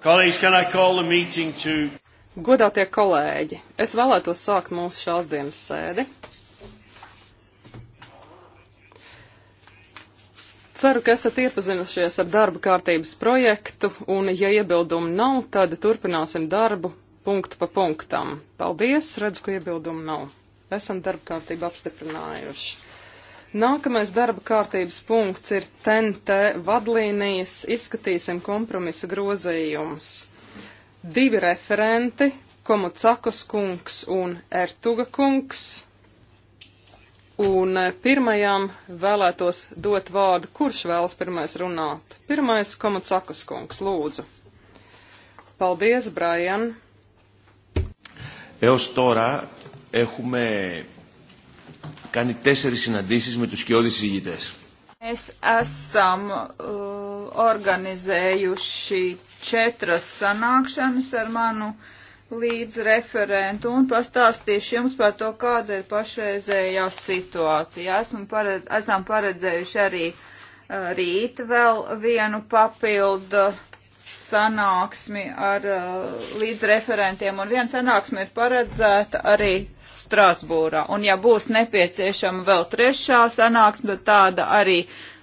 To... Godātie kolēģi, es vēlētos sākt mūsu šās dienas sēdi. Ceru, ka esat iepazinušies ar darba kārtības projektu, un, ja iebildumu nav, tad turpināsim darbu punktu pa punktam. Paldies, redzu, ka iebildumu nav. Esam darba kārtību apstiprinājuši. Nākamais darba kārtības punkts ir TNT vadlīnijas. Izskatīsim kompromisa grozījumus. Divi referenti - Komucakas kungs un Ertuga kungs. Un eh, pirmajam vēlētos dot vārdu, kurš vēlas pirmais runāt. Pirmais - Komucakas kungs, lūdzu. Paldies, Brian. Έως τώρα έχουμε κάνει τέσσερις συναντήσεις με τους σκιώδεις συζητητές. Mēs esam uh, organizējuši četras sanākšanas ar manu līdz referentu un pastāstīšu jums par to, kāda ir pašreizējā situācija. Esmu paredz, esam paredzējuši arī uh, rīt vēl vienu papildu sanāksmi ar uh, līdz referentiem un viena sanāksme ir paredzēta arī Strasbūrā. Un ja būs nepieciešama vēl trešā sanāksme, tad tāda arī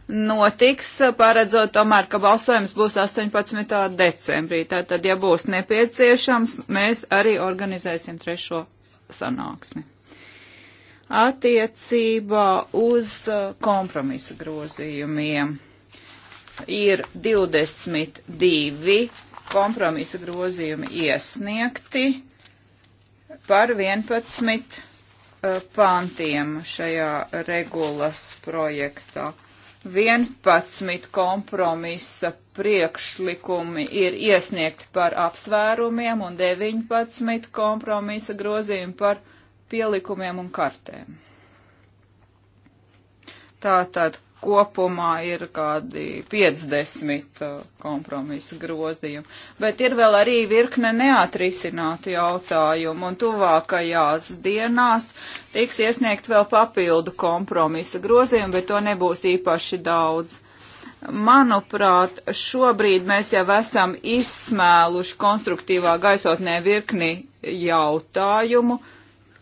notiks, paredzot tomēr, ka balsojums būs 18. decembrī. Tātad, ja būs nepieciešams, mēs arī organizēsim trešo sanāksmi. Attiecībā uz uh, kompromisu grozījumiem ir 22 kompromisa grozījumi iesniegti par 11 eh, pāntiem šajā regulas projektā. 11 kompromisa priekšlikumi ir iesniegti par apsvērumiem un 19 kompromisa grozījumi par pielikumiem un kartēm. Tātad kopumā ir kādi 50 uh, kompromisa grozījumi. Bet ir vēl arī virkne neatrisinātu jautājumu, un tuvākajās dienās tiks iesniegt vēl papildu kompromisa grozījumi, bet to nebūs īpaši daudz. Manuprāt, šobrīd mēs jau esam izsmēluši konstruktīvā gaisotnē virkni jautājumu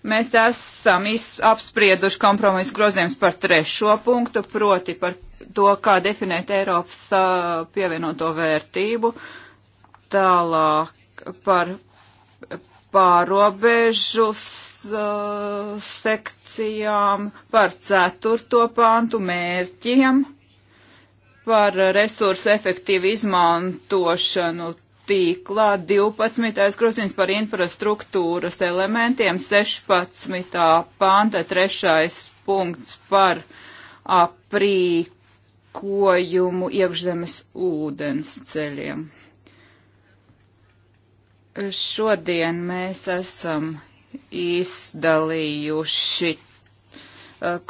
Mēs esam apsprieduši kompromisu grozījums par trešo punktu, proti par to, kā definēt Eiropas uh, pievienoto vērtību, tālāk par pārobežu uh, sekcijām, par ceturto pantu mērķiem, par resursu efektīvu izmantošanu tīklā, 12. krustins par infrastruktūras elementiem, 16. panta, 3. punkts par aprīkojumu iekšzemes ūdens ceļiem. Šodien mēs esam izdalījuši uh,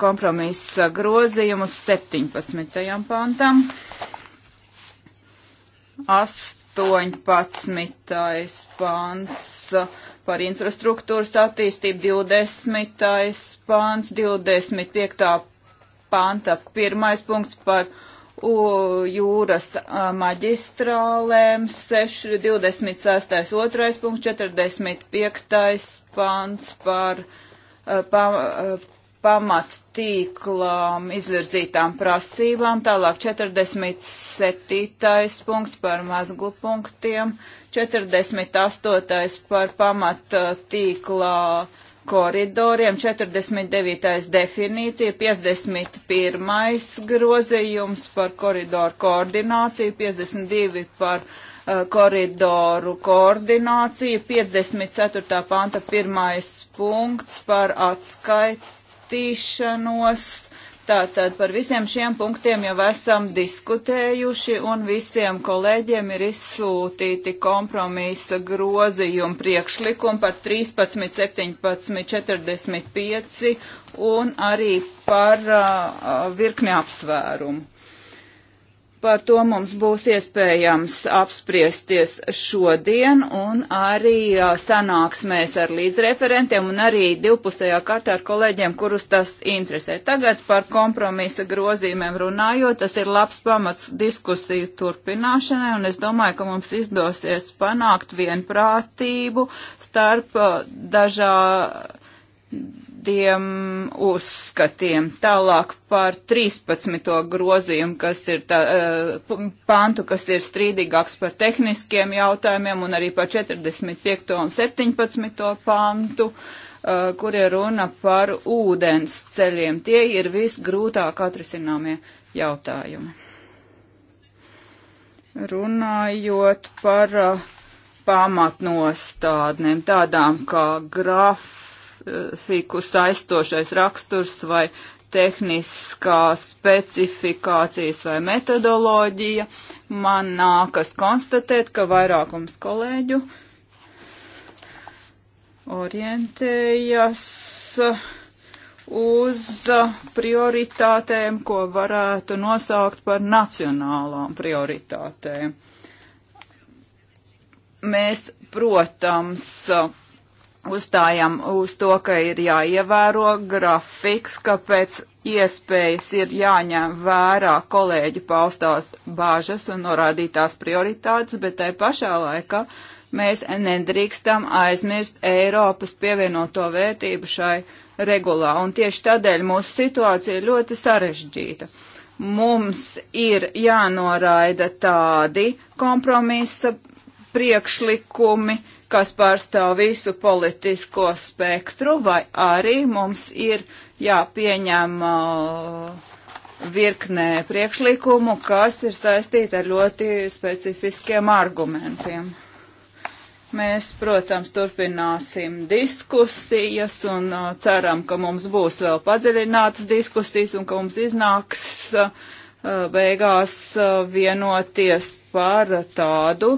kompromisa grozījumus 17. pantam. 8 18. pāns par infrastruktūras attīstību, 20. pāns, 25. pānta pirmais punkts par jūras maģistrālēm, 6, 26. otrais punkts, 45. pāns par pa, pamattīklām izvirzītām prasībām, tālāk 47. punkts par mazglu punktiem, 48. par pamattīklā koridoriem, 49. definīcija, 51. grozījums par koridoru koordināciju, 52. par eh, koridoru koordinācija, 54. panta pirmais punkts par atskaitu skatīšanos. Tātad par visiem šiem punktiem jau esam diskutējuši un visiem kolēģiem ir izsūtīti kompromisa grozījumi priekšlikumi par 13, 17, 45 un arī par uh, virkni apsvērumu. Par to mums būs iespējams apspriesties šodien un arī sanāksmēs ar līdzreferentiem un arī divpusējā kārtā ar kolēģiem, kurus tas interesē. Tagad par kompromisa grozīmēm runājot, tas ir labs pamats diskusiju turpināšanai un es domāju, ka mums izdosies panākt vienprātību starp dažā tādiem uzskatiem. Tālāk par 13. grozījumu, kas ir tā, eh, pantu, kas ir strīdīgāks par tehniskiem jautājumiem, un arī par 45. un 17. pantu, eh, kur ir runa par ūdens ceļiem. Tie ir visgrūtāk atrisināmie jautājumi. Runājot par eh, pamatnostādnēm, tādām kā graf specifiku saistošais raksturs vai tehniskās specifikācijas vai metodoloģija, man nākas konstatēt, ka vairākums kolēģu orientējas uz prioritātēm, ko varētu nosaukt par nacionālām prioritātēm. Mēs, protams, uzstājam uz to, ka ir jāievēro grafiks, ka pēc iespējas ir jāņem vērā kolēģi paustās bāžas un norādītās prioritātes, bet tai pašā laikā mēs nedrīkstam aizmirst Eiropas pievienoto vērtību šai regulā, un tieši tādēļ mūsu situācija ir ļoti sarežģīta. Mums ir jānoraida tādi kompromisa priekšlikumi, uh, kas pārstāv visu politisko spektru, vai arī mums ir jāpieņem uh, virknē priekšlikumu, kas ir saistīti ar ļoti specifiskiem argumentiem. Mēs, protams, turpināsim diskusijas un uh, ceram, ka mums būs vēl padziļinātas diskusijas un ka mums iznāks uh, beigās uh, vienoties par tādu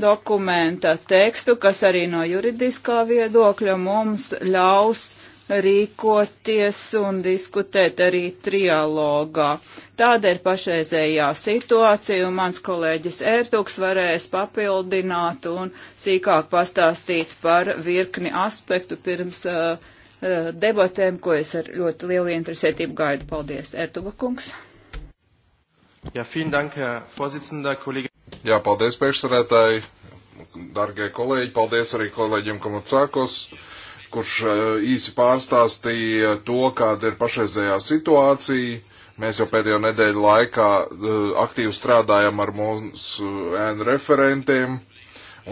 dokumenta tekstu, kas arī no juridiskā viedokļa mums ļaus rīkoties un diskutēt arī trialogā. Tāda ir pašreizējā situācija, un mans kolēģis Ērtuks varēs papildināt un sīkāk pastāstīt par virkni aspektu pirms uh, uh, debatēm, ko es ar ļoti lielu interesētību gaidu. Paldies, Ertuga kungs. Ja, vielen Dank, Herr Vorsitzender, Kollege. Jā, paldies priekšsarētāji, dargie kolēģi, paldies arī kolēģiem Kamacākos, kurš eh, īsi pārstāstīja to, kāda ir pašreizējā situācija. Mēs jau pēdējo nedēļu laikā eh, aktīvi strādājam ar mūsu eh, ēnu referentiem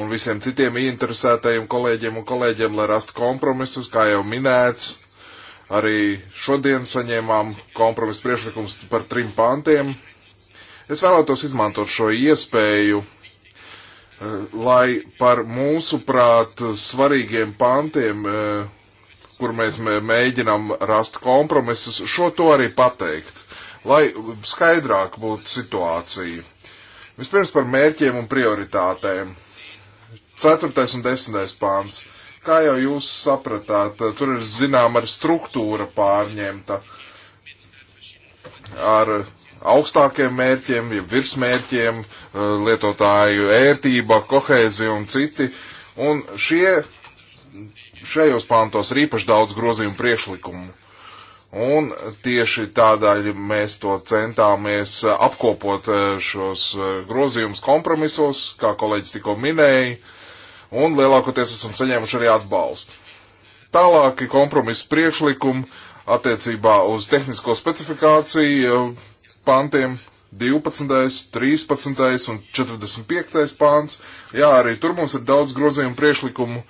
un visiem citiem ieinteresētajiem kolēģiem un kolēģiem, lai rastu kompromisus, kā jau minēts. Arī šodien saņēmām kompromisu priekšlikums par trim pantiem Es vēlētos izmantot šo iespēju, eh, lai par mūsuprāt svarīgiem pantiem, eh, kur mēs mēģinam rast kompromisus, šo to arī pateikt, lai skaidrāk būtu situācija. Vispirms par mērķiem un prioritātēm. Ceturtais un desmitais pāns. Kā jau jūs sapratāt, tur ir zinām ar struktūra pārņemta ar augstākiem mērķiem, ja virsmērķiem, eh, lietotāju ērtība, kohēzija un citi. Un šie, šajos pāntos ir īpaši daudz grozījumu priekšlikumu. Un tieši tādēļ mēs to centāmies eh, apkopot eh, šos grozījumus kompromisos, kā kolēģis tikko minēja, un lielākoties esam saņēmuši arī atbalstu. Tālāki kompromisu priekšlikumi attiecībā uz tehnisko specifikāciju pantiem. 12., 13. un 45. pāns. Jā, arī tur mums ir daudz grozījumu priekšlikumu.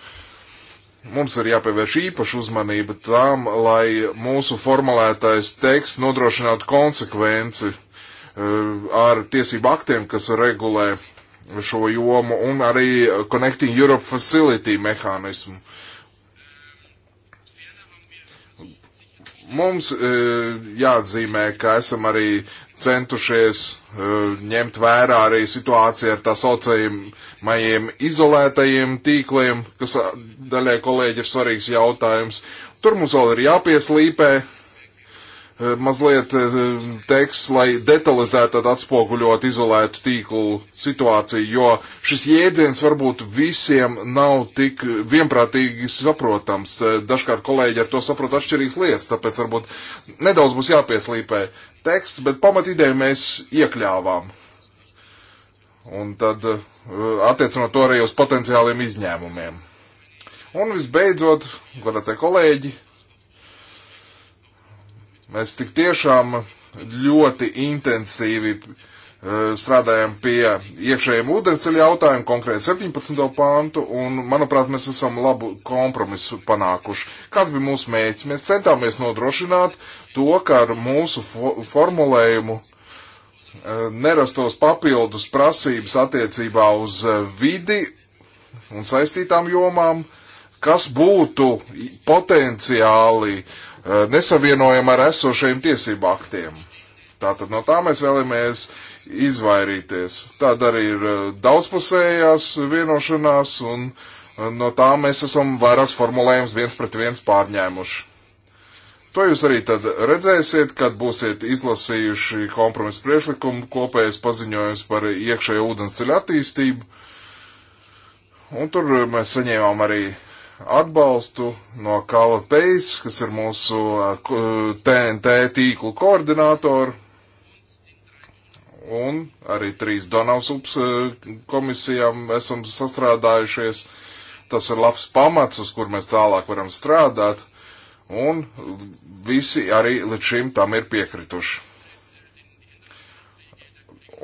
Mums ir jāpievērš īpaša uzmanība tām, lai mūsu formulētais teksts nodrošinātu konsekvenci e, ar tiesību aktiem, kas regulē šo jomu, un arī Connecting Europe Facility mehānismu. Uh, Mums e, jāatzīmē, ka esam arī centušies e, ņemt vērā arī situāciju ar tā saucējumajiem izolētajiem tīkliem, kas daļai kolēģi ir svarīgs jautājums. Tur mums vēl ir jāpieslīpē, Eh, mazliet eh, teksts, lai detalizētāk atspoguļot izolētu tīklu situāciju, jo šis jēdziens varbūt visiem nav tik vienprātīgi saprotams. Eh, dažkārt kolēģi ar to saprot atšķirīgas lietas, tāpēc varbūt nedaudz būs jāpieslīpē teksts, bet pamat ideju mēs iekļāvām. Un tad attiecinot to arī uz potenciāliem izņēmumiem. Un visbeidzot, godātie kolēģi, Mēs tik tiešām ļoti intensīvi eh, strādājam pie iekšējiem ūdensceļa jautājumu, konkrēti 17. pāntu, un, manuprāt, mēs esam labu kompromisu panākuši. Kāds bija mūsu mēķis? Mēs centāmies nodrošināt to, ka ar mūsu fo formulējumu eh, nerastos papildus prasības attiecībā uz eh, vidi un saistītām jomām, kas būtu potenciāli uh, Eh, nesavienojama ar esošajiem tiesību aktiem. Tātad no tā mēs vēlamies izvairīties. Tāda arī ir eh, daudzpusējās vienošanās, un eh, no tā mēs esam vairāks formulējums viens pret viens pārņēmuši. To jūs arī tad redzēsiet, kad būsiet izlasījuši kompromisu priešlikumu kopējas paziņojums par iekšējo ūdens ceļa attīstību. Un tur mēs saņēmām arī atbalstu no Kala Pejs, kas ir mūsu TNT uh, tīklu koordinātori, un arī trīs Donavs ups uh, komisijām esam sastrādājušies. Tas ir labs pamats, uz kur mēs tālāk varam strādāt, un visi arī līdz šim tam ir piekrituši.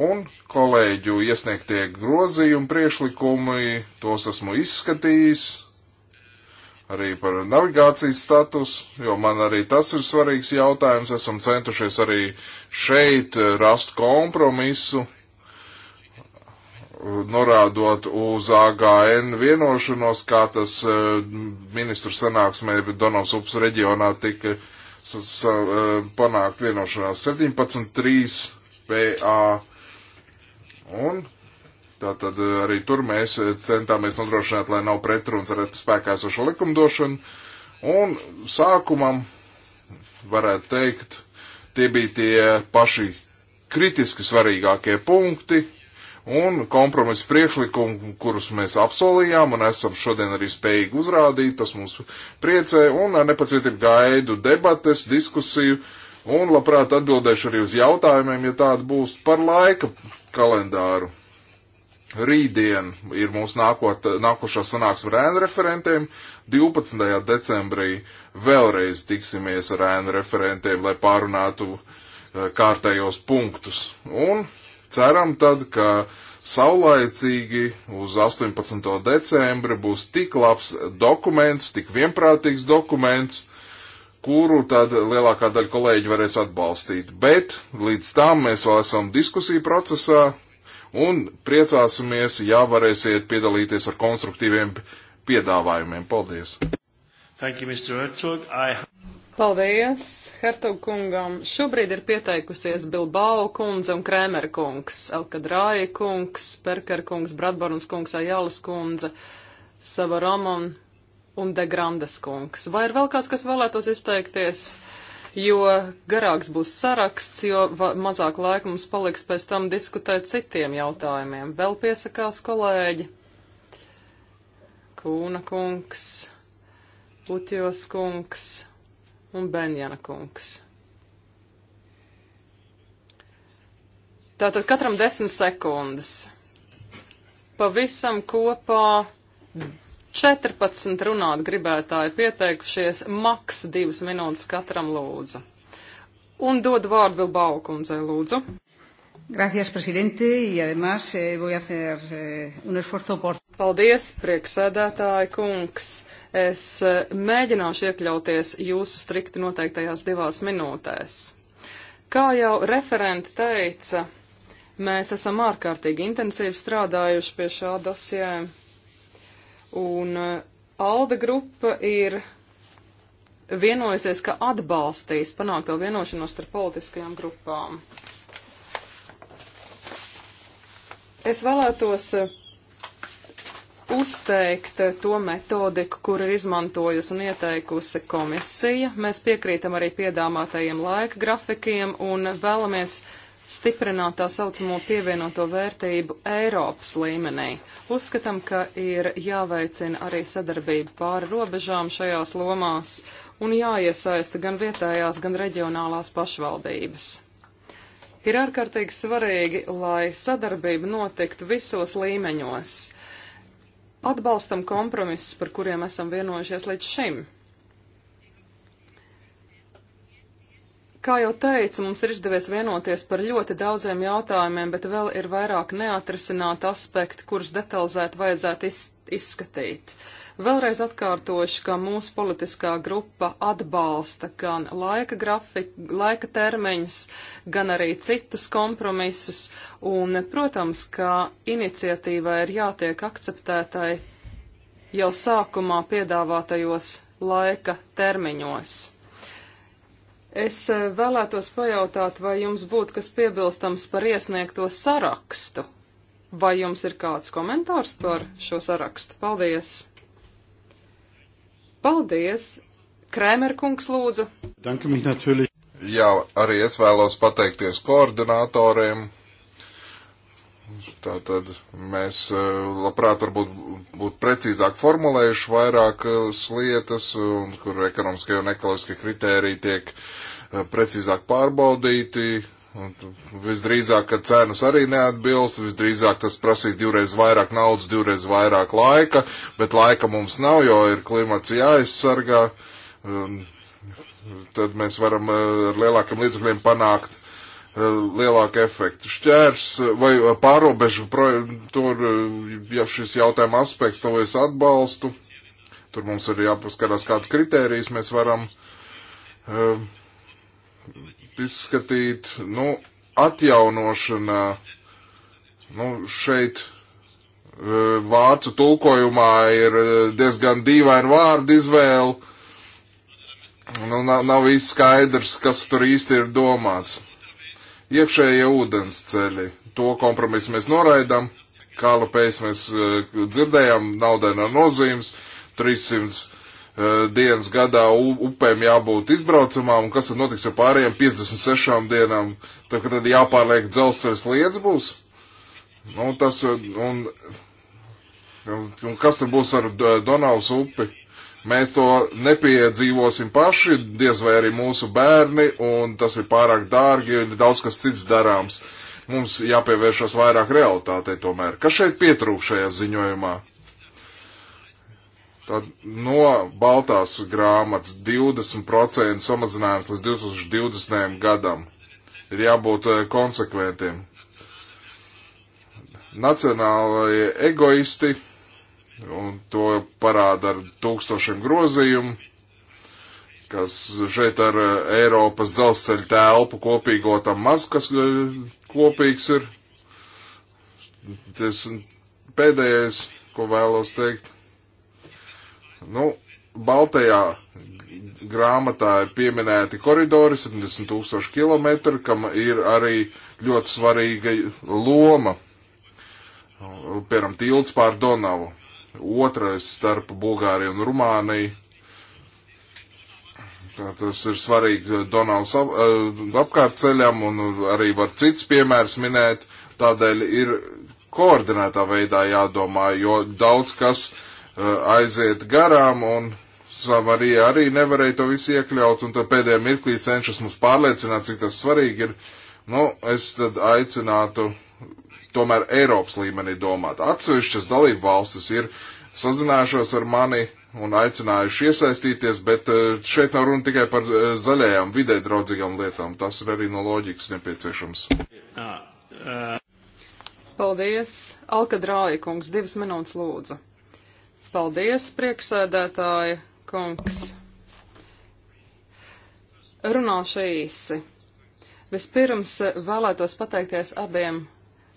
Un kolēģu iesniegtie grozījumi, priešlikumi, tos esmu izskatījis, arī par navigācijas status, jo man arī tas ir svarīgs jautājums. Esam centušies arī šeit rast kompromisu, norādot uz AGN vienošanos, kā tas e, ministru sanāksmē Donovs upes reģionā tika e, panākt vienošanās 17.3 PA. Un Tātad eh, arī tur mēs eh, centāmies nodrošināt, lai nav pretruns ar spēkā esošo likumdošanu. Un sākumam, varētu teikt, tie bija tie paši kritiski svarīgākie punkti un kompromisa priekšlikumi, kurus mēs apsolījām un esam šodien arī spējīgi uzrādīt. Tas mums priecē un ar nepacietību gaidu debates, diskusiju un labprāt atbildēšu arī uz jautājumiem, ja tāda būs par laika kalendāru. Rītdien ir mūsu nākot, nākošā sanāksme ar ēnu referentiem. 12. decembrī vēlreiz tiksimies ar ēnu referentiem, lai pārunātu eh, kārtējos punktus. Un ceram tad, ka saulaicīgi uz 18. decembra būs tik labs dokuments, tik vienprātīgs dokuments, kuru tad lielākā daļa kolēģi varēs atbalstīt. Bet līdz tam mēs vēl esam diskusiju procesā, un priecāsimies, ja varēsiet piedalīties ar konstruktīviem piedāvājumiem. Paldies! Thank you, Mr. Ertug. I... Paldies, Hertog kungam. Šobrīd ir pieteikusies Bilbao kundze un Krēmer kungs, Elkadrāja kungs, Perker kungs, Bradbarns kungs, Ajālas kundze, Savaramon un Degrandes kungs. Vai ir vēl kāds, kas vēlētos izteikties? jo garāks būs saraksts, jo mazāk laika mums paliks pēc tam diskutēt citiem jautājumiem. Vēl piesakās kolēģi. Kūna kungs, Utjos kungs un Benjana kungs. Tātad katram desmit sekundes. Pavisam kopā 14 runāt gribētāji pieteikušies, maks divas minūtes katram lūdzu. Un dod vārdu Bilbao kundzei lūdzu. Gracias, presidente, y además eh, voy a hacer eh, un esfuerzo por. Paldies, prieksēdētāji kungs. Es eh, mēģināšu iekļauties jūsu strikti noteiktajās divās minūtēs. Kā jau referenti teica, mēs esam ārkārtīgi intensīvi strādājuši pie šā dosjēma. Un eh, Alde grupa ir vienojusies, ka atbalstīs panākto vienošanos starp politiskajām grupām. Es vēlētos eh, uzteikt eh, to metodiku, kur ir izmantojusi un ieteikusi komisija. Mēs piekrītam arī piedāvātajiem laika grafikiem un vēlamies uh, stiprināt tā saucamo pievienoto vērtību Eiropas līmenī. Uzskatām, ka ir jāveicina arī sadarbība pāri robežām šajās lomās un jāiesaista gan vietējās, gan reģionālās pašvaldības. Ir ārkārtīgi svarīgi, lai sadarbība notiktu visos līmeņos. Atbalstam kompromisus, par kuriem esam vienojušies līdz šim. Kā jau teicu, mums ir izdevies vienoties par ļoti daudziem jautājumiem, bet vēl ir vairāk neatrisināt aspekti, kurus detalizēt vajadzētu iz, izskatīt. Vēlreiz atkārtošu, ka mūsu politiskā grupa atbalsta gan laika, grafik, laika termiņus, gan arī citus kompromisus, un, protams, ka iniciatīvai ir jātiek akceptētai jau sākumā piedāvātajos laika termiņos. Es eh, vēlētos pajautāt, vai jums būtu kas piebilstams par iesniegto sarakstu? Vai jums ir kāds komentārs par šo sarakstu? Paldies! Paldies! Krēmerkungs lūdzu! Danke mich natürlich! Jā, arī es vēlos pateikties koordinatoriem Tātad mēs e, labprāt varbūt būtu precīzāk formulējuši vairākas e, lietas, un kur ekonomiskie un ekoloģiskie kritēriji tiek e, precīzāk pārbaudīti. Un visdrīzāk, ka cenas arī neatbilst, visdrīzāk tas prasīs divreiz vairāk naudas, divreiz vairāk laika, bet laika mums nav, jo ir klimats jāaizsargā. Tad mēs varam ar lielākiem līdzekļiem panākt lielāku efektu. Šķērs vai pārobežu, tur jau šis jautājuma aspekts, to es atbalstu. Tur mums ir jāpaskatās, kādas kritērijas mēs varam uh, izskatīt. Nu, atjaunošana, nu, šeit uh, eh, vācu tulkojumā ir eh, diezgan dīvaina vārdu izvēle. Nu, nav, nav īsti skaidrs, kas tur īsti ir domāts. Iekšējie ūdens ceļi, to kompromisu mēs noraidām, kālapēs mēs eh, dzirdējām, naudai nav nozīmes, 300 eh, dienas gadā upēm jābūt izbraucamām, un kas tad notiks ar pārējiem 56 dienām, tad, kad tad jāpārliek dzelzceļas liedz būs? Nu, tas, eh, un, un, un kas tad būs ar Donavas upi? Mēs to nepiedzīvosim paši, diez vai arī mūsu bērni, un tas ir pārāk dārgi, un daudz kas cits darāms. Mums jāpievēršas vairāk realitātei tomēr. Kas šeit pietrūk šajā ziņojumā? Tad no baltās grāmatas 20% samazinājums līdz 2020. gadam ir jābūt eh, konsekventiem. Nacionālajie egoisti Un to parāda ar tūkstošiem grozījumu, kas šeit ar eh, Eiropas dzelzceļa telpu kopīgo tam maz, kas eh, kopīgs ir. Tas pēdējais, ko vēlos teikt. Nu, Baltajā grāmatā ir pieminēti koridori, 70 tūkstoši kilometru, kam ir arī ļoti svarīga loma. Piemēram, tilts pār Donavu otrais starp Bulgāriju un Rumāniju. Tā tas ir svarīgi Donavas ap, eh, apkārtceļam un arī var cits piemērs minēt. Tādēļ ir koordinētā veidā jādomā, jo daudz kas eh, aiziet garām un Samarija arī nevarēja to visu iekļaut, un tad pēdējā mirklī cenšas mums pārliecināt, cik tas svarīgi ir. Nu, es tad aicinātu tomēr Eiropas līmenī domāt. Atsevišķas dalību valstis ir sazinājušos ar mani un aicinājuši iesaistīties, bet eh, šeit nav runa tikai par eh, zaļajām vidē draudzīgām lietām. Tas ir arī no loģikas nepieciešams. Paldies. Alka Drāja kungs, divas minūtes lūdzu. Paldies, priekšsēdētāja kungs. Runāšu īsi. Vispirms vēlētos pateikties abiem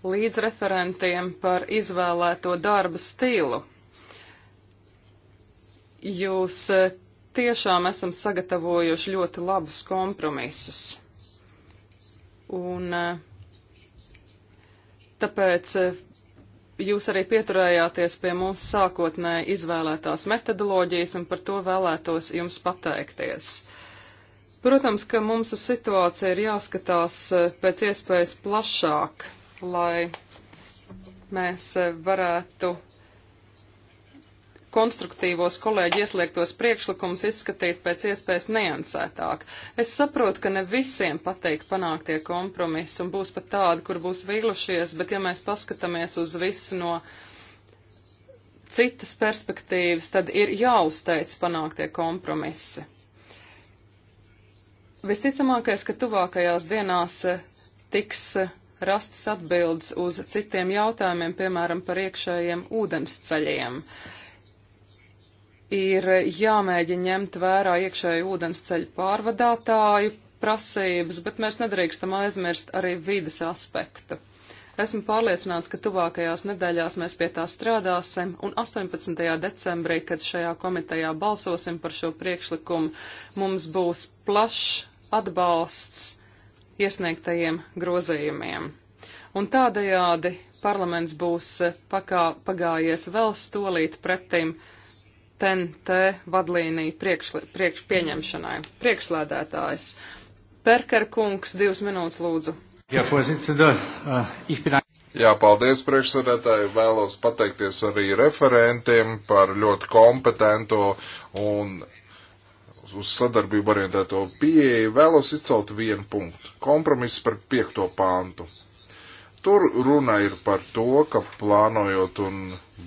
līdzreferentiem par izvēlēto darba stilu. Jūs eh, tiešām esam sagatavojuši ļoti labus kompromisus. Un eh, tāpēc eh, jūs arī pieturējāties pie mūsu sākotnēji izvēlētās metodoloģijas, un par to vēlētos jums pateikties. Protams, ka mums uz situāciju ir jāskatās pēc iespējas plašāk, lai mēs e, varētu konstruktīvos kolēģi iesliegtos priekšlikumus izskatīt pēc iespējas niansētāk. Es saprotu, ka ne visiem patīk panāktie kompromisi un būs pat tādi, kur būs vīlušies, bet ja mēs paskatāmies uz visu no citas perspektīvas, tad ir jāuzteic panāktie kompromisi. Visticamākais, ka tuvākajās dienās e, tiks e, rastas atbildes uz citiem jautājumiem, piemēram, par iekšējiem ūdensceļiem. Ir jāmēģina ņemt vērā iekšēju ūdensceļu pārvadātāju prasības, bet mēs nedrīkstam aizmirst arī vides aspektu. Esmu pārliecināts, ka tuvākajās nedēļās mēs pie tā strādāsim, un 18. decembrī, kad šajā komitejā balsosim par šo priekšlikumu, mums būs plašs atbalsts iesniegtajiem grozījumiem. Un tādējādi parlaments būs eh, pakā, pagājies vēl stolīt pretim TNT vadlīniju priekš, priekš pieņemšanai. Priekšslēdētājs. Perker kungs, divas minūtes lūdzu. Jā, eh, Jā, paldies priekšsēdētāji. Vēlos pateikties arī referentiem par ļoti kompetentu un uz sadarbību orientēto pieeju, vēlos izcelt vienu punktu - kompromiss par piekto pāntu. Tur runa ir par to, ka plānojot un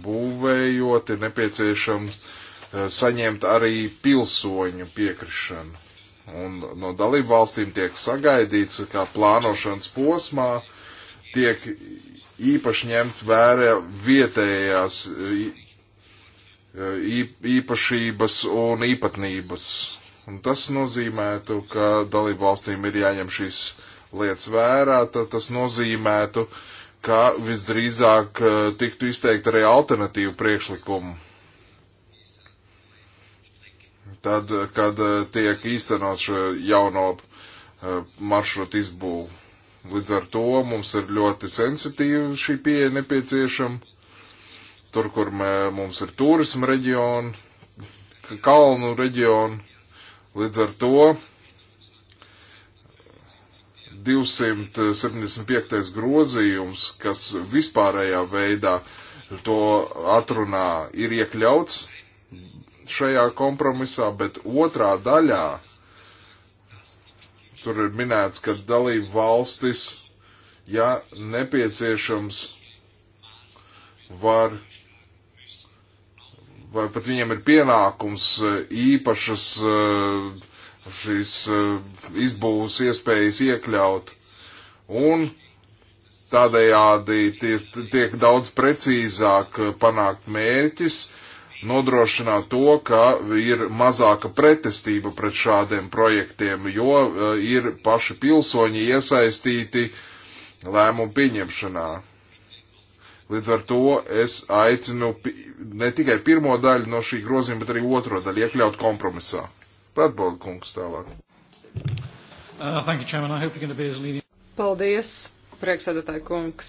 būvējot ir nepieciešams eh, saņemt arī pilsoņu piekrišanu. Un no dalību valstīm tiek sagaidīts, ka plānošanas posmā tiek īpaši ņemt vērā vietējās īpašības un īpatnības. Un tas nozīmētu, ka dalību valstīm ir jāņem šīs lietas vērā, tad tas nozīmētu, ka visdrīzāk tiktu izteikt arī alternatīvu priekšlikumu. Tad, kad tiek īstenot šo jauno maršrutu izbūvu. Līdz ar to mums ir ļoti sensitīva šī pieeja nepieciešama tur, kur mē, mums ir turisma reģioni, kalnu reģioni. Līdz ar to 275. grozījums, kas vispārējā veidā to atrunā, ir iekļauts šajā kompromisā, bet otrā daļā tur ir minēts, ka dalību valstis, ja nepieciešams, var vai pat viņiem ir pienākums eh, īpašas eh, šīs eh, izbūves iespējas iekļaut. Un tādējādi tiek daudz precīzāk panākt mērķis, nodrošināt to, ka ir mazāka pretestība pret šādiem projektiem, jo ir paši pilsoņi iesaistīti lēmumu pieņemšanā. Līdz ar to es aicinu ne tikai pirmo daļu no šī grozījuma, bet arī otro daļu iekļaut kompromisā. Pratbold kungs tālāk. Uh, you, Chairman. Paldies, priekšsēdētāji kungs.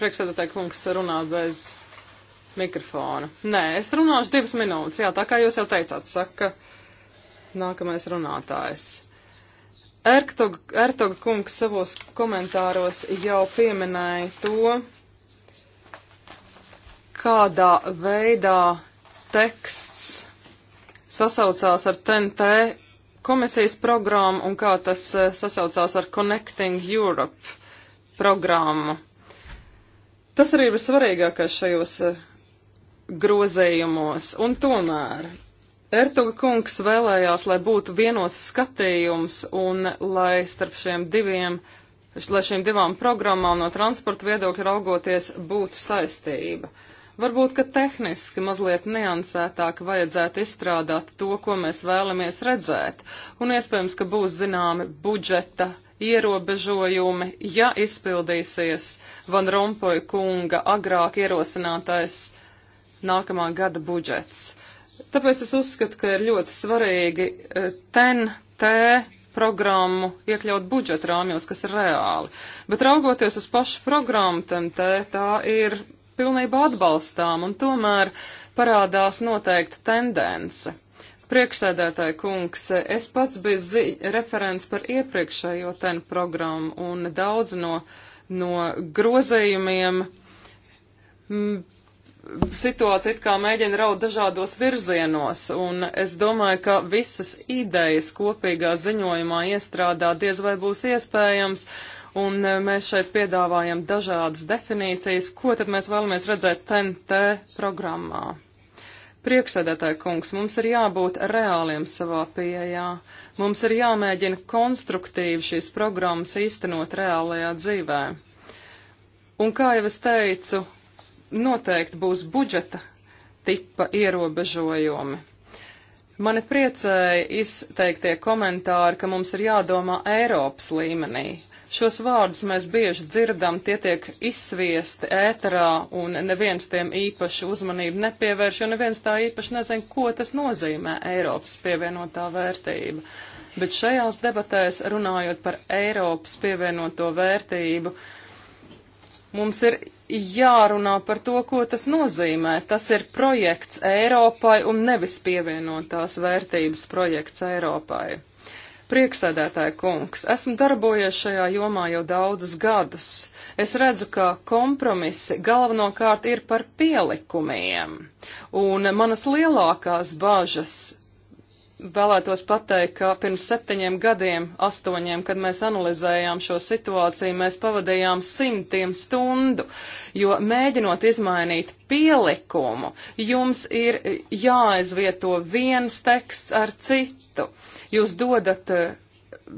Priekšsēdētāji kungs runā bez mikrofona. Nē, es runāšu divas minūtes, jā, tā kā jūs jau teicāt, saka nākamais runātājs. Ertoga kungs savos komentāros jau pieminēja to, kādā veidā teksts sasaucās ar TNT komisijas programmu un kā tas eh, sasaucās ar Connecting Europe programmu. Tas arī ir svarīgākais šajos eh, grozējumos, un tomēr Ertuga kungs vēlējās, lai būtu vienots skatījums un lai starp šiem diviem, lai šīm divām programmām no transporta viedokļa raugoties būtu saistība. Varbūt, ka tehniski mazliet niansētāk vajadzētu izstrādāt to, ko mēs vēlamies redzēt, un iespējams, ka būs zināmi budžeta ierobežojumi, ja izpildīsies Van Rompuy kunga agrāk ierosinātais nākamā gada budžets. Tāpēc es uzskatu, ka ir ļoti svarīgi TNT eh, programmu iekļaut budžeta rāmjos, kas ir reāli. Bet raugoties uz pašu programmu TNT, tā ir pilnībā atbalstām un tomēr parādās noteikta tendence. Priekšsēdētāji kungs, es pats biju referents par iepriekšējo ten programmu un daudz no, no grozējumiem situācija it kā mēģina raud dažādos virzienos, un es domāju, ka visas idejas kopīgā ziņojumā iestrādāt diez vai būs iespējams, un e, mēs šeit piedāvājam dažādas definīcijas, ko tad mēs vēlamies redzēt TNT programmā. Prieksēdētāji kungs, mums ir jābūt reāliem savā pieejā. Mums ir jāmēģina konstruktīvi šīs programmas īstenot reālajā dzīvē. Un kā jau es teicu, noteikti būs budžeta tipa ierobežojumi. Mani priecēja izteiktie komentāri, ka mums ir jādomā Eiropas līmenī. Šos vārdus mēs bieži dzirdam, tie tiek izsviesti ēterā, un neviens tiem īpaši uzmanību nepievērš, jo neviens tā īpaši nezin, ko tas nozīmē Eiropas pievienotā vērtība. Bet šajās debatēs, runājot par Eiropas pievienoto vērtību, mums ir jārunā par to, ko tas nozīmē. Tas ir projekts Eiropai un nevis pievienotās vērtības projekts Eiropai. Prieksēdētāja kungs, esmu darbojies šajā jomā jau daudzus gadus. Es redzu, ka kompromisi galvenokārt ir par pielikumiem, un manas lielākās bažas Vēlētos pateikt, ka pirms septiņiem gadiem, astoņiem, kad mēs analizējām šo situāciju, mēs pavadījām simtiem stundu, jo mēģinot izmainīt pielikumu, jums ir jāizvieto viens teksts ar citu. Jūs dodat eh,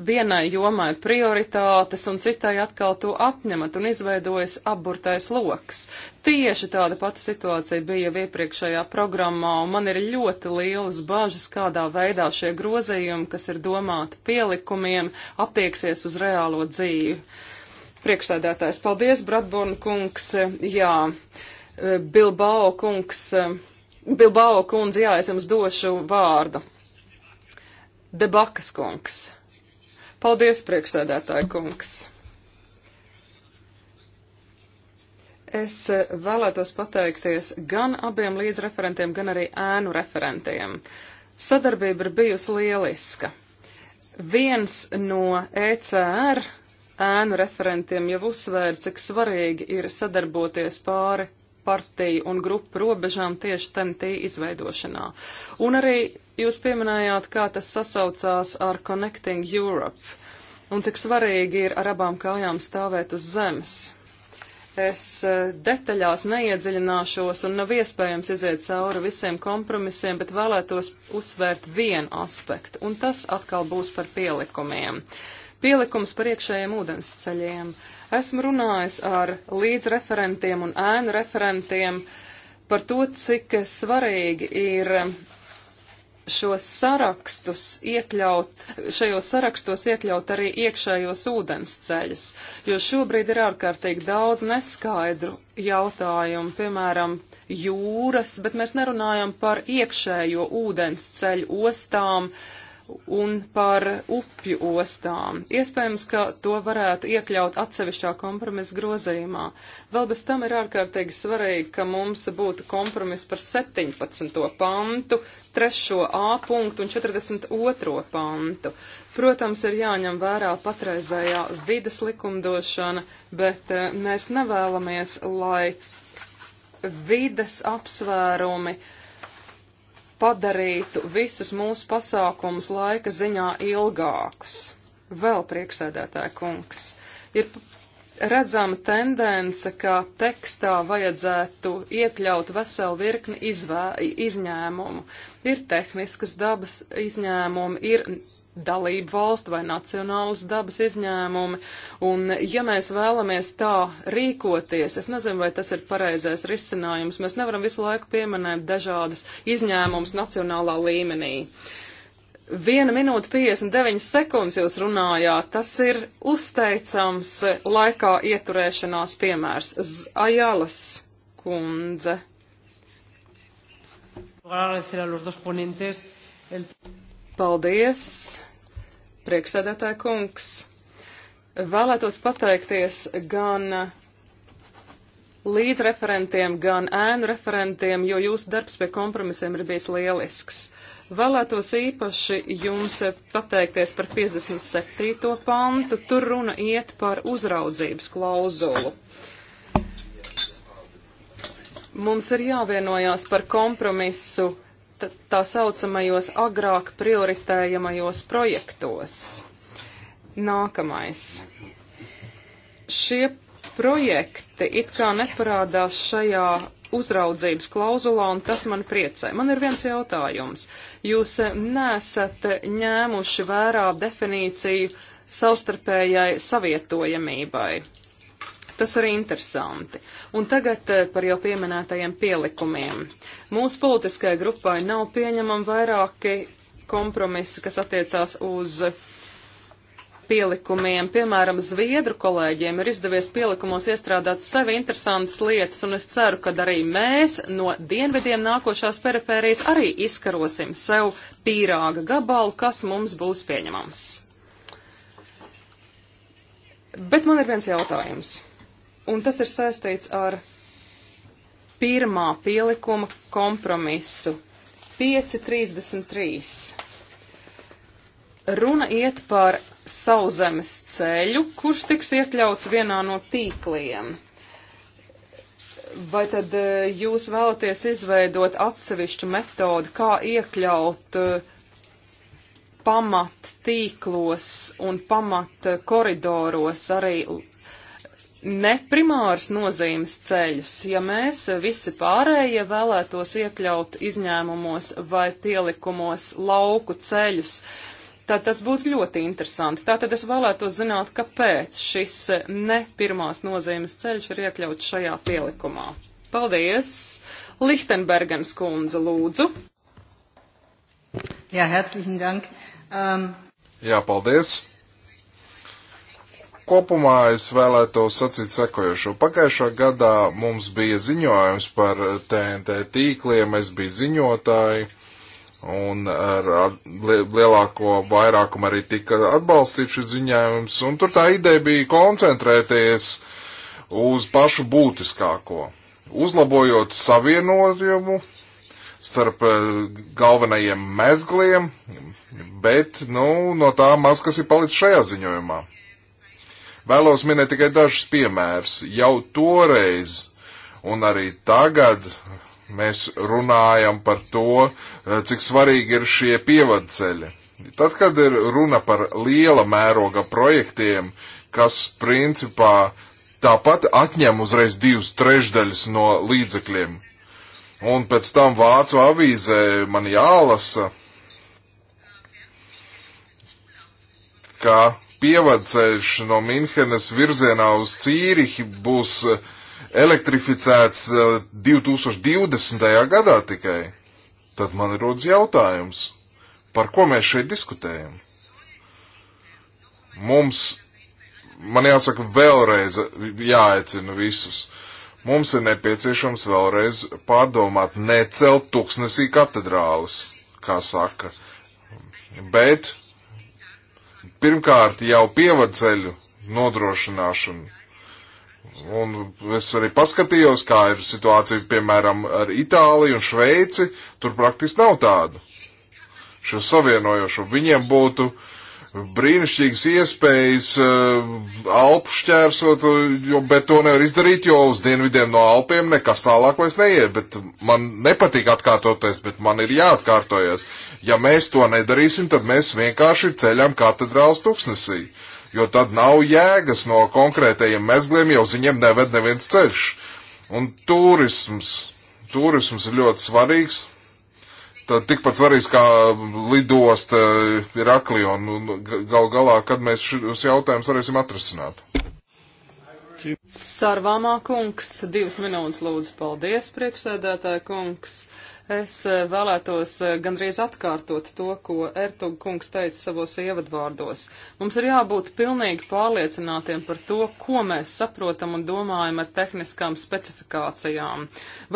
vienai jomai prioritātes un citai atkal to atņemat un izveidojas aburtais loks. Tieši tāda pati situācija bija jau iepriekšējā programmā, un man ir ļoti lielas bažas, kādā veidā šie grozījumi, kas ir domāti pielikumiem, attieksies uz reālo dzīvi. Priekšstādātājs, paldies, Bratborn kungs, jā, Bilbao kungs, Bilbao kundze, jā, es jums došu vārdu. Debakas kungs. Paldies, priekšsēdētāji kungs! Es eh, vēlētos pateikties gan abiem līdzreferentiem, gan arī ēnu referentiem. Sadarbība ir bijusi lieliska. Viens no ECR ēnu referentiem jau uzsvēra, cik svarīgi ir sadarboties pāri partiju un grupu robežām tieši TNT izveidošanā. Un arī jūs pieminējāt, kā tas sasaucās ar Connecting Europe un cik svarīgi ir ar abām kājām stāvēt uz zemes. Es eh, detaļās neiedziļināšos un nav iespējams iziet cauri visiem kompromisiem, bet vēlētos uzsvērt vienu aspektu, un tas atkal būs par pielikumiem. Pielikums par iekšējiem ūdens ceļiem. Uh, Esmu runājis ar līdzreferentiem un ēnu referentiem par to, cik svarīgi ir šos sarakstus iekļaut, šajos sarakstos iekļaut arī iekšējos ūdens ceļus, jo šobrīd ir ārkārtīgi daudz neskaidru jautājumu, piemēram, jūras, bet mēs nerunājam par iekšējo ūdens ceļu ostām, uh, un par upju ostām. Iespējams, ka to varētu iekļaut atsevišķā kompromisa grozījumā. Vēl bez tam ir ārkārtīgi svarīgi, ka mums būtu kompromiss par 17. pantu, 3. A punktu un 42. pantu. Protams, ir jāņem vērā patreizējā vidas likumdošana, bet eh, mēs nevēlamies, lai vides apsvērumi uh, padarītu visus mūsu pasākumus laika ziņā ilgākus. Vēl priekšsēdētāja kungs. Ir redzama tendence, ka tekstā vajadzētu iekļaut veselu virkni izvē, izņēmumu. Ir tehniskas dabas izņēmumi, ir dalību valstu vai nacionālas dabas izņēmumi. Un, ja mēs vēlamies tā rīkoties, es nezinu, vai tas ir pareizais risinājums. Mēs nevaram visu laiku pieminēt dažādas izņēmumus nacionālā līmenī. Viena minūte 59 sekundes jūs runājāt, tas ir uzteicams laikā ieturēšanās piemērs. Ajalas kundze. Agradecer a los dos ponentes. El... Paldies, priekšsēdētāja kungs. Vēlētos pateikties gan līdzreferentiem, gan ēnu referentiem, jo jūsu darbs pie kompromisiem ir bijis lielisks. Vēlētos īpaši jums pateikties par 57. pantu. Tur runa iet par uzraudzības klauzulu. Mums ir jāvienojās par kompromisu tā saucamajos agrāk prioritējamajos projektos. Nākamais. Šie projekti it kā neparādās šajā uzraudzības klauzulā, un tas man priecē. Man ir viens jautājums. Jūs eh, nesat ņēmuši vērā definīciju savstarpējai savietojamībai. Tas ir interesanti. Un tagad eh, par jau pieminētajiem pielikumiem. Mūsu politiskajai grupai nav pieņemami vairāki kompromisi, kas attiecās uz pielikumiem. Piemēram, Zviedru kolēģiem ir izdevies pielikumos iestrādāt sevi interesantas lietas, un es ceru, ka arī mēs no dienvidiem nākošās perifērijas arī izkarosim sev pīrāga gabalu, kas mums būs pieņemams. Bet man ir viens jautājums un tas ir saistīts ar pirmā pielikuma kompromisu 5.33. Runa iet par sauzemes ceļu, kurš tiks iekļauts vienā no tīkliem. Vai tad e, jūs vēlaties izveidot atsevišķu metodu, kā iekļaut e, pamat tīklos un pamat e, koridoros arī neprimāras nozīmes ceļus, ja mēs visi pārējie vēlētos iekļaut izņēmumos vai pielikumos lauku ceļus, tad tas būtu ļoti interesanti. Tātad es vēlētos zināt, kāpēc šis nepirmās nozīmes ceļš ir iekļauts šajā pielikumā. Paldies! Lichtenbergens kundze, lūdzu! Jā, herzlichen dank! Um... Jā, paldies! Kopumā es vēlētos sacīt sekojošo. Pagājušā gadā mums bija ziņojums par TNT tīkliem, es biju ziņotāji, un ar lielāko vairākumu arī tika atbalstīts šis ziņojums, un tur tā ideja bija koncentrēties uz pašu būtiskāko, uzlabojot savienojumu starp eh, galvenajiem mezgliem, bet, nu, no tā maz, kas ir palicis šajā ziņojumā. Vēlos minēt tikai dažus piemērus. Jau toreiz un arī tagad mēs runājam par to, eh, cik svarīgi ir šie pievadceļi. Tad, kad ir runa par liela mēroga projektiem, kas principā tāpat atņem uzreiz divas trešdaļas no līdzekļiem, un pēc tam vācu avīzē man jālasa, ka pievadceļš no Minhenes virzienā uz Cīrihi būs eh, elektrificēts 2020. Eh, gadā tikai, tad man rodas jautājums, par ko mēs šeit diskutējam? Mums, man jāsaka vēlreiz, jāaicina visus. Mums ir nepieciešams vēlreiz pārdomāt, necelt tuksnesī katedrālis, kā saka, bet Pirmkārt, jau pievadceļu nodrošināšanu. Un es arī paskatījos, kā ir situācija, piemēram, ar Itāliju un Šveici. Tur praktiski nav tādu šo savienojošo. Viņiem būtu uh, brīnišķīgas iespējas uh, Alpu šķērsot, eh, jo, bet to nevar izdarīt, jo uz dienvidiem no Alpiem nekas tālāk vairs neiet. Bet man nepatīk atkārtoties, bet man ir jāatkārtojas. Ja mēs to nedarīsim, tad mēs vienkārši ceļam katedrāls tuksnesī. Jo tad nav jēgas no konkrētajiem mezgliem, jau uz viņiem neved neviens ceļš. Un turisms. Turisms ir ļoti svarīgs, tad tikpat svarīgs kā lidosta ir akli un gal galā, kad mēs šos jautājumus varēsim atrasināt. Sarvamā kungs, divas minūtes lūdzu, paldies, priekšsēdētāja kungs. Es eh, vēlētos eh, gandrīz atkārtot to, ko Ertuga kungs teica savos ievadvārdos. Mums ir jābūt pilnīgi pārliecinātiem par to, ko mēs saprotam un domājam ar tehniskām specifikācijām.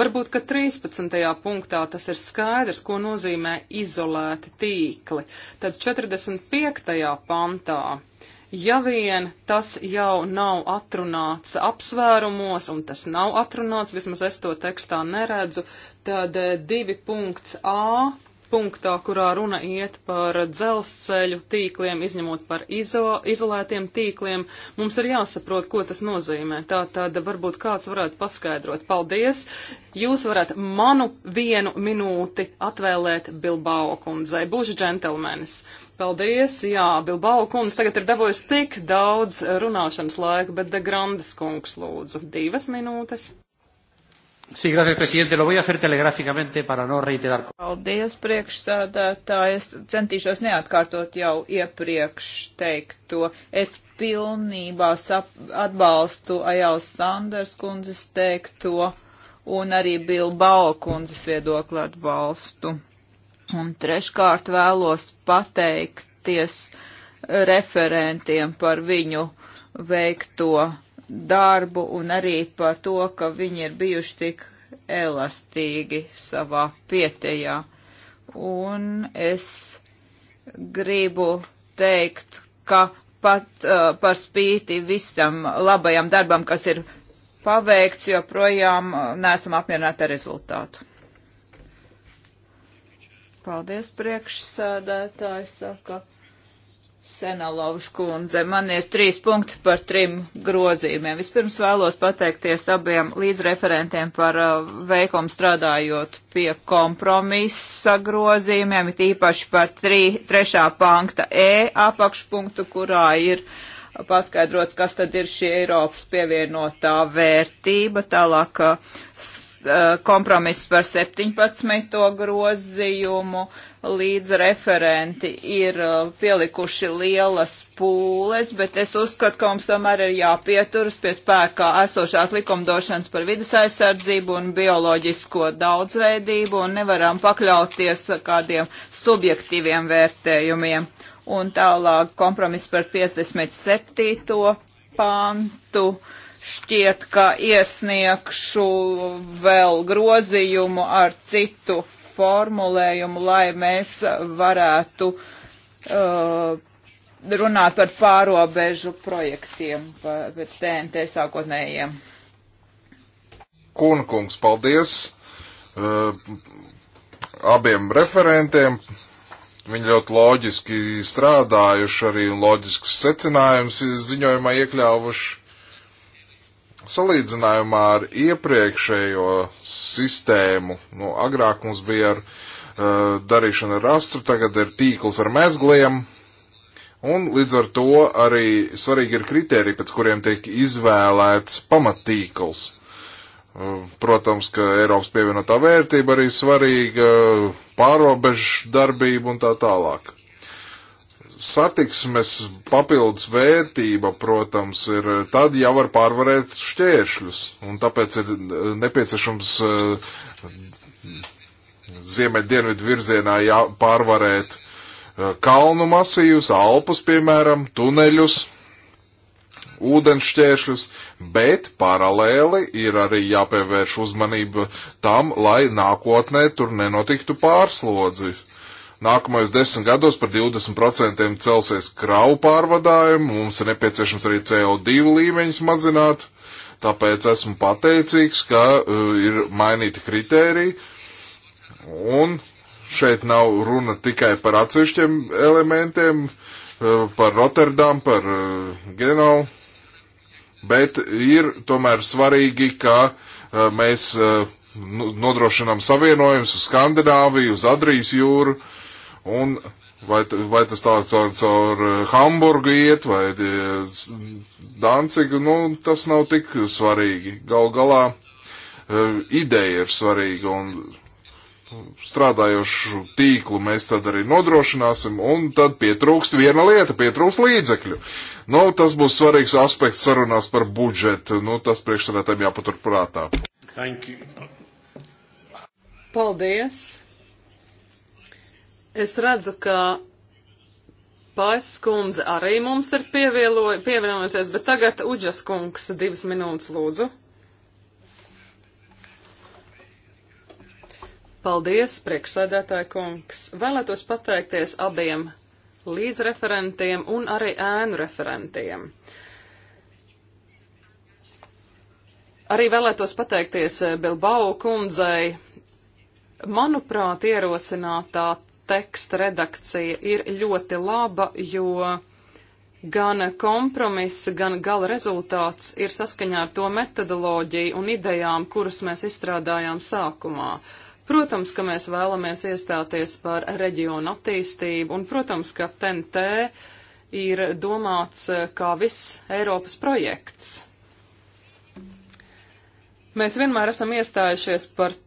Varbūt, ka 13. punktā tas ir skaidrs, ko nozīmē izolēti tīkli. Tad 45. pantā ja vien tas jau nav atrunāts apsvērumos, un tas nav atrunāts, vismaz es to tekstā neredzu, Tad 2.a eh, punktā, kurā runa iet par dzelzceļu tīkliem, izņemot par izo, izolētiem tīkliem, mums ir jāsaprot, ko tas nozīmē. Tā tad varbūt kāds varētu paskaidrot. Paldies! Jūs varat manu vienu minūti atvēlēt Bilbao kundzei. Būšu džentelmenis! Paldies! Jā, Bilbao kundze tagad ir dabūjusi tik daudz runāšanas laika, bet De Grandes kungs lūdzu divas minūtes. Sí, gracias, presidente. Lo voy a hacer telegráficamente para no reiterar. Paldies, priekšsādātāji. Es centīšos neatkārtot jau iepriekš teikto. Es pilnībā sap, atbalstu Ajāls Sanders kundzes teikto un arī Bilbao kundzes viedokli atbalstu. Un treškārt vēlos pateikties referentiem par viņu veikto darbu un arī par to, ka viņi ir bijuši tik elastīgi savā pietejā. Un es gribu teikt, ka pat uh, par spīti visam labajam darbam, kas ir paveikts, joprojām uh, neesam apmierināti ar rezultātu. Paldies, priekšsēdētājs saka. Senalovs kundze, man ir trīs punkti par trim grozījumiem. Vispirms vēlos pateikties abiem līdzreferentiem par uh, veikumu strādājot pie kompromisa grozījumiem, it īpaši par trī, trešā pankta E apakšpunktu, kurā ir paskaidrots, kas tad ir šī Eiropas pievienotā vērtība. Tālāk uh, Eh, kompromiss par 17. grozījumu, līdz referenti ir eh, pielikuši lielas pūles, bet es uzskatu, ka mums tomēr ir jāpieturas pie spēkā esošās likumdošanas par vidas aizsardzību un bioloģisko daudzveidību un nevaram pakļauties kādiem subjektīviem vērtējumiem. Un tālāk kompromiss par 57. pantu Šķiet, ka iesniegšu vēl grozījumu ar citu formulējumu, lai mēs varētu uh, runāt par pārobežu projektiem pēc TNT sākotnējiem. Kunkungs, paldies uh, abiem referentiem. Viņi ļoti loģiski strādājuši arī un loģisks secinājums ziņojumā iekļāvuši. Salīdzinājumā ar iepriekšējo sistēmu, nu, agrāk mums bija ar uh, darīšana ar astru, tagad ir tīkls ar mezgliem, un līdz ar to arī svarīgi ir kriteriji, pēc kuriem tiek izvēlēts pamatīkls. Uh, protams, ka Eiropas pievienotā vērtība arī svarīga, pārobežu darbība un tā tālāk. Satiksmes papildus vērtība, protams, ir tad, ja var pārvarēt šķēršļus, un tāpēc ir eh, nepieciešams eh, ziemeļdienvidu virzienā pārvarēt eh, kalnu masīvus, alpus, piemēram, tuneļus, ūdenšķēršļus, bet paralēli ir arī jāpievērš uzmanība tam, lai nākotnē tur nenotiktu pārslodzis nākamajos desmit gados par 20% celsies kravu pārvadājumu, mums ir nepieciešams arī CO2 līmeņus mazināt, tāpēc esmu pateicīgs, ka uh, ir mainīti kritēriji, un šeit nav runa tikai par atsevišķiem elementiem, uh, par Rotterdam, par uh, Genovu, bet ir tomēr svarīgi, ka uh, mēs uh, nu, nodrošinām savienojumus uz Skandināviju, uz Adrijas jūru, uh, Un vai, vai tas tā caur, caur eh, Hamburgu iet, vai eh, Dancigu, nu, tas nav tik svarīgi. Gal galā eh, ideja ir svarīga un strādājošu tīklu mēs tad arī nodrošināsim, un tad pietrūkst viena lieta, pietrūkst līdzekļu. Nu, tas būs svarīgs aspekts sarunās par budžetu, nu, tas priekšsēdētājiem jāpatur prātā. Paldies! Es redzu, ka Paisa kundze arī mums ir pievienojusies, bet tagad Uģas kungs divas minūtes lūdzu. Paldies, priekšsēdētāja kungs. Vēlētos pateikties abiem līdzreferentiem un arī ēnu referentiem. Arī vēlētos pateikties Bilbao kundzei. Manuprāt, ierosinātā teksta redakcija ir ļoti laba, jo gan kompromiss, gan gala rezultāts ir saskaņā ar to metodoloģiju un idejām, kuras mēs izstrādājām sākumā. Protams, ka mēs vēlamies iestāties par reģionu attīstību, un, protams, ka TNT ir domāts eh, kā viss Eiropas projekts. Mēs vienmēr esam iestājušies par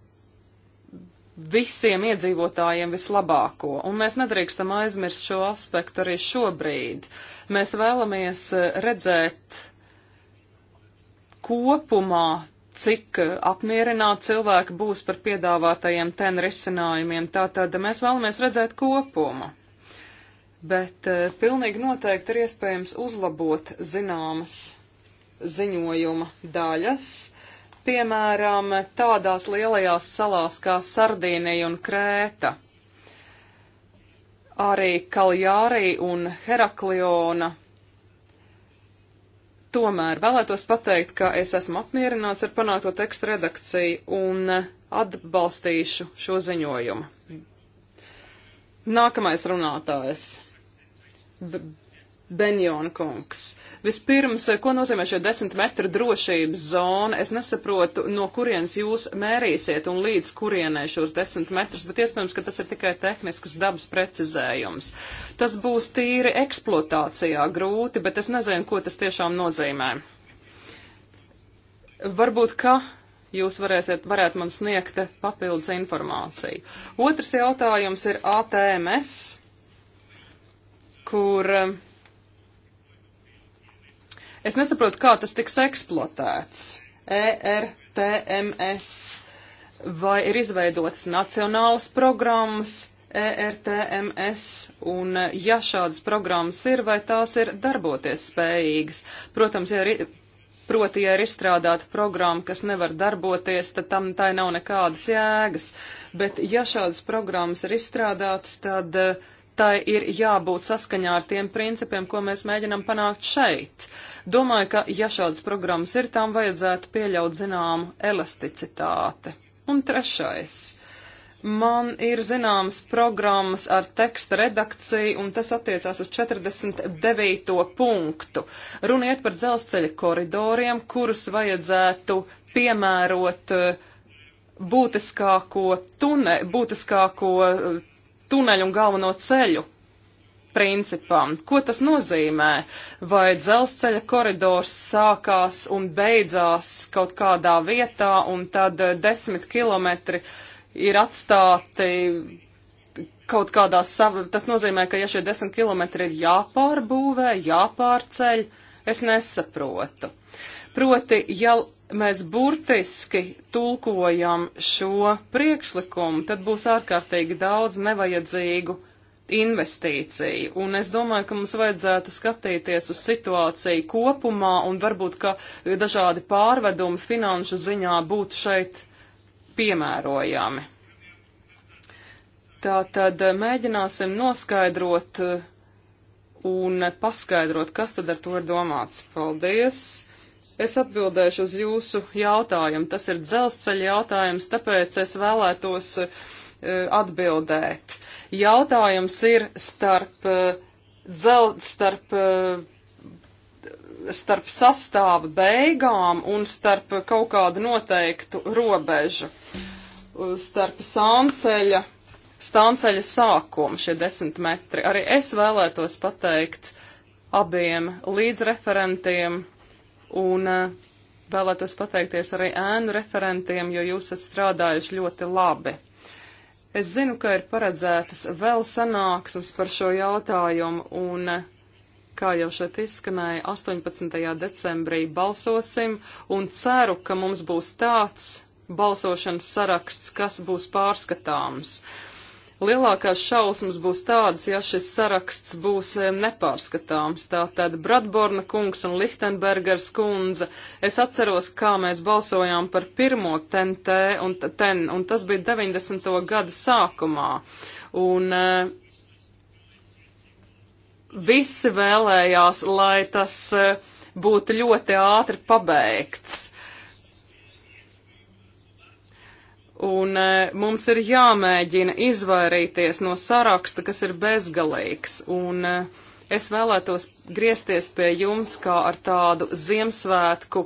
visiem iedzīvotājiem vislabāko, un mēs nedrīkstam aizmirst šo aspektu arī šobrīd. Mēs vēlamies eh, redzēt kopumā, cik apmierināti cilvēki būs par piedāvātajiem ten risinājumiem. Tātad mēs vēlamies redzēt kopumu. Bet eh, pilnīgi noteikti ir iespējams uzlabot zināmas ziņojuma daļas piemēram, tādās lielajās salās kā Sardīnija un Krēta. Arī Kaljārī un Herakliona. Tomēr vēlētos pateikt, ka es esmu apmierināts ar panākto tekstu redakciju un atbalstīšu šo ziņojumu. Nākamais runātājs. B Benjonkungs. Vispirms, ko nozīmē šie desmit metru drošības zona? Es nesaprotu, no kurienes jūs mērīsiet un līdz kurienē šos desmit metrus, bet iespējams, ka tas ir tikai tehnisks dabas precizējums. Tas būs tīri eksploatācijā grūti, bet es nezinu, ko tas tiešām nozīmē. Varbūt, ka jūs varēsiet, varētu man sniegt papildus informāciju. Otrs jautājums ir ATMS, kur uh, Es nesaprotu, kā tas tiks eksploatēts. ERTMS vai ir izveidotas nacionālas programmas ERTMS, un ja šādas programmas ir, vai tās ir darboties spējīgas? Protams, ja ir, proti, ja ir izstrādāta programma, kas nevar darboties, tad tam tai nav nekādas jēgas, bet ja šādas programmas ir izstrādātas, tad uh, tai ir jābūt saskaņā ar tiem principiem, ko mēs mēģinam panākt šeit. Domāju, ka, ja šādas programmas ir, tām vajadzētu pieļaut zināmu elasticitāti. Un trešais. Man ir zināmas programmas ar teksta redakciju, un tas attiecās uz 49. punktu. Runiet par dzelzceļa koridoriem, kurus vajadzētu piemērot eh, būtiskāko, tune, būtiskāko eh, tuneļu un galveno ceļu principam. Ko tas nozīmē? Vai dzelzceļa koridors sākās un beidzās kaut kādā vietā, un tad eh, desmit kilometri ir atstāti kaut kādā savā. Tas nozīmē, ka ja šie desmit kilometri ir jāpārbūvē, jāpārceļ, es nesaprotu. Proti, ja mēs burtiski tulkojam šo priekšlikumu, tad būs ārkārtīgi daudz nevajadzīgu investīciju. Un es domāju, ka mums vajadzētu skatīties uz situāciju kopumā un varbūt, ka dažādi pārvedumi finanšu ziņā būtu šeit piemērojami. Tā tad eh, mēģināsim noskaidrot eh, un paskaidrot, kas tad ar to ir domāts. Paldies! Es atbildēšu uz jūsu jautājumu. Tas ir dzelzceļa jautājums, tāpēc es vēlētos uh, atbildēt. Jautājums ir starp, uh, dzel, starp, uh, starp sastāva beigām un starp kaut kādu noteiktu robežu, starp sānceļa, stānceļa sākumu šie desmit metri. Arī es vēlētos pateikt abiem līdzreferentiem un eh, vēlētos pateikties arī ēnu referentiem, jo jūs esat strādājuši ļoti labi. Es zinu, ka ir paredzētas vēl sanāksmes par šo jautājumu, un, eh, kā jau šeit izskanēja, 18. decembrī balsosim, un ceru, ka mums būs tāds balsošanas saraksts, kas būs pārskatāms. Uh, Lielākās šausmas būs tādas, ja šis saraksts būs eh, nepārskatāms. Tātad Bradborna kungs un Lichtenbergers kundze. Es atceros, kā mēs balsojām par pirmo TNT un, ten, un tas bija 90. gada sākumā. Un, eh, Visi vēlējās, lai tas eh, būtu ļoti ātri pabeigts. Un e, mums ir jāmēģina izvairīties no saraksta, kas ir bezgalīgs. Un e, es vēlētos griezties pie jums kā ar tādu Ziemassvētku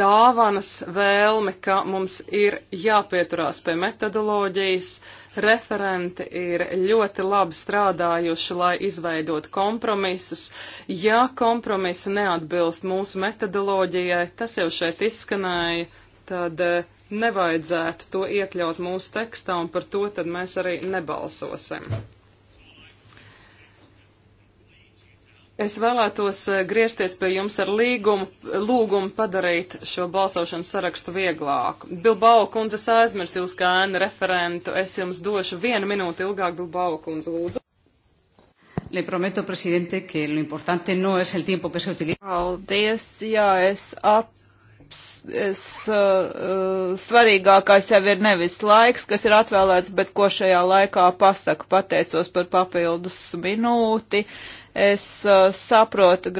dāvanas vēlme, ka mums ir jāpieturās pie metodoloģijas. Referenti ir ļoti labi strādājuši, lai izveidot kompromisus. Ja kompromisi neatbilst mūsu metodoloģijai, tas jau šeit izskanēja tad eh, nevajadzētu to iekļaut mūsu tekstā, un par to tad mēs arī nebalsosim. Es vēlētos eh, griezties pie jums ar līgumu, lūgumu padarīt šo balsošanas sarakstu vieglāku. Bilbao kundze, es aizmirsu jūs kā ēnu referentu. Es jums došu vienu minūti ilgāk, Bilbao kundze, lūdzu. Le prometo, presidente, que lo importante no es el tiempo que se utiliza. Paldies, jā, es ap Eh, svarīgākais jau ir nevis laiks, kas ir atvēlēts, bet ko šajā laikā pasaku. Pateicos par papildus minūti. Es eh, saprotu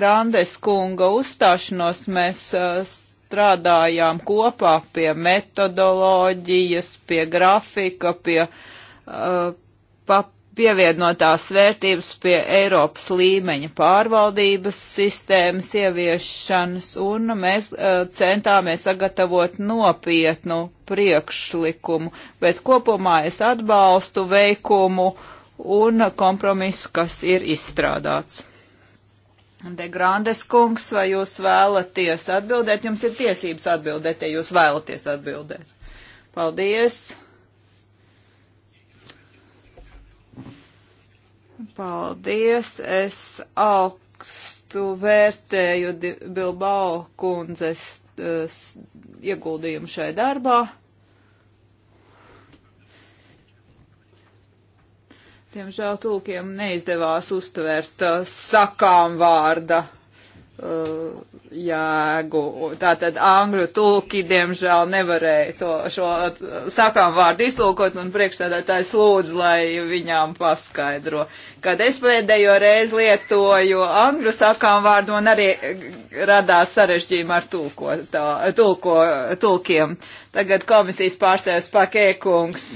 Grandes kunga uzstāšanos. Mēs eh, strādājām kopā pie metodoloģijas, pie grafika, pie uh, pap pievienotās vērtības pie Eiropas līmeņa pārvaldības sistēmas ieviešanas, un mēs uh, centāmies sagatavot nopietnu priekšlikumu, bet kopumā es atbalstu veikumu un kompromisu, kas ir izstrādāts. De Grandes kungs, vai jūs vēlaties atbildēt? Jums ir tiesības atbildēt, ja jūs vēlaties atbildēt. Paldies! Paldies! Es augstu vērtēju Bilbao kundzes ieguldījumu šai darbā. Diemžēl tulkiem neizdevās uztvert uh, sakām vārda Uh, jēgu. Tātad angļu tulki, diemžēl, nevarēja to, šo uh, sakām vārdu izlūkot, un priekšsēdētājs lūdz, lai viņām paskaidro. Kad es pēdējo reizi lietoju angļu sakām vārdu, man arī radās sarežģījumi ar tulko, tā, tulko, tulkiem. Tagad komisijas pārstāvis Pakēkungs.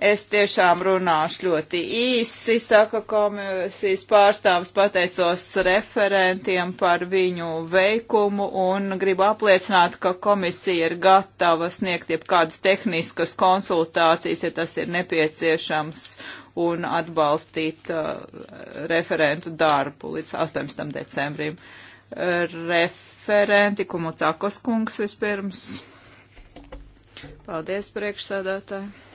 Es tiešām runāšu ļoti īsi, saka komisijas pārstāvis, pateicos referentiem par viņu veikumu un gribu apliecināt, ka komisija ir gatava sniegt jebkādas tehniskas konsultācijas, ja tas ir nepieciešams, un atbalstīt uh, referentu darbu līdz 18. decembrim. Uh, referenti Kumucakos kungs vispirms. Paldies, priekšsēdētāji.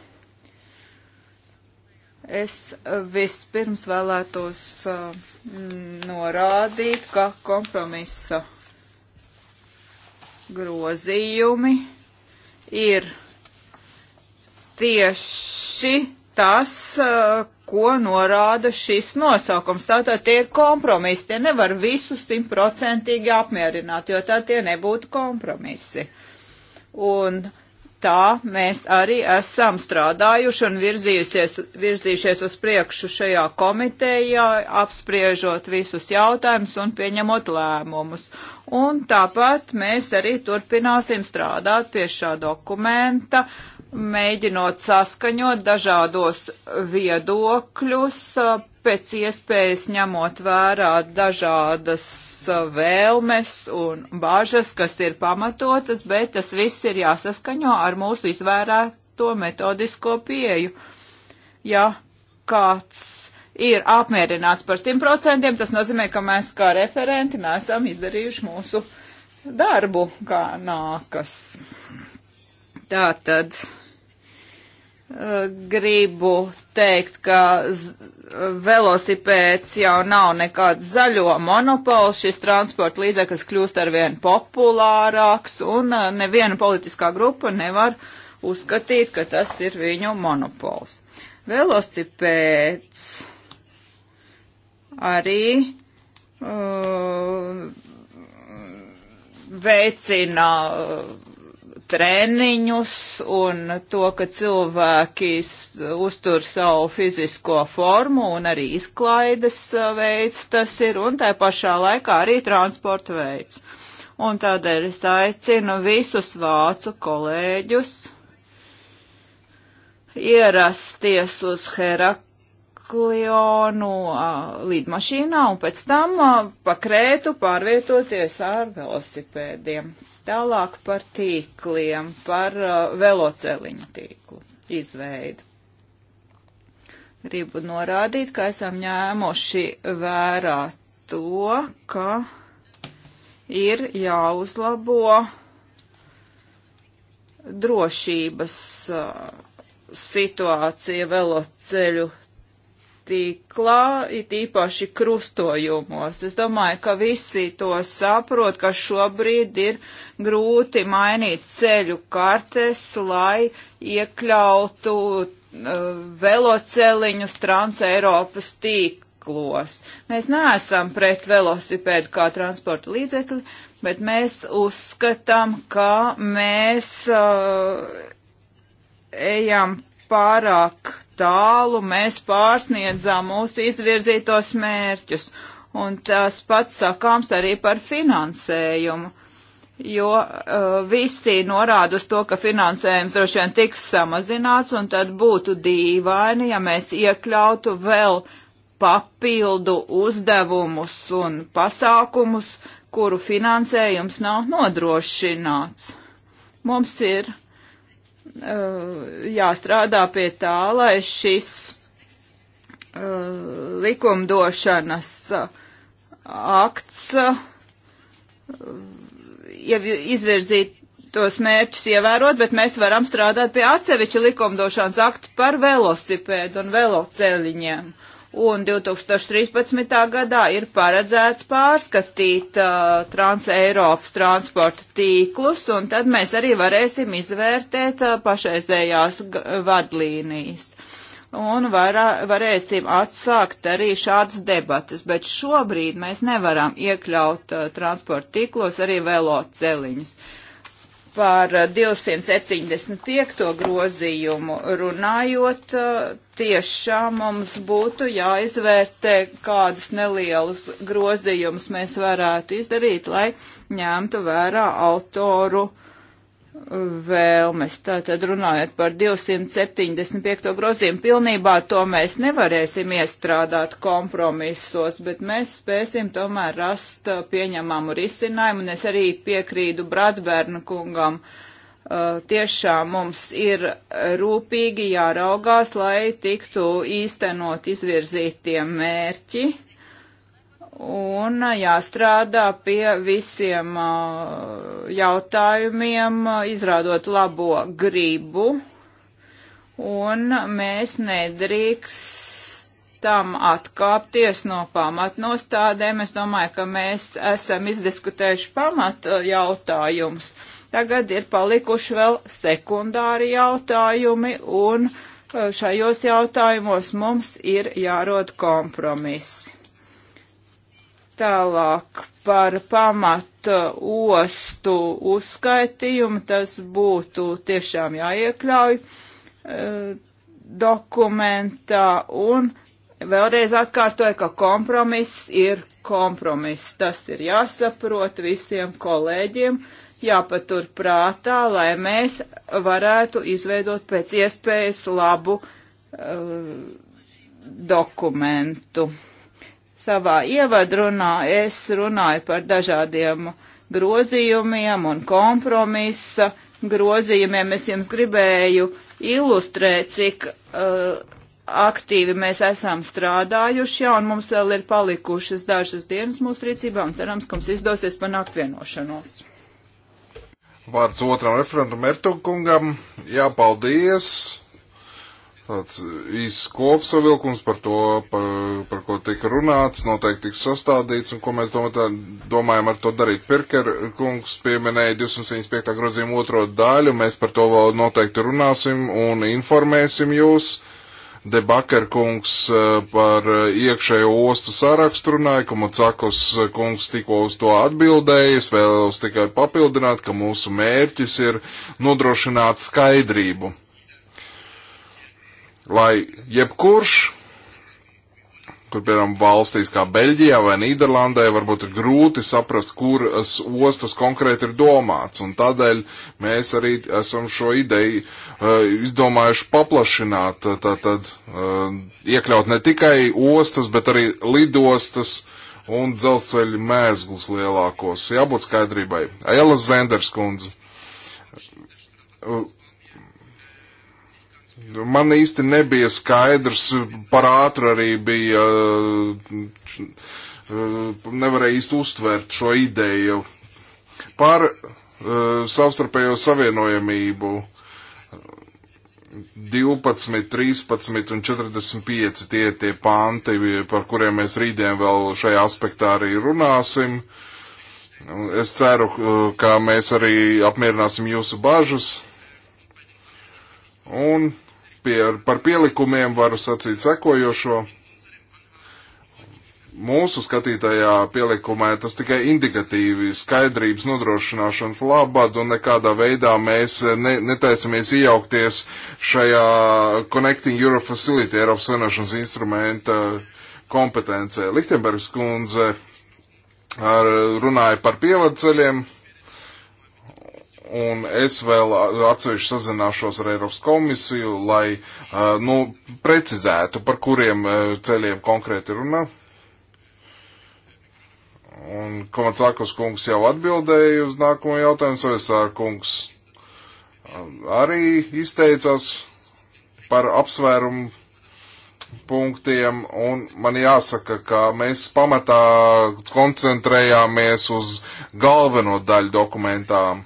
Es vispirms vēlētos uh, norādīt, ka kompromisa grozījumi ir tieši tas, uh, ko norāda šis nosaukums. Tātad tie ir kompromisi, tie nevar visu simtprocentīgi apmierināt, jo tā tie nebūtu kompromisi. Un uh, tā mēs arī esam strādājuši un virzījušies uz priekšu šajā komitejā, apspriežot visus jautājumus un pieņemot lēmumus. Un tāpat mēs arī turpināsim strādāt pie šā dokumenta, mēģinot saskaņot dažādos viedokļus pēc iespējas ņemot vērā dažādas uh, vēlmes un bažas, kas ir pamatotas, bet tas viss ir jāsaskaņo ar mūsu izvērēto metodisko pieju. Ja kāds ir apmierināts par 100%, tas nozīmē, ka mēs kā referenti nesam izdarījuši mūsu darbu, kā nākas. Tātad. tad gribu teikt, ka velosipēds jau nav nekāds zaļo monopols, šis transporta līdzeklis kļūst arvien populārāks, un uh, neviena politiskā grupa nevar uzskatīt, ka tas ir viņu monopols. Velosipēds arī uh, veicina uh, treniņus un to, ka cilvēki uztur savu fizisko formu un arī izklaides veids tas ir un tā pašā laikā arī transporta veids. Un tādēļ es aicinu visus vācu kolēģus ierasties uz Heraklionu lidmašīnā un pēc tam pa krētu pārvietoties ar velosipēdiem. Tālāk par tīkliem, par uh, veloceliņu tīklu izveidu. Gribu norādīt, ka esam ņēmuši vērā to, ka ir jāuzlabo drošības uh, situācija veloceļu tīklā, it īpaši krustojumos. Es domāju, ka visi to saprot, ka šobrīd ir grūti mainīt ceļu kartes, lai iekļautu uh, veloceliņus Trans-Eiropas tīklos. Mēs neesam pret velosipēdu kā transporta līdzekli, bet mēs uzskatām, ka mēs uh, ejam pārāk tālu, mēs pārsniedzām mūsu izvirzītos mērķus. Un tas pats sakāms arī par finansējumu, jo uh, visi norāda uz to, ka finansējums droši vien tiks samazināts, un tad būtu dīvaini, ja mēs iekļautu vēl papildu uzdevumus un pasākumus, kuru finansējums nav nodrošināts. Mums ir Eh, jāstrādā pie tā, lai šis eh, likumdošanas eh, akts ja izvirzīt tos mērķus ievērot, bet mēs varam strādāt pie atsevišķa likumdošanas akta par velosipēdu un veloceļiņiem. Uh, un 2013. gadā ir paredzēts pārskatīt uh, Trans-Eiropas transporta tīklus, un tad mēs arī varēsim izvērtēt uh, pašreizējās vadlīnijas. Un varā, varēsim atsākt arī šādas debatas, bet šobrīd mēs nevaram iekļaut uh, transporta tīklos arī veloceliņus. Uh, par 275. Eh, grozījumu runājot, eh, tiešām mums būtu jāizvērtē, kādus nelielus grozījumus mēs varētu izdarīt, lai ņemtu vērā autoru uh, vēlmes. Tātad runājot par 275. grozījumu, pilnībā to mēs nevarēsim iestrādāt kompromisos, bet mēs spēsim tomēr rast uh, pieņemamu risinājumu, un es arī piekrītu Bradbērnu kungam. Uh, tiešām mums ir rūpīgi jāraugās, lai tiktu īstenot izvirzītie mērķi un jāstrādā pie visiem jautājumiem, izrādot labo gribu, un mēs nedrīkstam atkāpties no pamatnostādēm. Es domāju, ka mēs esam izdiskutējuši pamat jautājumus. Tagad ir palikuši vēl sekundāri jautājumi, un šajos jautājumos mums ir jārod kompromiss Tālāk par pamata ostu uzskaitījumu tas būtu tiešām jāiekļauj eh, dokumentā un vēlreiz atkārtoju, ka kompromiss ir kompromiss. Tas ir jāsaprot visiem kolēģiem, jāpatur prātā, lai mēs varētu izveidot pēc iespējas labu uh, dokumentu. Savā ievadrunā es runāju par dažādiem grozījumiem un kompromisa grozījumiem. Es jums gribēju ilustrēt, cik uh, aktīvi mēs esam strādājuši, un mums vēl ir palikušas dažas dienas mūsu rīcībā, un cerams, ka mums izdosies panākt vienošanos. Vārds otram referentam Ertugungam. Jā, paldies! tāds īsts kopsavilkums par to, par, par ko tika runāts, noteikti tiks sastādīts un ko mēs domā, domājam ar to darīt. Pirker kungs pieminēja 275. grozījumu otro daļu, mēs par to vēl noteikti runāsim un informēsim jūs. Debaker kungs eh, par iekšējo ostu sarakstu runāja, ka Mucakos kungs tikko uz to atbildēja. Es vēlos tikai papildināt, ka mūsu mērķis ir nodrošināt skaidrību lai jebkurš, kur piemēram valstīs kā Beļģijā vai Nīderlandē, varbūt ir grūti saprast, kuras ostas konkrēti ir domāts. Un tādēļ mēs arī esam šo ideju uh, izdomājuši paplašināt, eh, tātad uh, eh, iekļaut ne tikai ostas, bet arī lidostas un dzelzceļa mēzglus lielākos. Jābūt skaidrībai. Ela Zenderskundze Man īsti nebija skaidrs, par ātru arī bija, eh, nevarēja īsti uztvērt šo ideju. Par eh, savstarpējo savienojamību 12, 13 un 45 tie tie panti, par kuriem mēs rītdien vēl šajā aspektā arī runāsim. Es ceru, eh, ka mēs arī apmierināsim jūsu bažas. Un pie, par pielikumiem varu sacīt sekojošo. Mūsu skatītajā pielikumē tas tikai indikatīvi skaidrības nodrošināšanas labad un nekādā veidā mēs ne, netaisamies iejaukties šajā Connecting Europe Facility, Eiropas Savienošanas instrumenta kompetencē. Lichtenbergs kundze ar, runāja par pievadceļiem un es vēl atsevišķi sazināšos ar Eiropas komisiju, lai nu, precizētu, par kuriem e, ceļiem konkrēti runā. Un Komatsākos kungs jau atbildēja uz nākamo jautājumu, Savisāra kungs arī izteicās par apsvērumu punktiem, un man jāsaka, ka mēs pamatā koncentrējāmies uz galveno daļu dokumentām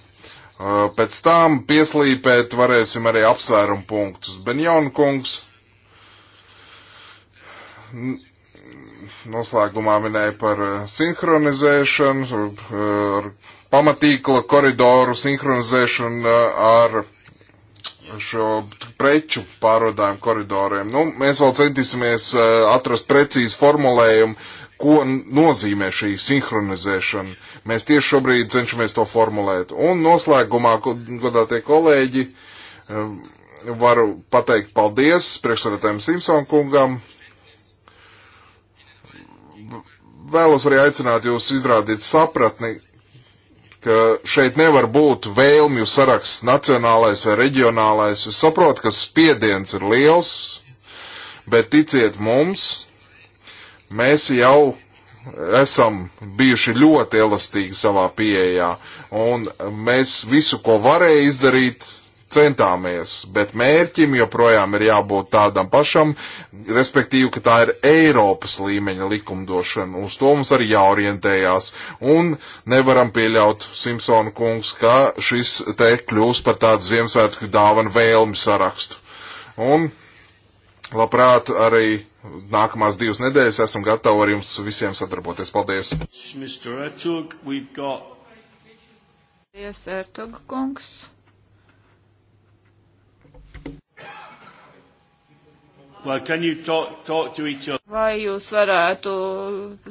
Eh, pēc tam pieslīpēt varēsim arī apsvērumu punktus. Benjona kungs noslēgumā minēja par eh, sinhronizēšanu, eh, ar pamatīkla koridoru sinhronizēšanu ar šo preču pārvadājumu koridoriem. Nu, mēs vēl centīsimies atrast precīzu formulējumu, ko nozīmē šī sinhronizēšana. Mēs tieši šobrīd cenšamies to formulēt. Un noslēgumā, godātie kolēģi, um, varu pateikt paldies priekšsēdētājiem Simpson kungam. Vēlos arī aicināt jūs izrādīt sapratni, ka šeit nevar būt vēlmju saraksts nacionālais vai reģionālais. Es saprotu, ka spiediens ir liels, bet ticiet mums, Mēs jau esam bijuši ļoti elastīgi savā pieejā, un mēs visu, ko varēja izdarīt, centāmies, bet mērķim joprojām ir jābūt tādam pašam, respektīvi, ka tā ir Eiropas līmeņa likumdošana, uz to mums arī jāorientējās, un nevaram pieļaut, Simpsona kungs, ka šis te kļūs par tādu Ziemassvētku dāvanu vēlmi sarakstu. Un labprāt arī nākamās divas nedēļas esam gatavi ar jums visiem sadarboties. Paldies! Paldies, Ertug kungs! Well, can you talk, talk to each other? Vai jūs varētu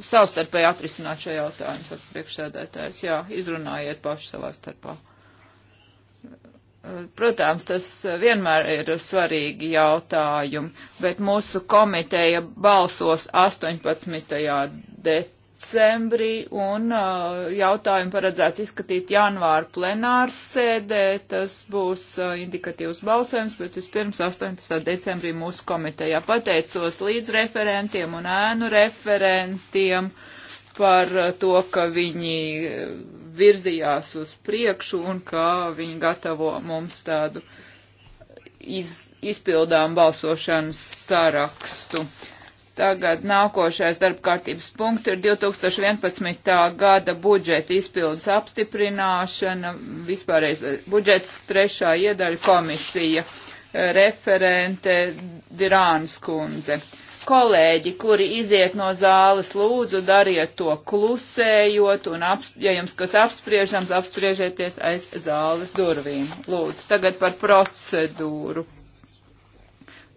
savstarpēji atrisināt šo jautājumu, saka priekšsēdētājs? Jā, izrunājiet paši savā starpā. Protams, tas vienmēr ir svarīgi jautājumi, bet mūsu komiteja balsos 18. decembrī un uh, jautājumu paredzēts izskatīt janvāra plenārs sēdē. Tas būs uh, indikatīvs balsojums, bet vispirms 18. decembrī mūsu komitejā pateicos līdz referentiem un ēnu referentiem par uh, to, ka viņi virzījās uz priekšu un ka viņi gatavo mums tādu iz, izpildām balsošanas sarakstu. Tagad nākošais darba kārtības punkts ir 2011. gada budžeta izpildes apstiprināšana, vispārējais budžets trešā iedaļa komisija, referente Dirānas kundze kolēģi, kuri iziet no zāles, lūdzu, dariet to klusējot, un, ap, ja jums kas apspriežams, apspriežieties aiz zāles durvīm. Lūdzu, tagad par procedūru.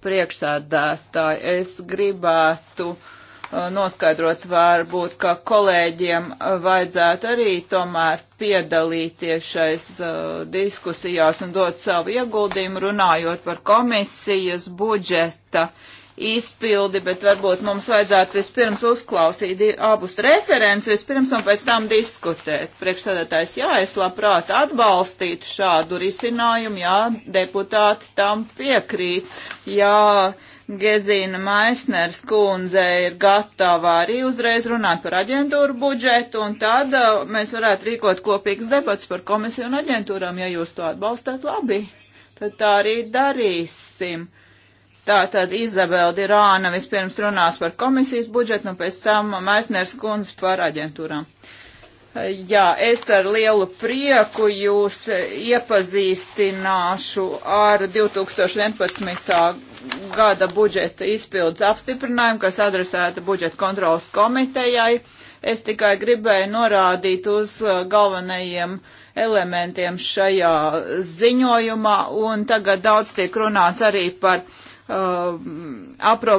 Priekšsādātāji, es gribētu uh, noskaidrot varbūt, ka kolēģiem uh, vajadzētu arī tomēr piedalīties šais uh, diskusijās un dot savu ieguldījumu runājot par komisijas budžeta uh, izpildi, bet varbūt mums vajadzētu vispirms uzklausīt abus referents, vispirms un pēc tam diskutēt. Priekšsēdētājs, jā, es labprāt atbalstītu šādu risinājumu, jā, deputāti tam piekrīt, jā, Gezīna Maisners kundze ir gatava arī uzreiz runāt par aģentūru budžetu, un tad uh, mēs varētu rīkot kopīgas debats par komisiju un aģentūrām, ja jūs to atbalstāt labi. Tad tā arī darīsim. Uh, Tātad Izabela Dirāna vispirms runās par komisijas budžetu, un pēc tam Maisners kundz par aģentūrām. Jā, es ar lielu prieku jūs iepazīstināšu ar 2011. gada budžeta izpildes apstiprinājumu, kas adresēta budžeta kontrolas komitejai. Es tikai gribēju norādīt uz uh, galvenajiem uh, elementiem šajā ziņojumā, un tagad daudz tiek runāts arī par uh, apro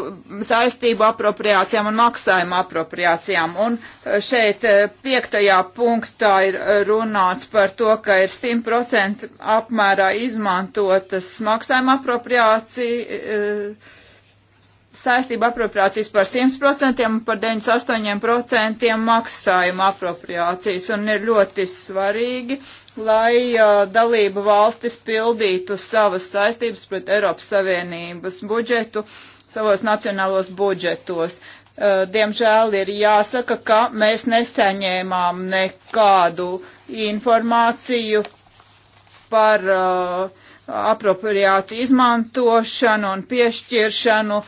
saistību apropriācijām un maksājumu apropriācijām. Un uh, šeit uh, piektajā punktā ir uh, runāts par to, ka ir 100% apmērā izmantotas maksājuma apropriācija. Uh, saistību apropriācijas par 100% un par 98% maksājuma apropriācijas. Un ir ļoti svarīgi, lai uh, dalība valstis pildītu savas saistības pret Eiropas Savienības budžetu savos nacionālos budžetos. Uh, diemžēl ir jāsaka, ka mēs nesaņēmām nekādu informāciju par uh, apropriāciju izmantošanu un piešķiršanu uh,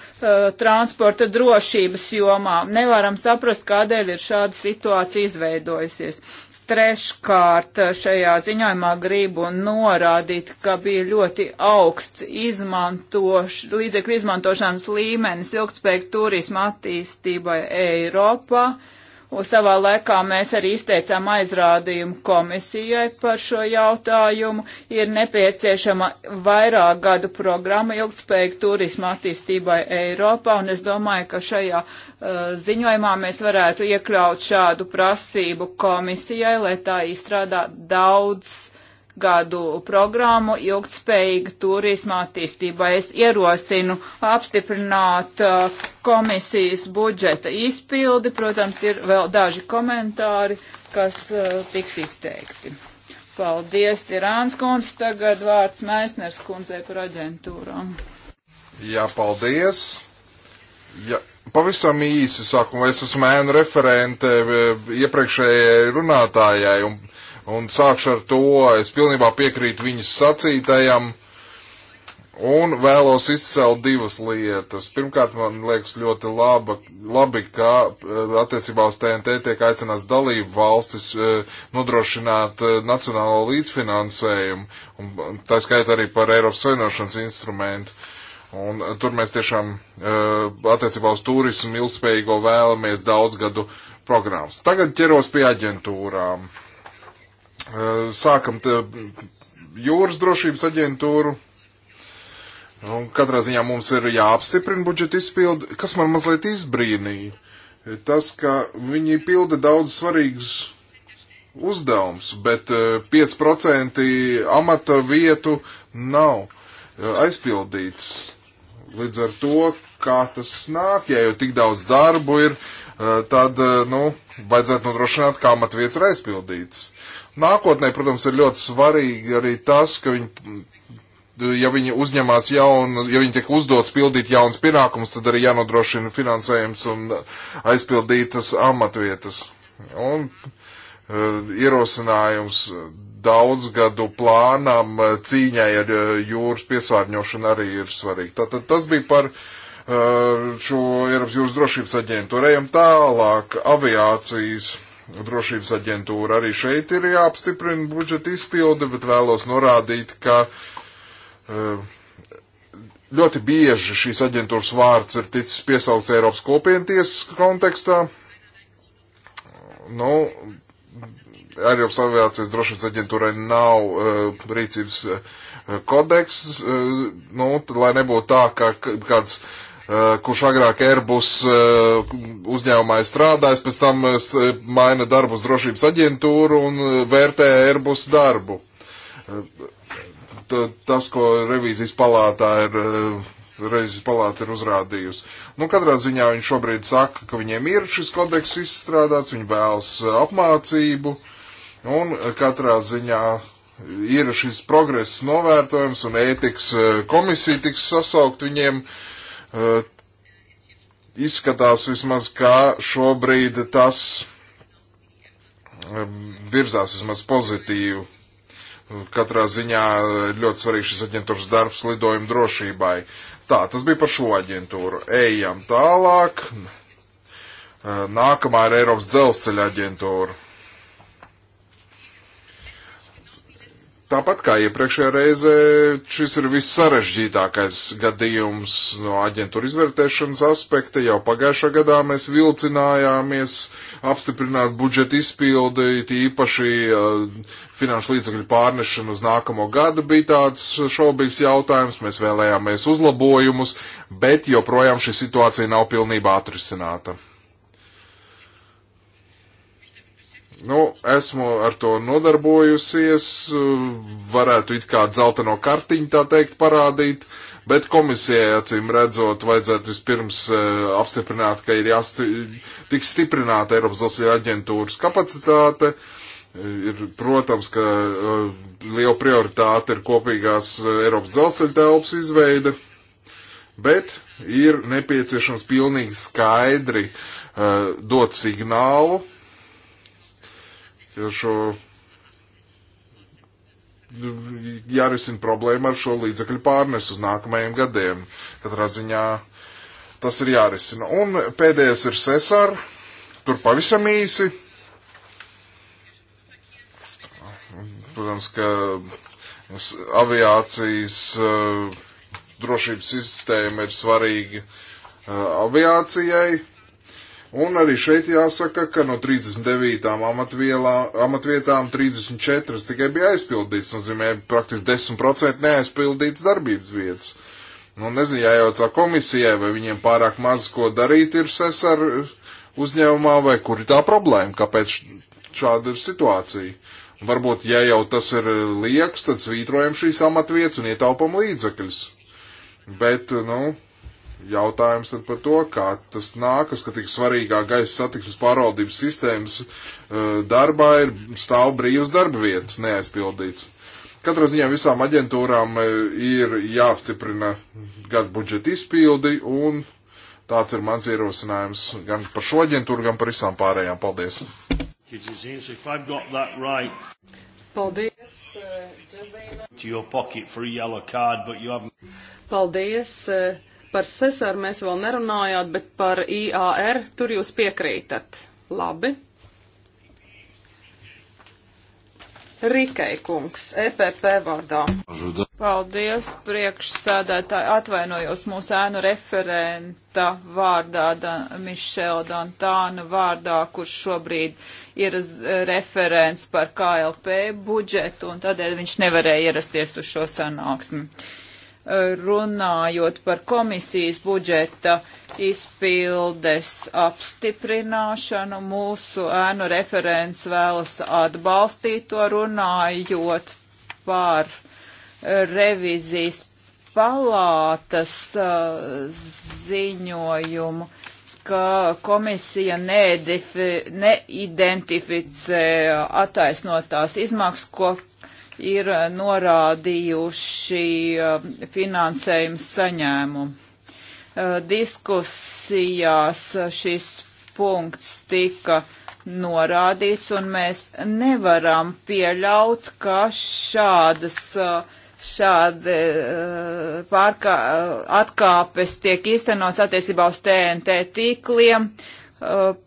transporta drošības jomā. Nevaram saprast, kādēļ ir šāda situācija izveidojusies. Treškārt, šajā ziņojumā gribu norādīt, ka bija ļoti augsts izmantoš, līdzekļu izmantošanas līmenis ilgspējīgi turisma attīstībai Eiropā. Uh, Un savā laikā mēs arī izteicām aizrādījumu komisijai par šo jautājumu. Ir nepieciešama vairāk gadu programma ilgspējīgi turisma attīstībai Eiropā, un es domāju, ka šajā uh, ziņojumā mēs varētu iekļaut šādu prasību komisijai, lai tā izstrādā daudz gadu programmu ilgtspējīga turisma attīstībai. Es ierosinu apstiprināt uh, komisijas budžeta izpildi. Protams, ir vēl daži komentāri, kas uh, tiks izteikti. Paldies, Tirāns kundze. Tagad vārds Meisners kundzei par aģentūrām. Jā, paldies. Jā. Pavisam īsi saku, es esmu ēnu referente e, iepriekšējai runātājai, un Un sākšu ar to, es pilnībā piekrītu viņas sacītajam. Un vēlos izcelt divas lietas. Pirmkārt, man liekas ļoti laba, labi, ka eh, attiecībā uz TNT tiek aicināts dalību valstis eh, nodrošināt eh, nacionālo līdzfinansējumu, un tā skaita arī par Eiropas savienošanas instrumentu. Un tur mēs tiešām attiecībā uz turismu ilgspējīgo vēlamies daudzgadu programmas. Tagad ķeros pie aģentūrām. Eh, sākam jūras drošības aģentūru. Un katrā ziņā mums ir jāapstiprina budžeta izpildi, kas man mazliet izbrīnīja. Tas, ka viņi pilda daudz svarīgus uzdevums, bet 5% eh, amata vietu nav eh, aizpildīts. Līdz ar to, kā tas nāk, ja jau tik daudz darbu ir, tad, nu, vajadzētu nodrošināt, kā amata vietas ir aizpildīts. Nākotnē, protams, ir ļoti svarīgi arī tas, ka viņi, ja viņi uzņemās jaunu, ja viņi tiek uzdots pildīt jaunas pienākumus, tad arī jānodrošina finansējums un aizpildītas amatvietas. Un uh, ierosinājums daudzgadu plānam eh, cīņai ar eh, jūras piesārņošanu arī ir svarīgi. Tātad tas bija par šo Eiropas jūras drošības aģentūru. Ejam tālāk, aviācijas drošības aģentūra. Arī šeit ir jāapstiprina budžeta izpilde, bet vēlos norādīt, ka eh, ļoti bieži šīs aģentūras vārds ir ticis piesaukts Eiropas kopientiesas kontekstā. Nu, Eiropas aviācijas drošības aģentūrai nav uh, rīcības eh, kodeks, uh, nu, lai nebūtu tā, ka kāds uh, Eh, kurš agrāk Airbus eh, uzņēmumā ir strādājis, pēc tam eh, maina darbus drošības aģentūru un vērtē Airbus darbu. Tas, ko revīzijas palātā ir, revīzijas palāta ir uzrādījusi. Nu, katrā ziņā viņi šobrīd saka, ka viņiem ir šis kodeks izstrādāts, viņi vēlas apmācību, un katrā ziņā ir šis progress novērtojums, un ētikas komisija tiks sasaukt viņiem uh, Eh, izskatās vismaz, kā šobrīd tas eh, virzās vismaz pozitīvi. Katrā ziņā ļoti svarīgs šis aģentūras darbs lidojuma drošībai. Tā, tas bija par šo aģentūru. Ejam tālāk. Eh, nākamā ir Eiropas dzelzceļa aģentūra. Tāpat kā iepriekšējā reizē, šis ir vissarežģītākais gadījums no aģentūra izvērtēšanas aspekta. Jau pagājušā gadā mēs vilcinājāmies apstiprināt budžeta izpildi, tīpaši uh, finanšu līdzekļu pārnešana uz nākamo gadu bija tāds šaubīgs jautājums. Mēs vēlējāmies uzlabojumus, bet joprojām šī situācija nav pilnībā atrisināta. Nu, esmu ar to nodarbojusies, varētu it kā dzelteno kartiņu tā teikt parādīt, bet komisijai acīm redzot vajadzētu vispirms eh, apstiprināt, ka ir jāsti, tik stiprināta Eiropas Zilsvīra aģentūras kapacitāte. Ir, protams, ka eh, liela prioritāte ir kopīgās eh, Eiropas dzelzceļa telpas izveide, bet ir nepieciešams pilnīgi skaidri uh, dot signālu šo nu, jārisina problēma ar šo līdzekļu pārnes uz nākamajiem gadiem. Katrā ziņā tas ir jārisina. Un pēdējais ir Cesar, tur pavisam īsi. Protams, ka aviācijas eh, drošības sistēma ir svarīga eh, aviācijai Un arī šeit jāsaka, ka no 39 amatvielā, amatvietām 34 tikai bija aizpildīts, nozīmē praktiski 10% neaizpildīts darbības vietas. Nu, nezinu, jājautā komisijai, vai viņiem pārāk maz ko darīt ir sesar uzņēmumā, vai kur ir tā problēma, kāpēc šāda ir situācija. Varbūt, ja jau tas ir liekas, tad svītrojam šīs amatvietas un ietaupam līdzekļus. Bet, nu, jautājums tad par to, kā tas nākas, ka tik svarīgā gaisa satiksmes pārvaldības sistēmas uh, darbā ir stāv brīvas darba vietas neaizpildīts. Katrā ziņā visām aģentūrām uh, ir jāapstiprina gadu budžeta izpildi, un tāds ir mans ierosinājums gan par šo aģentūru, gan par visām pārējām. Paldies! Paldies, Džezīna. Uh, Paldies, Par sesaru mēs vēl nerunājāt, bet par IAR tur jūs piekrītat. Labi. Rikei kungs, EPP vārdā. Paldies, priekšsēdētāji. Atvainojos mūsu ēnu referenta vārdā, Dan, Mišela Dantāna vārdā, kurš šobrīd ir referents par KLP budžetu, un tādēļ viņš nevarēja ierasties uz šo sanāksmi. Uh, runājot par komisijas budžeta izpildes apstiprināšanu, mūsu ēnu referents vēlas atbalstīt to runājot par revizijas palātas uh, ziņojumu ka komisija neidentificē uh, attaisnotās izmaksas, ko ir eh, norādījuši eh, finansējumu saņēmumu. Eh, diskusijās šis punkts tika norādīts, un mēs nevaram pieļaut, ka šādas, šādi pārkā, atkāpes tiek īstenots attiecībā uz TNT tīkliem,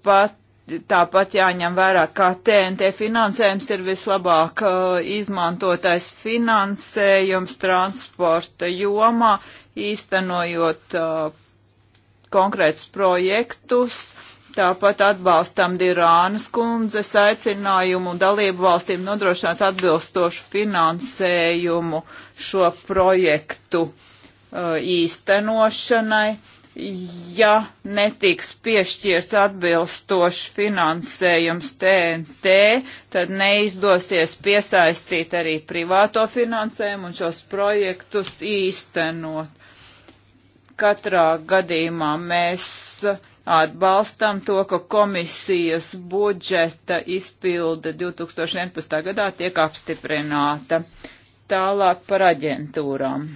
pat Tāpat jāņem vērā, ka TNT finansējums ir vislabāk uh, izmantotais finansējums transporta jomā, īstenojot uh, konkrētus projektus. Tāpat atbalstam Dirānas kundzes aicinājumu dalību valstīm nodrošināt atbilstošu finansējumu šo projektu uh, īstenošanai ja netiks piešķirts atbilstošs finansējums TNT, tad neizdosies piesaistīt arī privāto finansējumu un šos projektus īstenot. Katrā gadījumā mēs atbalstam to, ka komisijas budžeta izpilde 2011. gadā tiek apstiprināta. Tālāk par aģentūrām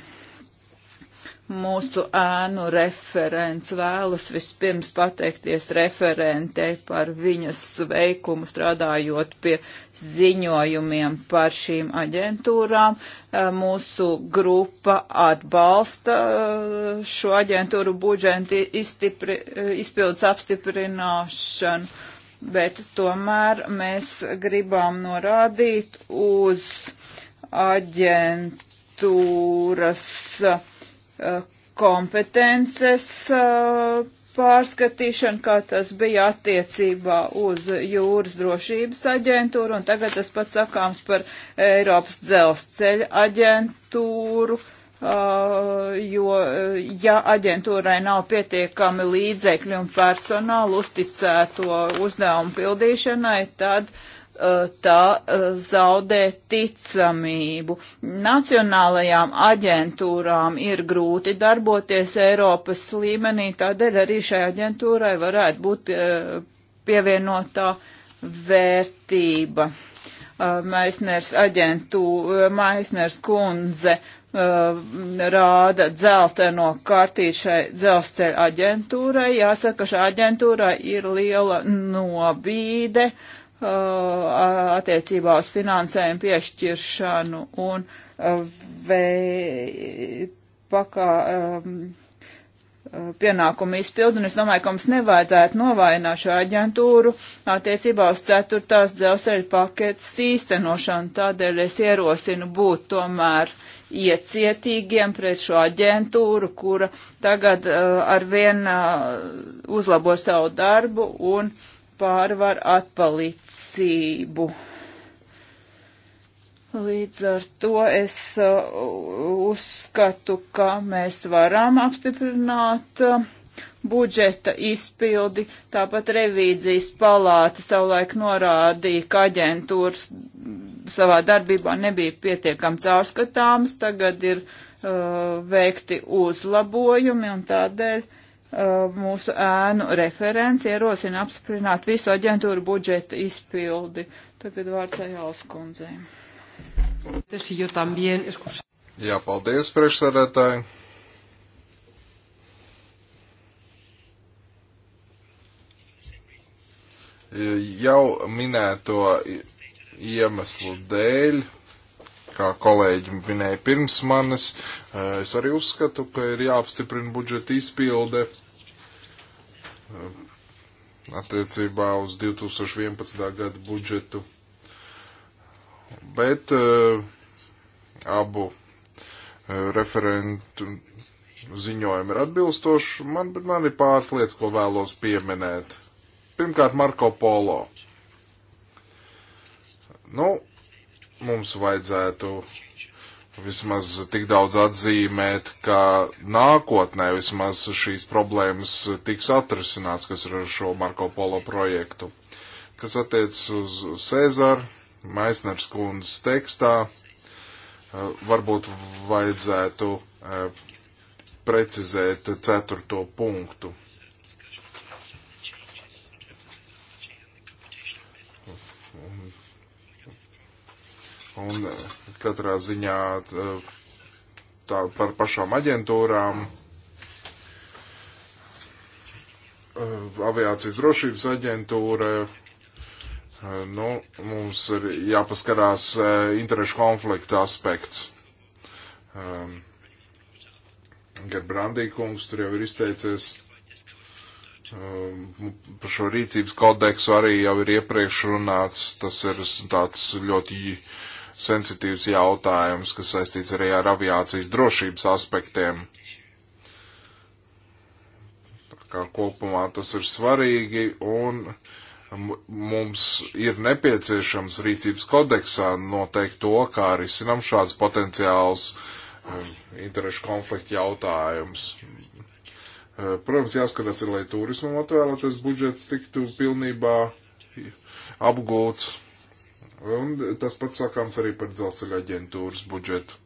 mūsu ēnu referents vēlas vispirms pateikties referentei par viņas veikumu strādājot pie ziņojumiem par šīm aģentūrām. Eh, mūsu grupa atbalsta eh, šo aģentūru budžeti eh, izpildus apstiprināšanu, bet tomēr mēs gribam norādīt uz aģentūras kompetences uh, pārskatīšanu, kā tas bija attiecībā uz jūras drošības aģentūru, un tagad tas pats sakāms par Eiropas dzelzceļa aģentūru, uh, jo ja aģentūrai nav pietiekami līdzekļi un personāli uzticēto uzdevumu pildīšanai, tad uh, Eh, tā eh, zaudē ticamību. Nacionālajām aģentūrām ir grūti darboties Eiropas līmenī, tādēļ arī šai aģentūrai varētu būt pie, pievienotā vērtība. Eh, Maisners aģentū, Maisners kundze rāda dzelteno kartīšai dzelzceļa aģentūrai. Jāsaka, šā aģentūra ir liela nobīde. Uh, Uh, attiecībā uz finansējumu piešķiršanu un uh, vei, pakā, um, uh, pienākumu izpildu, un es domāju, ka mums nevajadzētu novājināt šo aģentūru attiecībā uz ceturtās dzelzceļa paketes īstenošanu. Tādēļ es ierosinu būt tomēr iecietīgiem pret šo aģentūru, kura tagad uh, arvien uh, uzlabo savu darbu un uh, pārvar atpalicību. Līdz ar to es uh, uzskatu, ka mēs varam apstiprināt uh, budžeta izpildi. Tāpat revīzijas palāta savulaik norādīja, ka aģentūras savā darbībā nebija pietiekami caurskatāmas, tagad ir uh, veikti uzlabojumi un tādēļ uh, Uh, mūsu ēnu referents ierosina apstiprināt visu aģentūru budžeta izpildi. Tagad vārds Ajāls kundzei. Jā, paldies, priekšsēdētāji. Jau minēto iemeslu dēļ, kā kolēģi minēja pirms manis, es arī uzskatu, ka ir jāapstiprina budžeta izpilde Uh, attiecībā uz 2011. gada budžetu. Bet uh, abu uh, referentu ziņojumi ir atbilstoši, man, bet man ir pāris lietas, ko vēlos pieminēt. Pirmkārt, Marko Polo. Nu, mums vajadzētu vismaz tik daudz atzīmēt, ka nākotnē vismaz šīs problēmas tiks atrisināts, kas ir ar šo Marko Polo projektu. Kas attiec uz Cezaru, Maisners kundzes tekstā, eh, varbūt vajadzētu eh, precizēt ceturto punktu. Un eh, katrā ziņā eh, tā, par pašām aģentūrām. Eh, aviācijas drošības aģentūra, nu, mums ir jāpaskarās interešu konflikta aspekts. Gerbrandī kungs tur jau ir izteicies. Par šo rīcības kodeksu arī jau ir iepriekš runāts. Tas ir tāds ļoti sensitīvs jautājums, kas saistīts arī ar aviācijas drošības aspektiem. Tā kā kopumā tas ir svarīgi un mums ir nepieciešams rīcības kodeksā noteikt to, kā arī sinam šāds potenciāls um, interešu konflikta jautājums. Uh, protams, jāskatās ir, lai turismam atvēlētais budžets tiktu pilnībā apgūts Un tas pats sakāms arī par dzelzceļa aģentūras budžetu.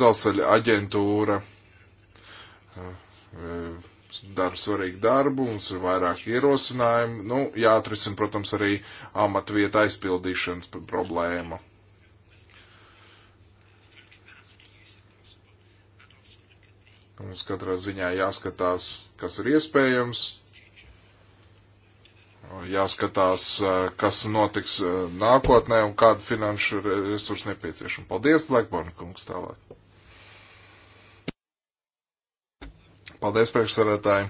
Dzelzceļa aģentūra eh, eh, dara svarīgu darbu, mums ir vairāk ierosinājumu. Nu, jāatrisina, protams, arī amatvieta aizpildīšanas problēma. Mums katrā ziņā jāskatās, kas ir iespējams, jāskatās, kas notiks nākotnē un kādu finanšu resursu nepieciešam. Paldies, Blackburn kungs, tālāk. Paldies, priekšsarētāji.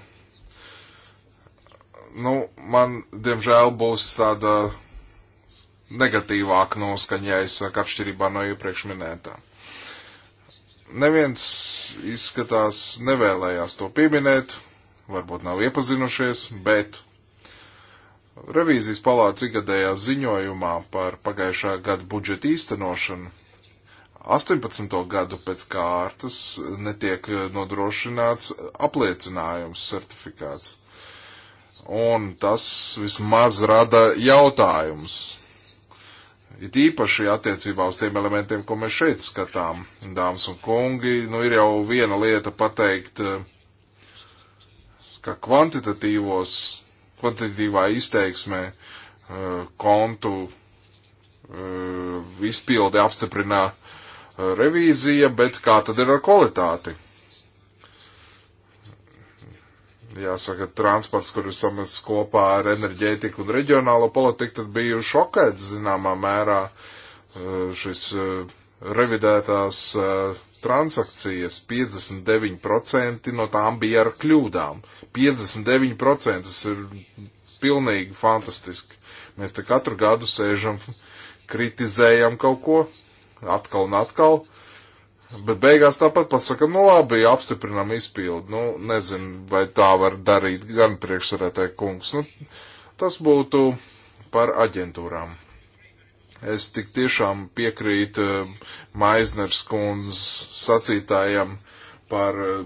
Nu, man, diemžēl, būs tāda negatīvāka noskaņa, ja es saku atšķirībā no iepriekš minētā. Neviens izskatās nevēlējās to pieminēt, varbūt nav iepazinušies, bet Revīzijas palāca igadējā ziņojumā par pagājušā gada budžeta īstenošanu 18. gadu pēc kārtas netiek nodrošināts apliecinājums, certifikāts. Un tas vismaz rada jautājums. It īpaši attiecībā uz tiem elementiem, ko mēs šeit skatām, dāmas un kungi, nu ir jau viena lieta pateikt, ka kvantitatīvos kvantitīvā izteiksmē uh, kontu uh, izpildi apstiprinā uh, revīzija, bet kā tad ir ar kvalitāti? Jāsaka, transports, kur ir samets kopā ar enerģētiku un reģionālo politiku, tad biju šokēts zināmā mērā šis revidētās uh, transakcijas 59% no tām bija ar kļūdām. 59% tas ir pilnīgi fantastiski. Mēs te katru gadu sēžam, kritizējam kaut ko, atkal un atkal, bet beigās tāpat pasakam, nu labi, apstiprinam izpildu. Nu, nezinu, vai tā var darīt gan priekšsarētāji kungs. Nu, tas būtu par aģentūrām. Es tik tiešām piekrītu eh, Maizners kundzes sacītājam par eh,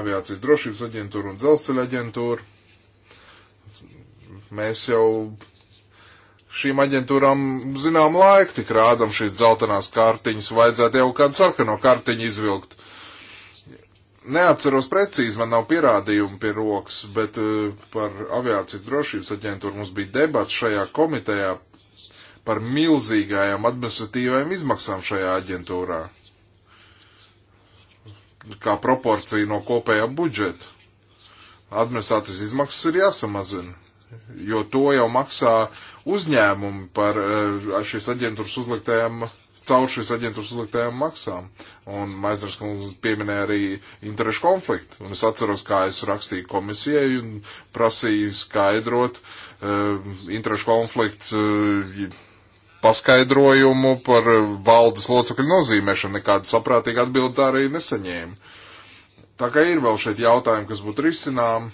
aviācijas drošības aģentūru un dzelzceļa aģentūru. Mēs jau šīm aģentūrām zinām laiku, tik rādam šīs dzeltenās kārtiņas, vajadzētu jau kādu sarkano kārtiņu izvilkt. Neatceros precīzi, man nav pierādījumu pie rokas, bet eh, par aviācijas drošības aģentūru mums bija debats šajā komitejā par milzīgajām administratīvajām izmaksām šajā aģentūrā, kā proporcija no kopējā budžeta. Administrācijas izmaksas ir jāsamazina, jo to jau maksā uzņēmumi par eh, šīs aģentūras uzliktajām, caur šīs aģentūras uzliktajām maksām. Un Maizdars kungs pieminēja arī interešu konfliktu. Un es atceros, kā es rakstīju komisijai un prasīju skaidrot uh, interešu konflikts. Uh, paskaidrojumu par valdes locekļu nozīmēšanu, nekādu saprātīgu atbildi tā arī nesaņēma. Tā kā ir vēl šeit jautājumi, kas būtu risinām,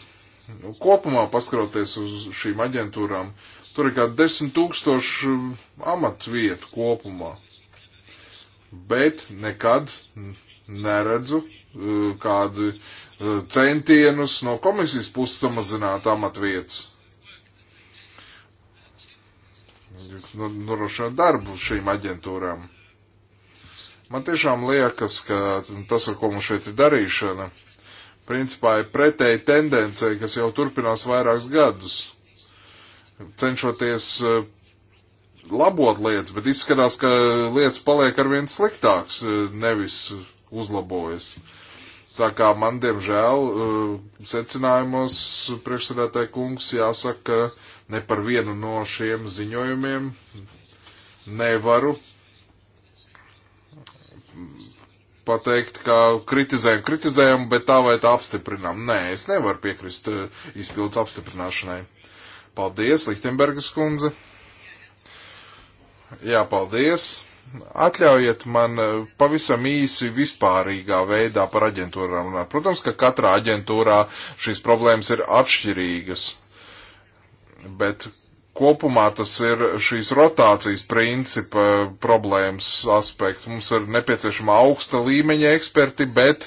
nu, kopumā paskaroties uz šīm aģentūrām, tur ir kā desmit tūkstoši amatvietu kopumā. Bet nekad neredzu kādu centienus no komisijas puses samazināt amatvietas. Nu, norošināt darbu šīm aģentūrām. Man tiešām liekas, ka tas, ar ko mums šeit ir darīšana, principā ir pretēji tendencei, kas jau turpinās vairākus gadus, cenšoties eh, labot lietas, bet izskatās, ka lietas paliek arvien sliktāks, eh, nevis uzlabojas. Tā kā man, diemžēl, eh, secinājumos priekšsēdētāji kungs jāsaka, ka ne par vienu no šiem ziņojumiem nevaru pateikt, ka kritizējam, kritizējam, bet tā vai tā apstiprinām. Nē, es nevaru piekrist eh, izpildus apstiprināšanai. Paldies, Lichtenbergas kundze. Jā, paldies. Atļaujiet man eh, pavisam īsi vispārīgā veidā par aģentūrām runāt. Protams, ka katrā aģentūrā šīs problēmas ir atšķirīgas. Bet kopumā tas ir šīs rotācijas principa problēmas aspekts. Mums ir nepieciešama augsta līmeņa eksperti, bet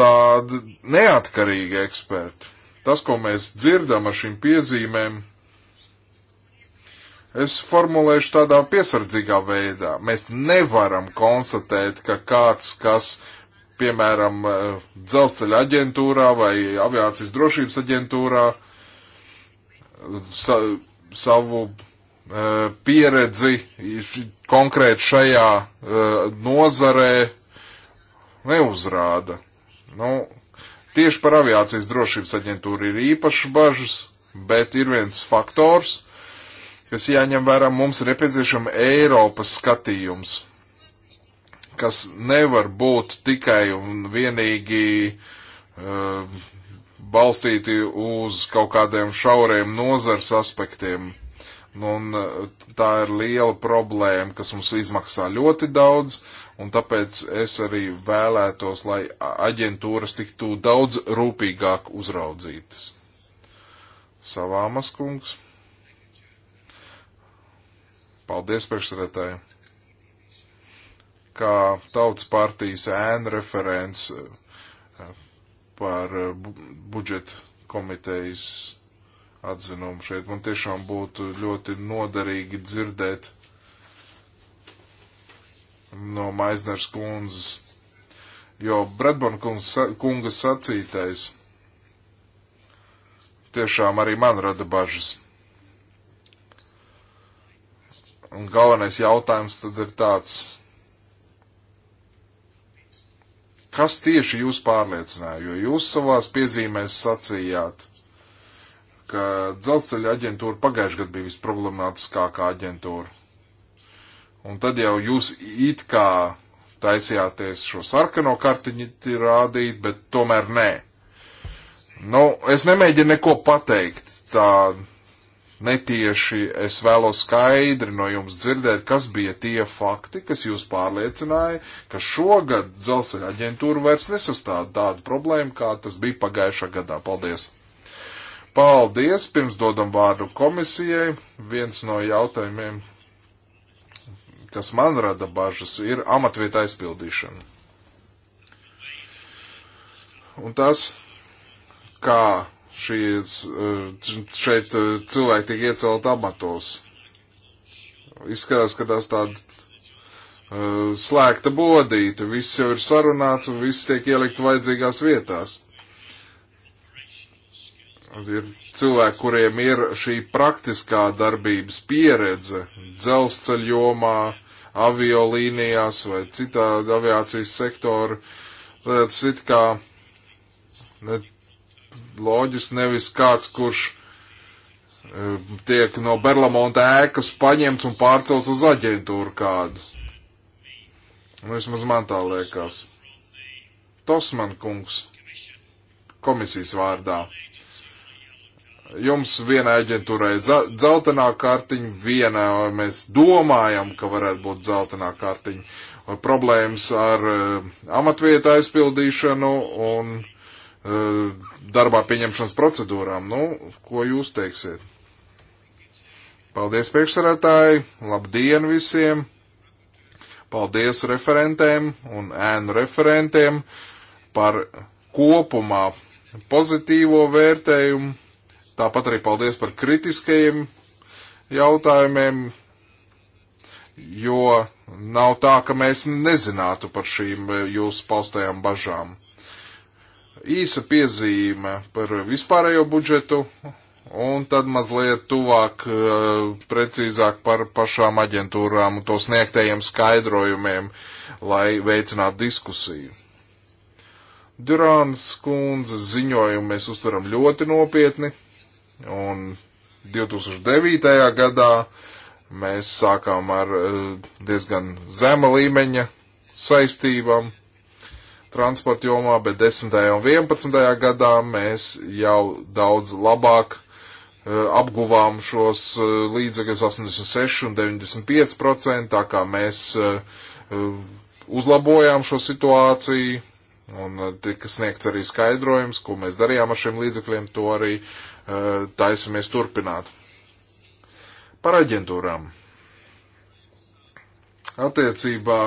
tādi neatkarīgi eksperti. Tas, ko mēs dzirdam ar šīm piezīmēm, es formulēšu tādā piesardzīgā veidā. Mēs nevaram konstatēt, ka kāds, kas, piemēram, dzelzceļa aģentūrā vai aviācijas drošības aģentūrā, uh, sa, savu e, pieredzi konkrēti šajā e, nozarē neuzrāda. Nu, tieši par aviācijas drošības aģentūru ir īpašas bažas, bet ir viens faktors, kas jāņem vērā, mums ir nepieciešama Eiropas skatījums, kas nevar būt tikai un vienīgi uh, balstīti uz kaut kādiem šauriem nozars aspektiem. Nu, un eh, tā ir liela problēma, kas mums izmaksā ļoti daudz, un tāpēc es arī vēlētos, lai aģentūras tiktu daudz rūpīgāk uzraudzītas. Savāmas kungs. Paldies priekšsredētāji. Kā tautas partijas ēna referents par eh, budžeta komitejas atzinumu šeit. Man tiešām būtu ļoti noderīgi dzirdēt no Maizners kundzes, jo Bredbon kungas sacītais tiešām arī man rada bažas. Un galvenais jautājums tad ir tāds, Kas tieši jūs pārliecināja? Jo jūs savās piezīmēs sacījāt, ka dzelzceļa aģentūra pagājušajā gadā bija visproblemātiskākā aģentūra. Un tad jau jūs it kā taisījāties šo sarkano kartiņu rādīt, bet tomēr nē. Nu, es nemēģinu neko pateikt tā netieši es vēlos skaidri no jums dzirdēt, kas bija tie fakti, kas jūs pārliecināja, ka šogad dzelzceļa aģentūra vairs nesastāv tādu problēmu, kā tas bija pagājušā gadā. Paldies! Paldies! Pirms dodam vārdu komisijai, viens no jautājumiem, kas man rada bažas, ir amatvieta aizpildīšana. Un tas, kā šīs, eh, šeit eh, cilvēki tiek iecelt amatos. Izskatās, ka tās tāda uh, eh, slēgta bodīte, viss jau ir sarunāts un viss tiek ielikt vajadzīgās vietās. Ir cilvēki, kuriem ir šī praktiskā darbības pieredze dzelzceļ jomā, aviolīnijās vai citā aviācijas sektora. Tātad, it kā loģis, nevis kāds, kurš eh, tiek no Berlamonta ēkas paņemts un pārcels uz aģentūru kādu. Nu, vismaz man tā liekas. Tosman kungs, komisijas vārdā. Jums vienai aģentūrai dzeltenā kartiņa, vienā mēs domājam, ka varētu būt dzeltenā kartiņa. Problēmas ar uh, eh, amatvietu aizpildīšanu un uh, darbā pieņemšanas procedūrām. Nu, ko jūs teiksiet? Paldies priekšsarētāji, labdien visiem! Paldies referentēm un ēnu referentiem par kopumā pozitīvo vērtējumu. Tāpat arī paldies par kritiskajiem jautājumiem, jo nav tā, ka mēs nezinātu par šīm jūsu paustajām bažām īsa piezīme par vispārējo budžetu, un tad mazliet tuvāk, eh, precīzāk par pašām aģentūrām un to sniegtajiem skaidrojumiem, lai veicinātu diskusiju. Durāns kundzes ziņojumu mēs uztveram ļoti nopietni, un 2009. gadā mēs sākām ar eh, diezgan zema līmeņa saistībām transporta jomā, bet 10. un 11. gadā mēs jau daudz labāk eh, apguvām šos eh, līdzekļus 86 un 95 procentu, tā kā mēs eh, uzlabojām šo situāciju un tika sniegts arī skaidrojums, ko mēs darījām ar šiem līdzekļiem, to arī taisamies turpināt. Par aģentūrām. Attiecībā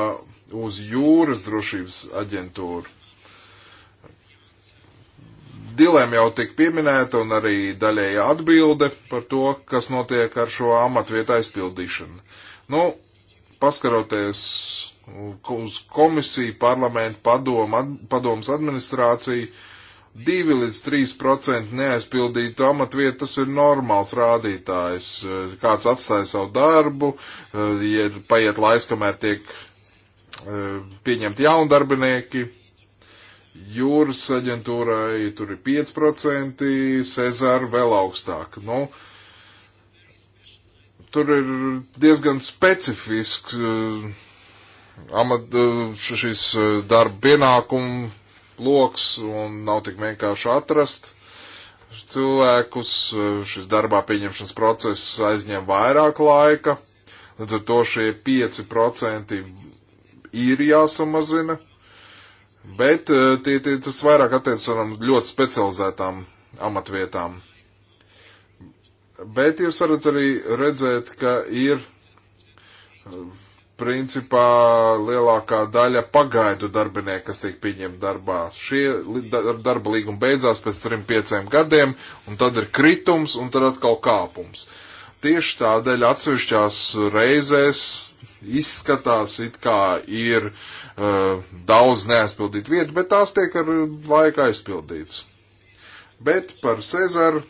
uz jūras drošības aģentūru. Dilēma jau tika pieminēta un arī daļēja atbilde par to, kas notiek ar šo amatvietu aizpildīšanu. Nu, paskaroties uz komisiju, parlamentu, padomu, ad, padomas administrāciju, 2 līdz 3% neaizpildītu amatvietu, tas ir normāls rādītājs. Kāds atstāja savu darbu, eh, ja paiet laiks, kamēr tiek Eh, pieņemti jauni darbinieki. Jūras aģentūrai tur ir 5%, Cezara vēl augstāk. Nu, tur ir diezgan specifisks uh, amat, eh, šis darba pienākumu loks un nav tik vienkārši atrast cilvēkus. Šis darbā pieņemšanas process aizņem vairāk laika. Līdz ar to šie 5% ir jāsamazina, bet eh, tie, tie, tas vairāk attiecas uz ļoti specializētām amatvietām. Bet jūs varat arī redzēt, ka ir eh, principā lielākā daļa pagaidu darbinieku, kas tiek pieņemti darbā. Šie darba līgumi beidzās pēc 3-5 gadiem, un tad ir kritums, un tad atkal kāpums. Tieši tādēļ atsevišķās reizēs izskatās, it kā ir uh, daudz neaizpildītu vietu, bet tās tiek ar laiku aizpildīts. Bet par Cezaru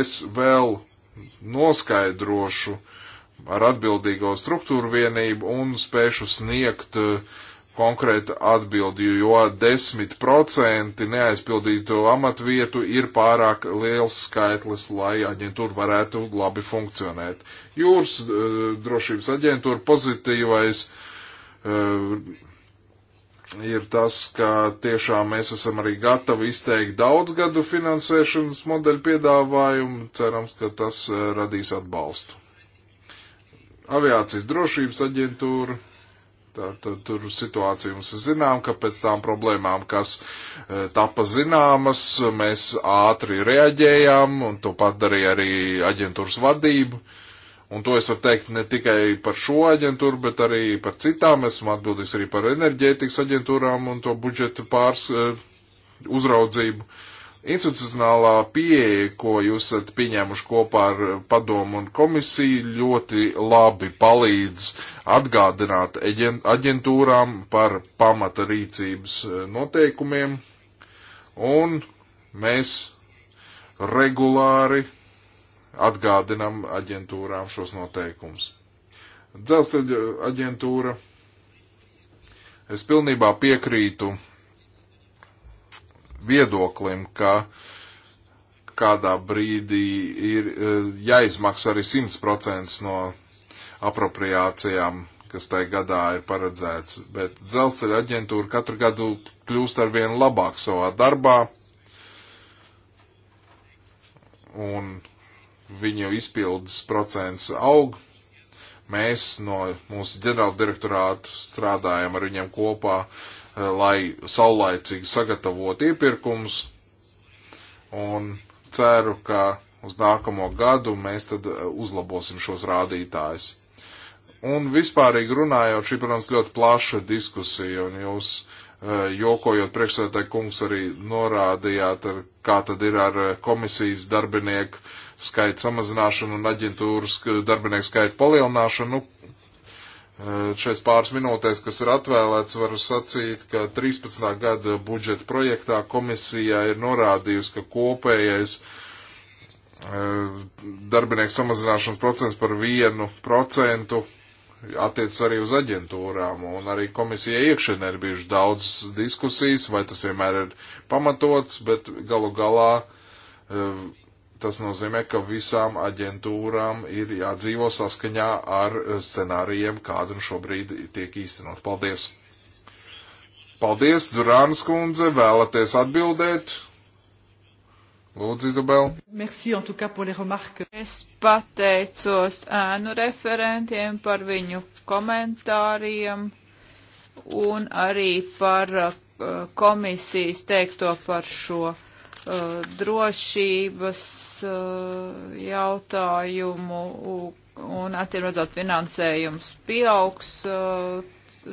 es vēl noskaidrošu ar atbildīgo struktūru vienību un spēšu sniegt uh, konkrētu atbildi, jo 10% neaizpildīto amatvietu ir pārāk liels skaitlis, lai aģentūra varētu labi funkcionēt. Jūras eh, drošības aģentūra pozitīvais eh, ir tas, ka tiešām mēs esam arī gatavi izteikt daudz gadu finansēšanas modeļu piedāvājumu. Cerams, ka tas eh, radīs atbalstu. Aviācijas drošības aģentūra Tātad tur situācija mums ir zinām, ka pēc tām problēmām, kas e, tapa zināmas, mēs ātri reaģējām un to pat darīja arī aģentūras vadība. Un to es varu teikt ne tikai par šo aģentūru, bet arī par citām. Esmu atbildīgs arī par enerģētikas aģentūrām un to budžeta pārs e, uzraudzību. Uh, Institucionālā pieeja, ko jūs esat pieņēmuši kopā ar padomu un komisiju, ļoti labi palīdz atgādināt aģentūrām par pamata rīcības eh, noteikumiem, un mēs regulāri atgādinam aģentūrām šos noteikumus. Dzelzceļa aģentūra. Es pilnībā piekrītu viedoklim, ka kādā brīdī ir eh, jāizmaksā arī 100% no apropriācijām, kas tai gadā ir paredzēts. Bet dzelzceļa aģentūra katru gadu kļūst ar vien labāk savā darbā, un viņu izpildes procents aug. Mēs no mūsu ģenerāla direktorāta strādājam ar viņiem kopā, uh, Eh, lai saulaicīgi sagatavotu iepirkums un ceru, ka uz nākamo gadu mēs tad eh, uzlabosim šos rādītājus. Un vispārīgi runājot, šī, protams, ļoti plaša diskusija, un jūs, eh, jokojot priekšsētāji kungs, arī norādījāt, ar, kā tad ir ar komisijas darbinieku skaitu samazināšanu un aģentūras darbinieku skaitu palielināšanu. Nu, Šais pāris minūtēs, kas ir atvēlēts, varu sacīt, ka 13. gada budžeta projektā komisijā ir norādījusi, ka kopējais darbinieku samazināšanas procents par vienu procentu attiec arī uz aģentūrām, un arī komisija iekšienē ir bijuši daudz diskusijas, vai tas vienmēr ir pamatots, bet galu galā Tas nozīmē, ka visām aģentūrām ir jādzīvo saskaņā ar scenārijiem, kādu nu šobrīd tiek īstenot. Paldies! Paldies, Durānas kundze, vēlaties atbildēt? Lūdzu, Izabela. Merci, en tout cas, pour les remarques. Es pateicos ēnu referentiem par viņu komentāriem un arī par uh, komisijas teikto par šo uh, drošības uh, jautājumu un attiecot finansējums pieaugs uh,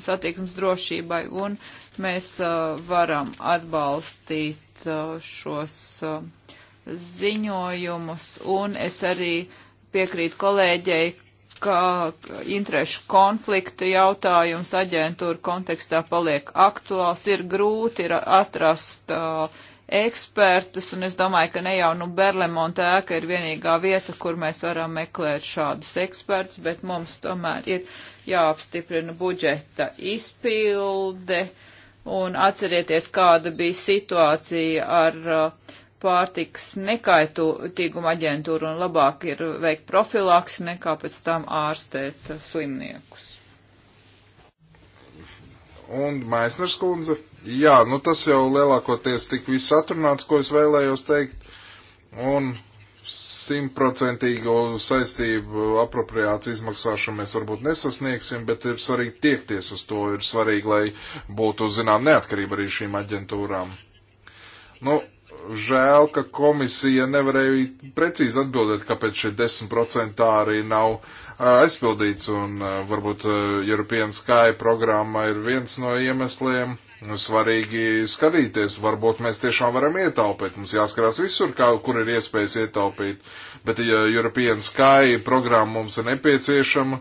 satiksmes drošībai un mēs uh, varam atbalstīt uh, šos uh, ziņojumus un es arī piekrītu kolēģei, ka interešu konflikta jautājums aģentūra kontekstā paliek aktuāls, ir grūti ir atrast uh, ekspertus, un es domāju, ka ne jau nu Berlemonta ēka ir vienīgā vieta, kur mēs varam meklēt šādus ekspertus, bet mums tomēr ir jāapstiprina budžeta izpilde, un atcerieties, kāda bija situācija ar uh, pārtiks nekaitīguma aģentūru, un labāk ir veikt profilaksi nekā pēc tam ārstēt uh, slimniekus. Un Maisners kundze. Jā, nu tas jau lielākoties tik viss atrunāts, ko es vēlējos teikt, un simtprocentīgo saistību apropriāciju izmaksāšanu mēs varbūt nesasniegsim, bet ir svarīgi tiekties uz to, ir svarīgi, lai būtu, zinām, neatkarība arī šīm aģentūrām. Nu, žēl, ka komisija nevarēja precīzi atbildēt, kāpēc šie 10% arī nav aizpildīts, un varbūt European Sky programma ir viens no iemesliem Nu, svarīgi skatīties. Varbūt mēs tiešām varam ietaupīt. Mums jāskatās visur, kā, kur ir iespējas ietaupīt. Bet ja European Sky programma mums ir nepieciešama.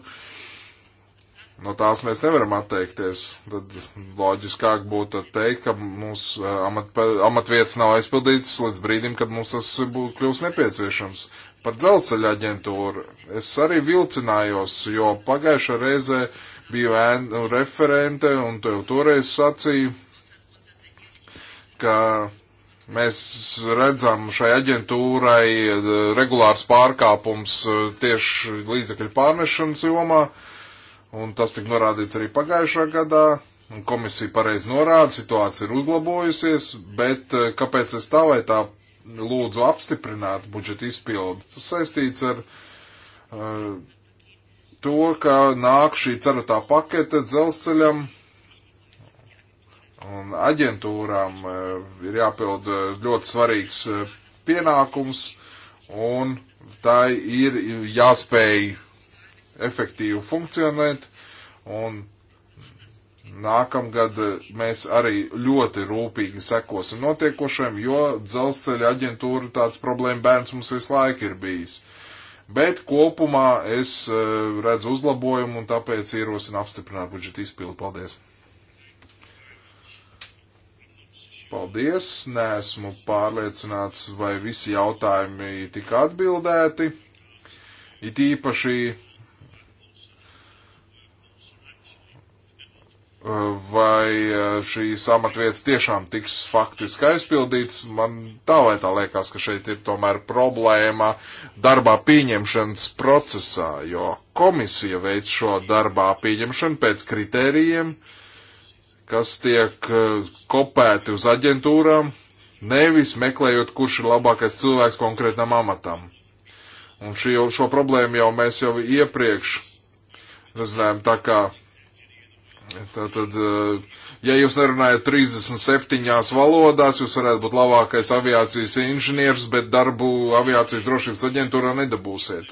No tās mēs nevaram atteikties. Tad loģiskāk būtu teikt, ka mūsu eh, amat, amatvietas nav aizpildītas līdz brīdim, kad mums tas būtu kļūst nepieciešams. Par dzelzceļa aģentūru es arī vilcinājos, jo pagājušā reizē uh, biju ēnu referente un to jau toreiz sacīju, ka mēs redzam šai aģentūrai eh, regulārs pārkāpums eh, tieši līdzekļu pārnešanas jomā, un tas tika norādīts arī pagājušā gadā. Un komisija pareizi norāda, situācija ir uzlabojusies, bet eh, kāpēc es tā vai tā lūdzu apstiprināt budžeta izpildu? Tas saistīts ar uh, to, ka nāk šī ceratā pakete dzelzceļam un aģentūrām e, ir jāpild e, ļoti svarīgs e, pienākums un tā ir jāspēj efektīvi funkcionēt un Nākamgad mēs arī ļoti rūpīgi sekosim notiekošajam, jo dzelzceļa aģentūra tāds problēma bērns mums visu laiku ir bijis. Uh, Bet kopumā es e, redzu uzlabojumu un tāpēc ierosinu apstiprināt budžeta izpildu. Paldies! Paldies! Nesmu pārliecināts, vai visi jautājumi tika atbildēti. It īpaši vai eh, šīs amatvietas tiešām tiks faktiski aizpildīts. Man tā vai tā liekas, ka šeit ir tomēr problēma darbā pieņemšanas procesā, jo komisija veic šo darbā pieņemšanu pēc kritērijiem, kas tiek eh, kopēti uz aģentūrām, nevis meklējot, kurš ir labākais cilvēks konkrētam amatam. Un šo, šo problēmu jau mēs jau iepriekš, zinām, tā kā Tātad, eh, ja jūs nerunājat 37 valodās, jūs varētu būt labākais aviācijas inženieris, bet darbu aviācijas drošības aģentūrā nedabūsiet.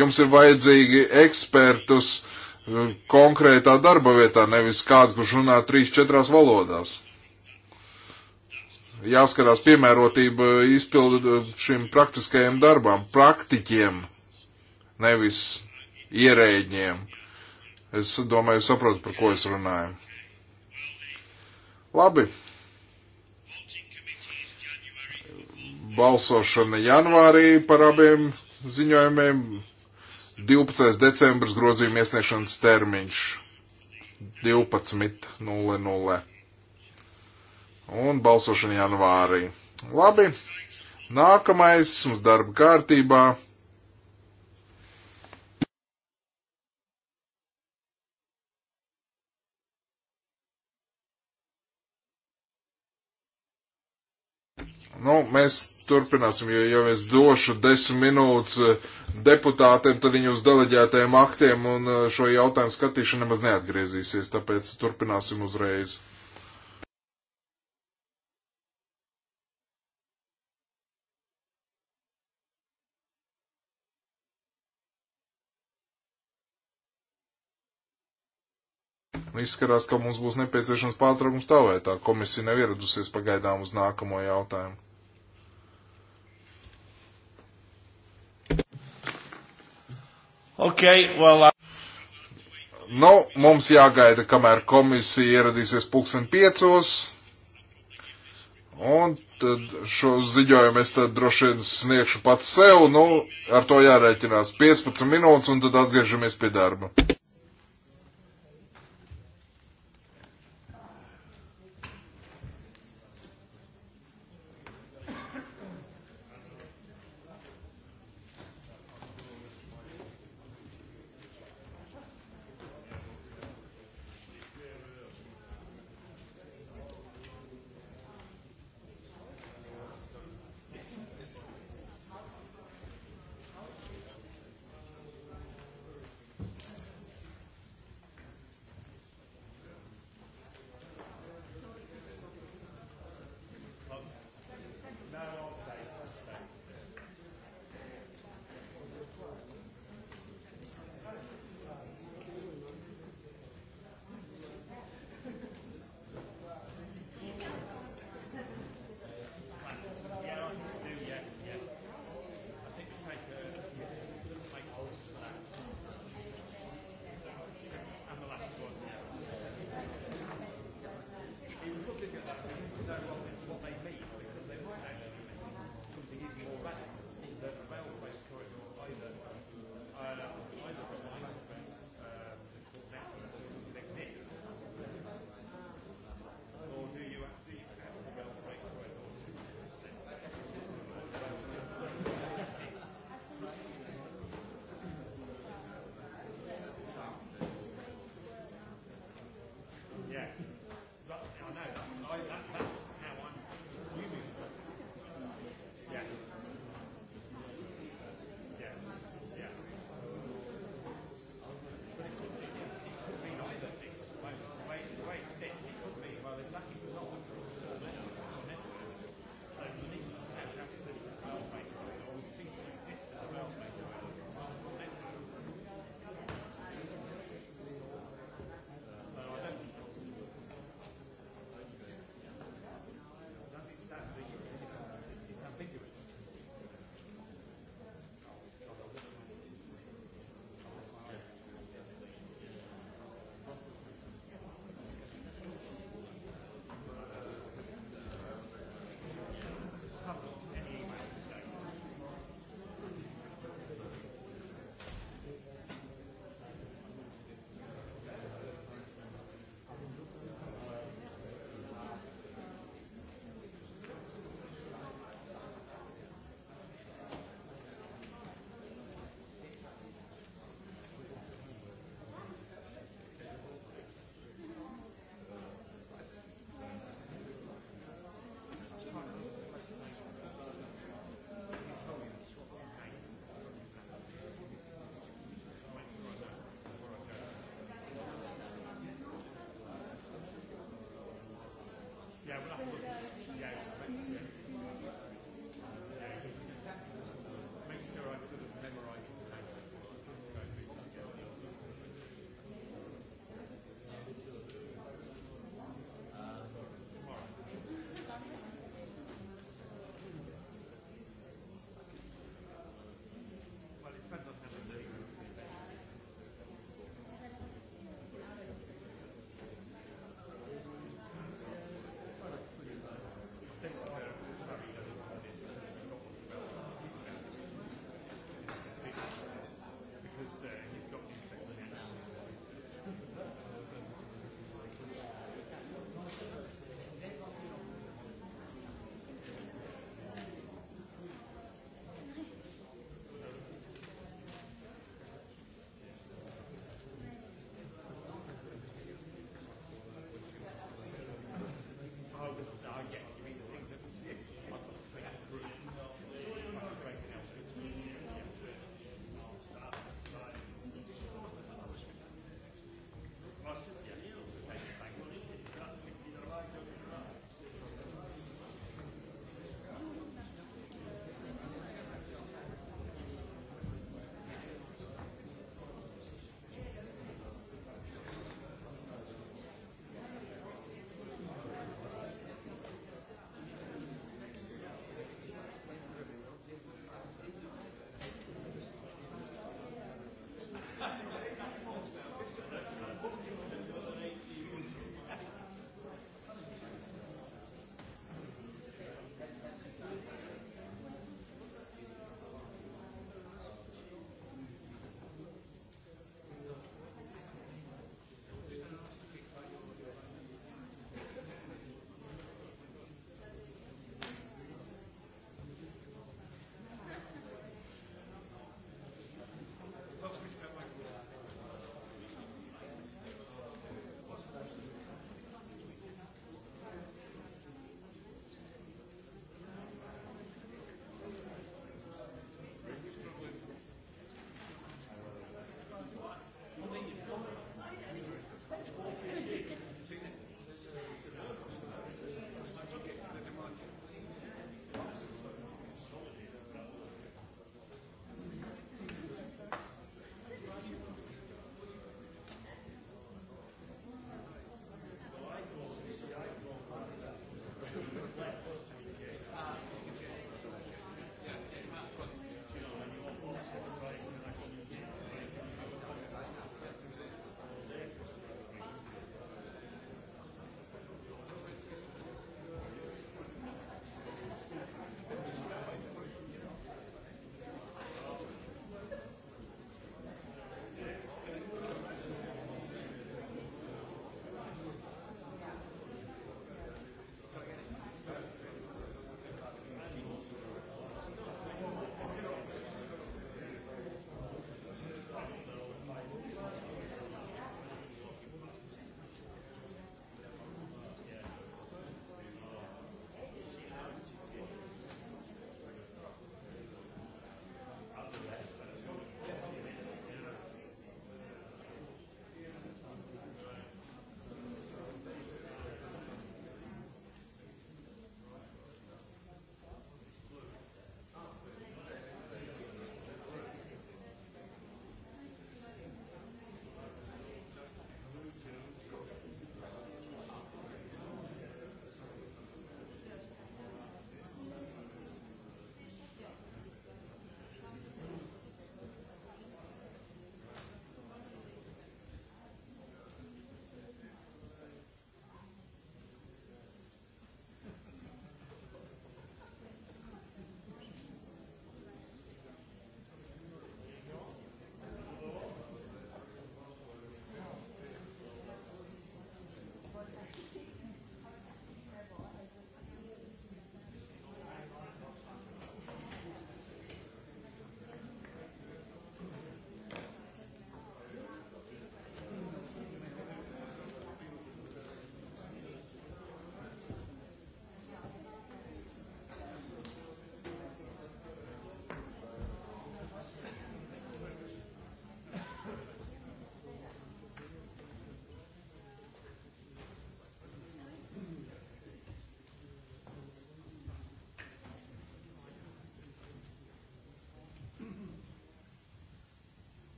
Jums ir vajadzīgi ekspertus eh, konkrētā darba vietā, nevis kādu, kurš runā 3-4 valodās. Jāskatās piemērotība izpildu eh, šim praktiskajam darbam, praktiķiem, nevis ierēģiem Es domāju, saprotu, par ko es runāju. Labi. Balsošana janvārī par abiem ziņojumiem. 12. decembris grozījuma iesniegšanas termiņš 12.00 un balsošana janvārī. Labi, nākamais mums darba kārtībā Nu, mēs turpināsim, jo jau es došu desmit minūtes eh, deputātiem, tad viņi uz deleģētajiem aktiem un eh, šo jautājumu skatīšana nemaz neatgriezīsies, tāpēc turpināsim uzreiz. Nu, izskatās, ka mums būs nepieciešams pārtraukums tā vai tā. Komisija nav ieradusies pagaidām uz nākamo jautājumu. Okay, well, I... Uh, nu, mums jāgaida, kamēr komisija ieradīsies pulksten piecos, un tad šo ziņojumu es tad droši vien sniegšu pats sev, nu, ar to jārēķinās 15 minūtes, un tad atgriežamies pie darba.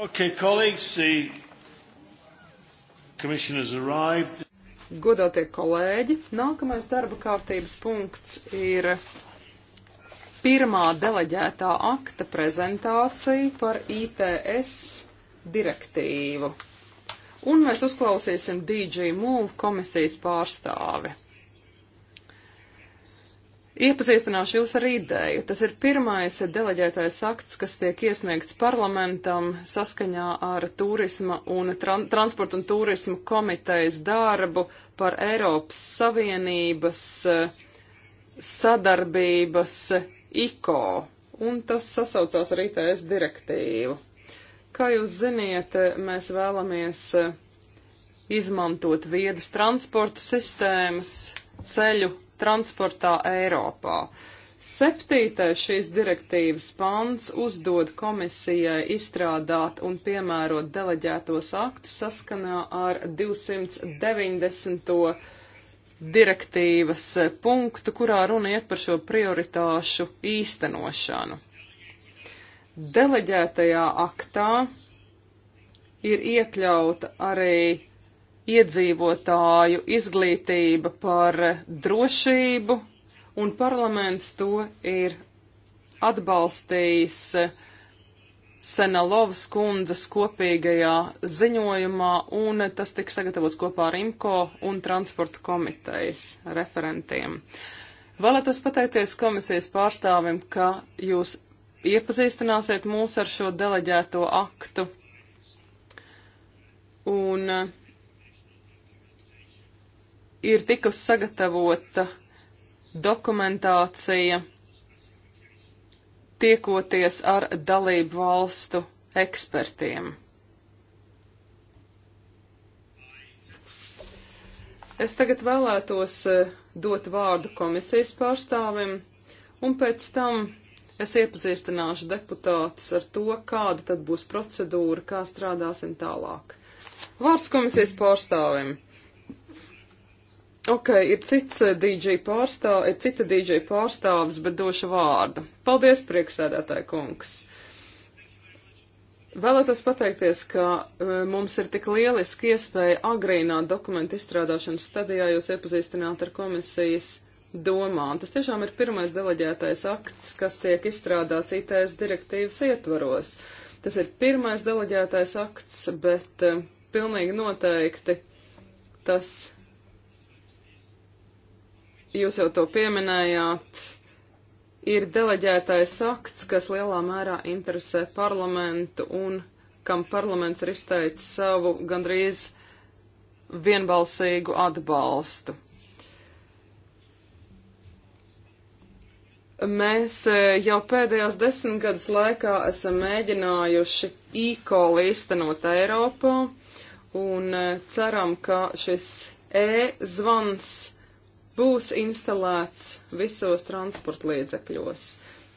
Okay, colleagues, the commissioners arrived. Godātie kolēģi, nākamais darba kārtības punkts ir pirmā deleģētā akta prezentācija par ITS direktīvu. Un mēs uzklausīsim DG Move komisijas pārstāvi. Iepazīstināšu jūs ar ideju. Tas ir pirmais deleģētais akts, kas tiek iesniegts parlamentam saskaņā ar turisma un tran transporta un turisma komitejas darbu par Eiropas Savienības eh, sadarbības eh, IKO, un tas sasaucās ar ITS direktīvu. Kā jūs ziniet, eh, mēs vēlamies izmantot viedas transporta sistēmas, ceļu transportā Eiropā. Septītais šīs direktīvas pants uzdod komisijai izstrādāt un piemērot deleģētos aktus saskanā ar 290 direktīvas punktu, kurā runa iet par šo prioritāšu īstenošanu. Deleģētajā aktā ir iekļauta arī iedzīvotāju izglītība par drošību, un parlaments to ir atbalstījis Senalovas kundzes kopīgajā ziņojumā, un tas tika sagatavots kopā ar IMCO un transporta komitejas referentiem. Vēlētos pateikties komisijas pārstāvim, ka jūs iepazīstināsiet mūs ar šo deleģēto aktu. Un ir tikusi sagatavota dokumentācija tiekoties ar dalību valstu ekspertiem. Es tagad vēlētos eh, dot vārdu komisijas pārstāvim, un pēc tam es iepazīstināšu deputātus ar to, kāda tad būs procedūra, kā strādāsim tālāk. Vārds komisijas pārstāvim. Ok, ir cits eh, DJ pārstāv, ir cita DJ pārstāvis, bet došu vārdu. Paldies, priekšsēdētāji kungs! Vēlētos pateikties, ka eh, mums ir tik lieliski iespēja agrīnā dokumentu izstrādāšanas stadijā jūs iepazīstināt ar komisijas domām. Tas tiešām ir pirmais deleģētais akts, kas tiek izstrādāts ITS direktīvas ietvaros. Tas ir pirmais deleģētais akts, bet uh, pilnīgi noteikti tas jūs jau to pieminējāt, ir deleģētais akts, kas lielā mērā interesē parlamentu un kam parlaments ir izteicis savu gandrīz vienbalsīgu atbalstu. Mēs eh, jau pēdējās desmitgades laikā esam mēģinājuši e-kolu īstenot Eiropā un eh, ceram, ka šis e-zvans būs instalēts visos transporta līdzekļos.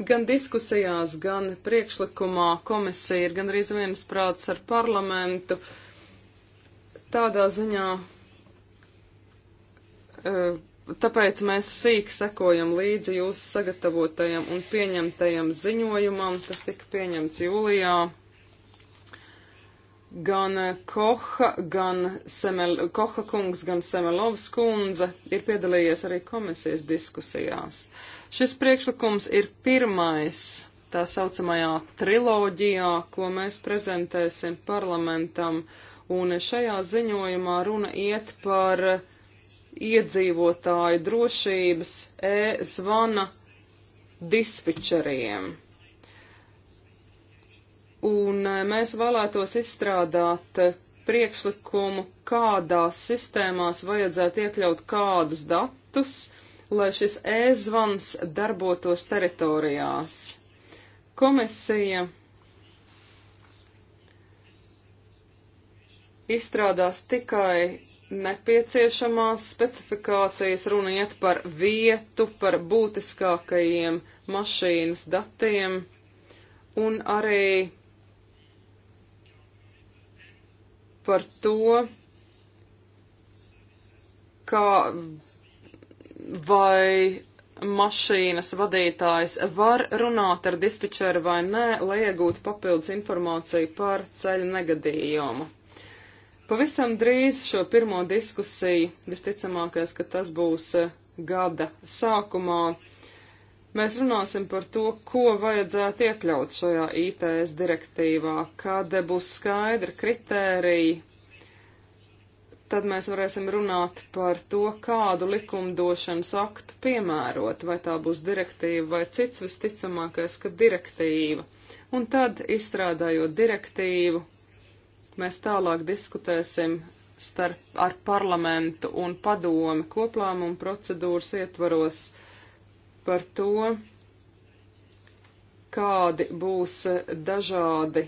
Gan diskusijās, gan priekšlikumā komisija ir gan arī vienas prāts ar parlamentu. Tādā ziņā, e, tāpēc mēs sīk sekojam līdzi jūsu sagatavotajam un pieņemtajam ziņojumam, kas tika pieņemts jūlijā. Gan Koha, gan Semel, Koha kungs, gan Semelovs kundze ir piedalījies arī komisijas diskusijās. Šis priekšlikums ir pirmais tā saucamajā triloģijā, ko mēs prezentēsim parlamentam, un šajā ziņojumā runa iet par iedzīvotāju drošības e-zvana dispečeriem un e, mēs vēlētos izstrādāt e, priekšlikumu, kādās sistēmās vajadzētu iekļaut kādus datus, lai šis e-zvans darbotos teritorijās. Komisija izstrādās tikai nepieciešamās specifikācijas, runa iet par vietu, par būtiskākajiem mašīnas datiem un arī par to, kā vai mašīnas vadītājs var runāt ar dispečeru vai nē, lai iegūtu papildus informāciju par ceļu negadījumu. Pavisam drīz šo pirmo diskusiju, visticamākais, ka tas būs eh, gada sākumā, Mēs runāsim par to, ko vajadzētu iekļaut šajā ITS direktīvā, kad būs skaidri kritēriji. Tad mēs varēsim runāt par to, kādu likumdošanas aktu piemērot, vai tā būs direktīva vai cits visticamākais, ka direktīva. Un tad, izstrādājot direktīvu, mēs tālāk diskutēsim starp ar parlamentu un padomi koplāmumu procedūras ietvaros par to, kādi būs dažādi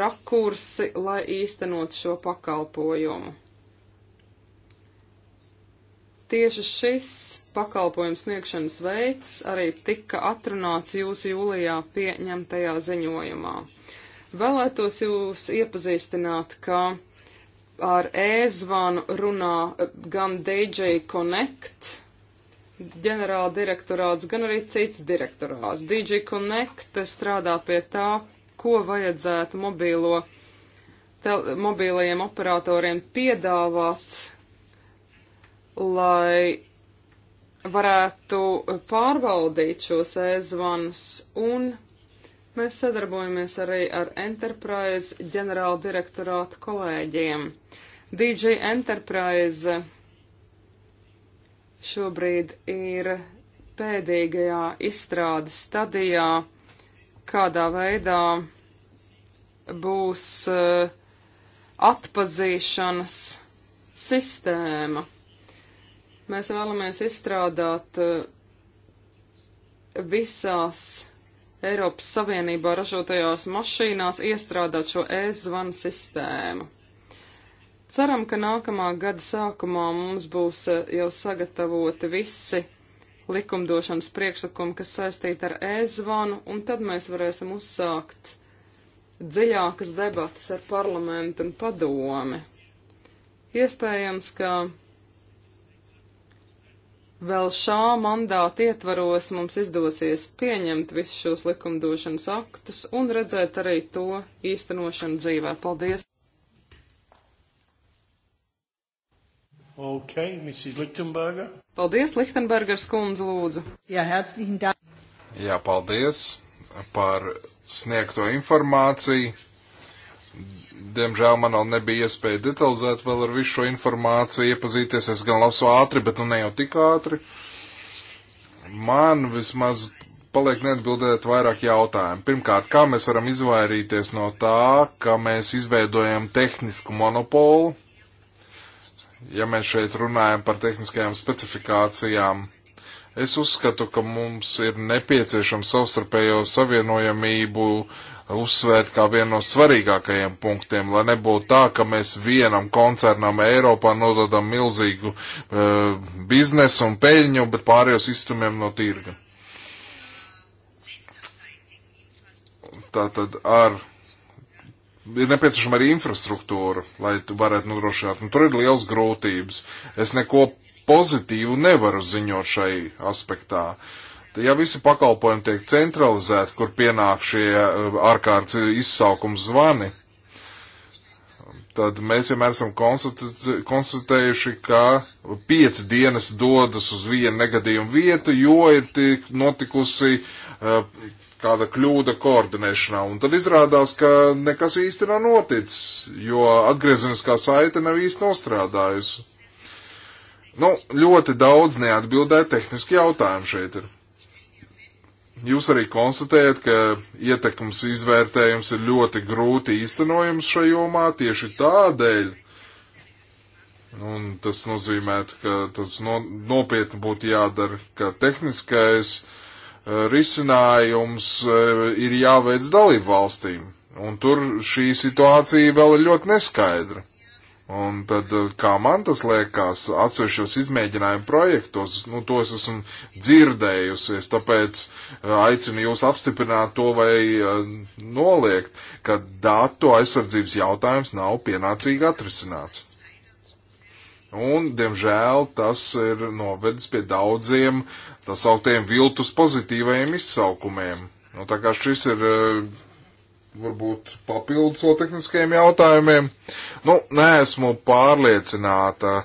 rakursi, lai īstenot šo pakalpojumu. Tieši šis pakalpojums sniegšanas veids arī tika atrunāts jūsu jūlijā pieņemtajā ziņojumā. Vēlētos jūs iepazīstināt, ka ar e-zvanu runā gan DJ Connect, ģenerāla direktorāts, gan arī cits direktorāts. DJ Connect strādā pie tā, ko vajadzētu mobīlo, tel, mobīlajiem operatoriem piedāvāt, lai varētu pārvaldīt šos e-zvanus un mēs sadarbojamies arī ar Enterprise ģenerāla direktorāta kolēģiem. DJ Enterprise šobrīd ir pēdējā izstrādes stadijā, kādā veidā būs uh, atpazīšanas sistēma. Mēs vēlamies izstrādāt uh, visās Eiropas Savienībā ražotajās mašīnās iestrādāt šo e-zvanu sistēmu. Ceram, ka nākamā gada sākumā mums būs eh, jau sagatavoti visi likumdošanas priekšlikumi, kas saistīti ar e-zvanu, un tad mēs varēsim uzsākt dziļākas debatas ar parlamentu un padomi. Iespējams, ka vēl šā mandāta ietvaros mums izdosies pieņemt visus šos likumdošanas aktus un redzēt arī to īstenošanu dzīvē. Paldies! Okay, Mrs. Lichtenberger. Paldies, Lichtenbergers kundze, lūdzu. Jā, herzlichen Dank. Jā, paldies par sniegto informāciju. Diemžēl man vēl nebija iespēja detalizēt vēl ar visu šo informāciju iepazīties. Es gan lasu ātri, bet nu ne jau tik ātri. Man vismaz paliek neatbildēt vairāk jautājumu. Pirmkārt, kā mēs varam izvairīties no tā, ka mēs izveidojam tehnisku monopolu? ja mēs šeit runājam par tehniskajām specifikācijām, es uzskatu, ka mums ir nepieciešams savstarpējo savienojamību uzsvērt kā vienu no svarīgākajiem punktiem, lai nebūtu tā, ka mēs vienam koncernam Eiropā nododam milzīgu e, biznesu un peļņu, bet pārējos izstumjam no tirga. Tātad ar ir nepieciešama arī infrastruktūra, lai varētu nodrošināt. Un tur ir liels grūtības. Es neko pozitīvu nevaru ziņot šai aspektā. Ja visi pakalpojumi tiek centralizēti, kur pienāk šie eh, ārkārtas izsaukuma zvani, tad mēs vienmēr esam konstatējuši, ka pieci dienas dodas uz vienu negadījumu vietu, jo ir notikusi uh, kāda kļūda koordinēšanā, un tad izrādās, ka nekas īsti nav noticis, jo atgriezeniskā saite nav īsti nostrādājusi. Nu, ļoti daudz neatbildēja tehniski jautājumi šeit ir. Jūs arī konstatējat, ka ietekmes izvērtējums ir ļoti grūti īstenojams šajā jomā tieši tādēļ. Un tas nozīmē, ka tas no, nopietni būtu jādara, ka tehniskais uh, Eh, risinājums eh, ir jāveic dalību valstīm. Un tur šī situācija vēl ir ļoti neskaidra. Un tad, eh, kā man tas liekas, atsevišķos izmēģinājumu projektos, nu, tos esmu dzirdējusies, tāpēc aicinu jūs apstiprināt to vai noliegt, ka datu aizsardzības jautājums nav pienācīgi atrisināts. Un, diemžēl, tas ir novedis pie daudziem tā sauktiem viltus pozitīvajiem izsaukumiem. Nu, tā kā šis ir eh, varbūt papildus vēl tehniskajiem jautājumiem. Nu, neesmu pārliecināta,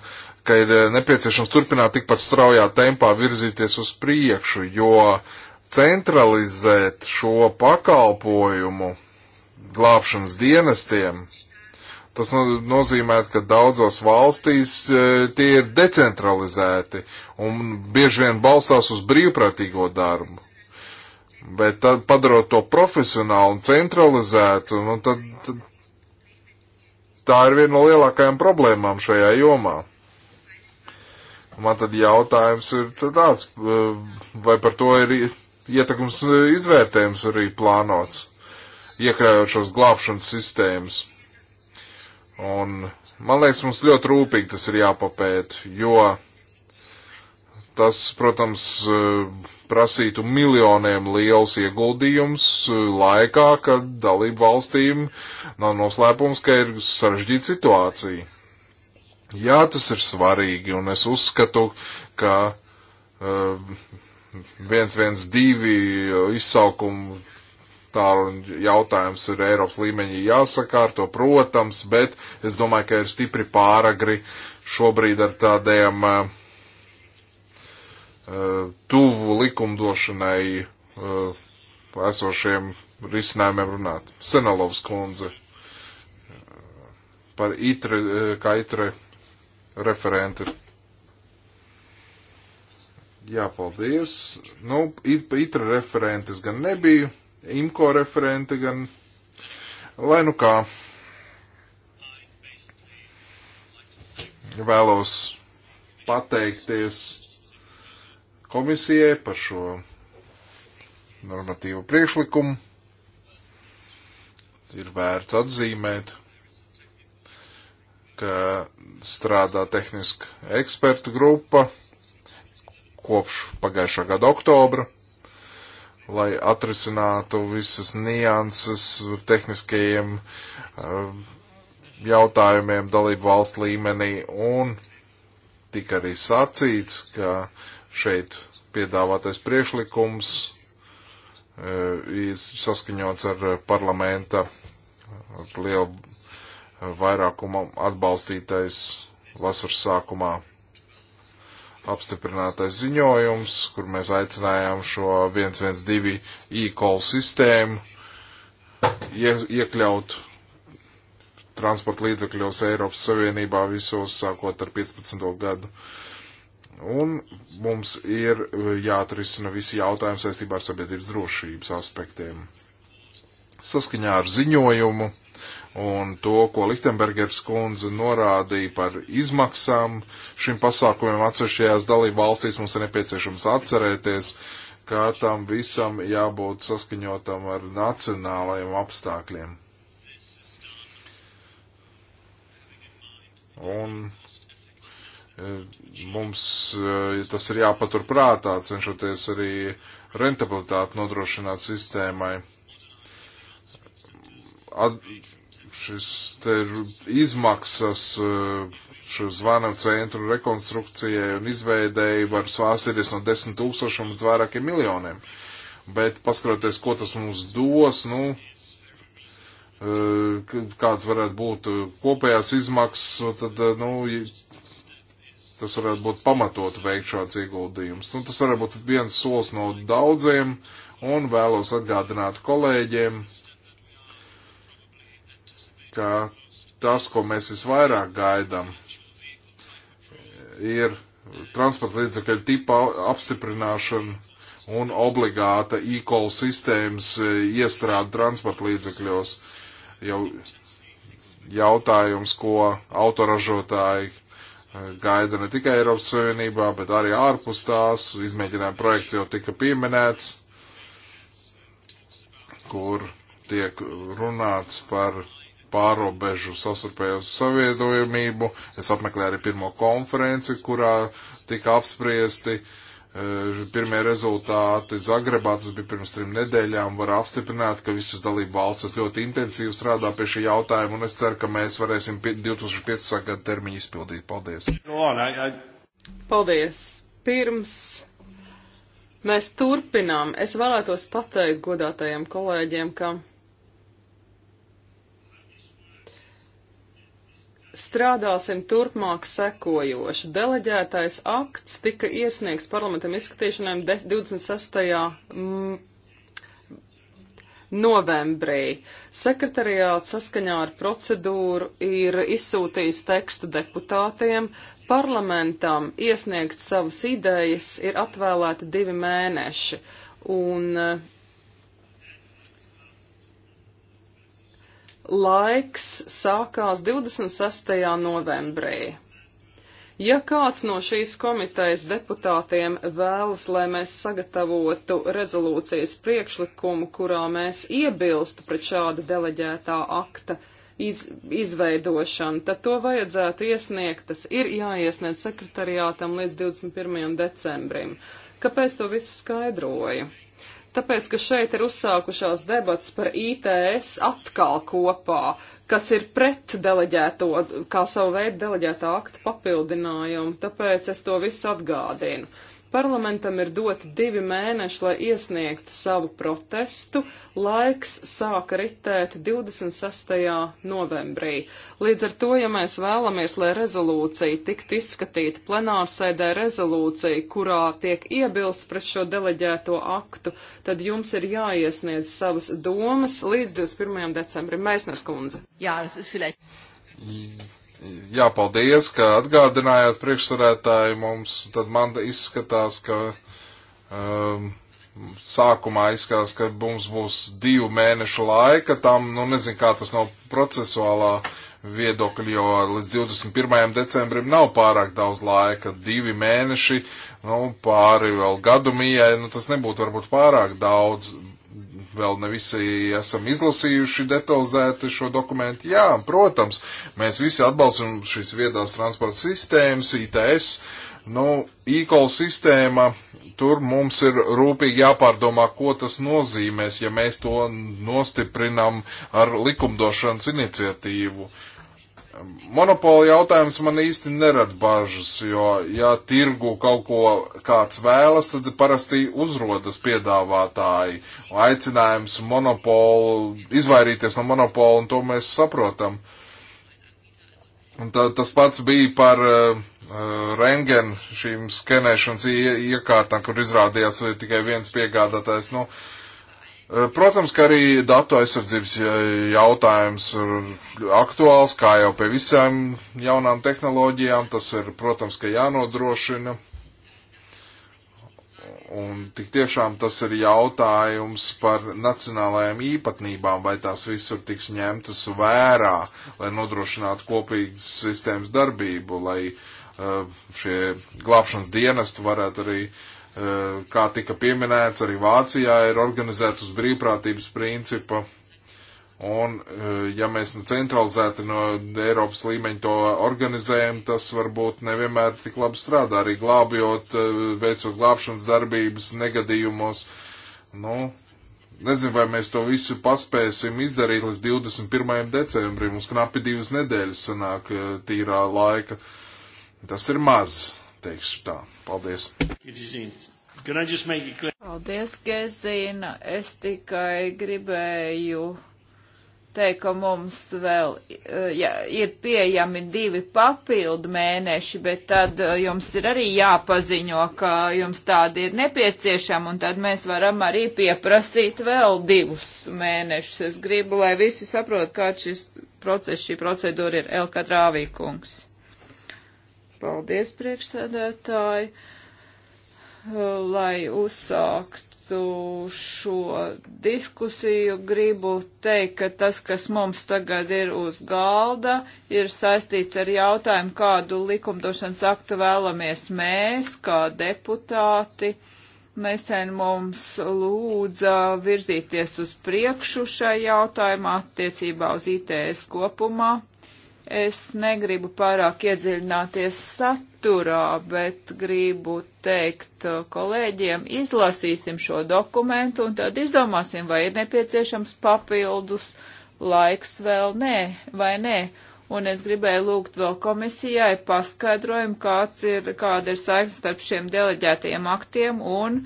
ka ir eh, nepieciešams turpināt tikpat straujā tempā virzīties uz priekšu, jo centralizēt šo pakalpojumu glābšanas dienestiem Tas nozīmē, ka daudzās valstīs e, tie ir decentralizēti un bieži vien balstās uz brīvprātīgo darbu. Bet tad padarot to profesionālu un centralizētu, nu tad, tad tā ir viena no lielākajām problēmām šajā jomā. Man tad jautājums ir tad tāds, e, vai par to ir ietekmes e, izvērtējums arī plānots, iekļaujot šos glābšanas sistēmas. Un man liekas, mums ļoti rūpīgi tas ir jāpapēt, jo tas, protams, eh, prasītu miljoniem liels ieguldījums eh, laikā, kad dalību valstīm nav noslēpums, ka ir sarežģīta situācija. Jā, tas ir svarīgi, un es uzskatu, ka uh, viens, viens, divi izsaukumu tālu jautājums ir Eiropas līmeņi jāsakārto, protams, bet es domāju, ka ir stipri pāragri šobrīd ar tādiem uh, eh, eh, tuvu likumdošanai uh, esošiem risinājumiem runāt. Senalovs kundze par itre, kā itre referenti. Jā, paldies. Nu, itra referentes gan nebiju. IMCO referente, gan lai nu kā. Vēlos pateikties komisijai par šo normatīvu priekšlikumu. Ir vērts atzīmēt, ka strādā tehniska ekspertu grupa kopš pagājušā gada oktobra lai atrisinātu visas nianses tehniskajiem eh, jautājumiem dalību valstu līmenī. Un tika arī sacīts, ka šeit piedāvātais priekšlikums eh, ir saskaņots ar parlamenta ar lielu vairākumu atbalstītais vasaras sākumā apstiprinātais ziņojums, kur mēs aicinājām šo 112 e-call sistēmu ie, iekļaut transporta līdzekļos Eiropas Savienībā visos sākot ar 15. gadu. Un mums ir jāatrisina visi jautājumi saistībā ar sabiedrības drošības aspektiem. Saskaņā ar ziņojumu un to, ko Lichtenbergers kundze norādīja par izmaksām šim pasākumiem atsevišķajās dalību valstīs, mums ir nepieciešams atcerēties, ka tam visam jābūt saskaņotam ar nacionālajiem apstākļiem. Un e, mums e, tas ir jāpatur prātā, cenšoties arī rentabilitāti nodrošināt sistēmai. At, šis te izmaksas eh, šo zvanu centru rekonstrukcijai un izveidēji var svāsīties no desmit tūkstošiem līdz vairākiem miljoniem. Bet paskatoties, ko tas mums dos, nu, eh, kāds varētu būt eh, kopējās izmaksas, nu, tad, nu, tas varētu būt pamatot veikt šāds ieguldījums. Nu, tas varētu būt viens solis no daudziem, un vēlos atgādināt kolēģiem, ka tas, ko mēs visvairāk gaidām, ir transporta līdzekļu tipa apstiprināšana un obligāta e-call sistēmas e, iestrāde transporta līdzekļos. Jau jautājums, ko autoražotāji e, gaida ne tikai Eiropas Savienībā, bet arī ārpus tās. Izmēģinājuma projekts jau tika pieminēts, kur tiek runāts par pārobežu sastarpējo saviedojumību. Es apmeklēju arī pirmo konferenci, kurā tika apspriesti e, pirmie rezultāti Zagrebā, tas bija pirms trim nedēļām, var apstiprināt, ka visas dalību valstis ļoti intensīvi strādā pie šī jautājuma, un es ceru, ka mēs varēsim 2015. gada termiņu izpildīt. Paldies! Paldies! Pirms Mēs turpinām. Es vēlētos pateikt godātajiem kolēģiem, ka strādāsim turpmāk sekojoši. Deleģētais akts tika iesniegts parlamentam izskatīšanai 26. Mm, novembrī. Sekretariāts saskaņā ar procedūru ir izsūtījis tekstu deputātiem. Parlamentam iesniegt savas idejas ir atvēlēti divi mēneši. Un uh, laiks sākās 26. novembrī. Ja kāds no šīs komitejas deputātiem vēlas, lai mēs sagatavotu rezolūcijas priekšlikumu, kurā mēs iebilstu pret šāda deleģētā akta iz, izveidošanu, tad to vajadzētu iesniegt. Tas ir jāiesniedz sekretariātam līdz 21. decembrim. Kāpēc to visu skaidroju? Tāpēc, ka šeit ir uzsākušās debats par ITS atkal kopā, kas ir pret deleģēto, kā savu veidu deleģētā akta papildinājumu, tāpēc es to visu atgādinu. Parlamentam ir doti divi mēneši, lai iesniegtu savu protestu. Laiks sāka ritēt 26. novembrī. Līdz ar to, ja mēs vēlamies, lai rezolūcija tiktu izskatīta plenārsēdē rezolūcija, kurā tiek iebilst pret šo deleģēto aktu, tad jums ir jāiesniedz savas domas līdz 21. decembrim. Mēsnes kundze. Jā, tas ir filēt. Mm jāpaldies, ka atgādinājāt priekšsarētāju mums, tad man izskatās, ka um, sākumā izskatās, ka mums būs divu mēnešu laika tam, nu nezinu, kā tas no procesuālā viedokļa, jo līdz 21. decembrim nav pārāk daudz laika, divi mēneši, nu pāri vēl gadu mījai, nu tas nebūtu varbūt pārāk daudz, vēl ne visi esam izlasījuši detalizēti šo dokumentu. Jā, protams, mēs visi atbalstam šīs viedās transporta sistēmas, ITS, nu, e-call sistēma, tur mums ir rūpīgi jāpārdomā, ko tas nozīmēs, ja mēs to nostiprinam ar likumdošanas iniciatīvu. Uh, Monopola jautājums man īsti nerada bažas, jo, ja tirgu kaut ko kāds vēlas, tad parasti uzrodas piedāvātāji. Aicinājums monopolu, izvairīties no monopola, un to mēs saprotam. Un tā, tas pats bija par uh, eh, eh, rengenu šīm skenēšanas iekārtām, kur izrādījās tikai viens piegādātājs. Nu, uh, Eh, protams, ka arī datu aizsardzības eh, jautājums ir aktuāls, kā jau pie visām jaunām tehnoloģijām. Tas ir, protams, ka jānodrošina. Un tik tiešām tas ir jautājums par nacionālajām īpatnībām, vai tās visur tiks ņemtas vērā, lai nodrošinātu kopīgas sistēmas darbību, lai eh, šie glābšanas dienesti varētu arī uh, Eh, kā tika pieminēts, arī Vācijā ir organizēta uz brīvprātības principa. Un, eh, ja mēs nu centralizēti no Eiropas līmeņa to organizējam, tas varbūt nevienmēr tik labi strādā, arī glābjot, eh, veicot glābšanas darbības negadījumos. Nu, nezinu, vai mēs to visu paspēsim izdarīt līdz 21. decembrim. Mums knapi divas nedēļas sanāk tīrā laika. Tas ir maz teikšu tā. Paldies. Paldies, Gezīna. Es tikai gribēju teikt, ka mums vēl eh, ja, ir pieejami divi papildu mēneši, bet tad eh, jums ir arī jāpaziņo, ka jums tādi ir nepieciešami, un tad mēs varam arī pieprasīt vēl divus mēnešus. Es gribu, lai visi saprot, kā šis process, šī procedūra ir Elka Drāvīkungs. Paldies, priekšsēdētāji, lai uzsāktu šo diskusiju. Gribu teikt, ka tas, kas mums tagad ir uz galda, ir saistīts ar jautājumu, kādu likumdošanas aktu vēlamies mēs, kā deputāti nesen mums lūdza virzīties uz priekšu šai jautājumā attiecībā uz ITS kopumā. Es negribu pārāk iedziļināties saturā, bet gribu teikt uh, kolēģiem, izlasīsim šo dokumentu un tad izdomāsim, vai ir nepieciešams papildus laiks vēl nē, vai nē. Un es gribēju lūgt vēl komisijai paskaidrojumu, kāds ir, kāda ir saikne starp šiem deleģētajiem aktiem un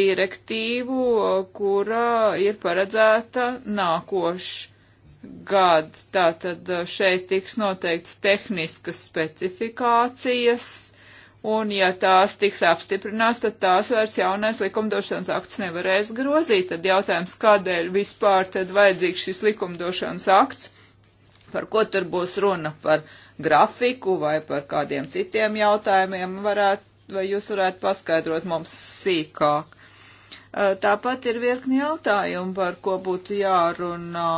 direktīvu, uh, kura ir paredzēta nākošais gadu. Tātad šeit tiks noteikts tehniskas specifikācijas, un ja tās tiks apstiprinās, tad tās vairs jaunais likumdošanas akts nevarēs grozīt. Tad jautājums, kādēļ vispār tad vajadzīgs šis likumdošanas akts, par ko tur būs runa, par grafiku vai par kādiem citiem jautājumiem, varētu, vai jūs varētu paskaidrot mums sīkāk. Tāpat ir virkni jautājumu, par ko būtu jārunā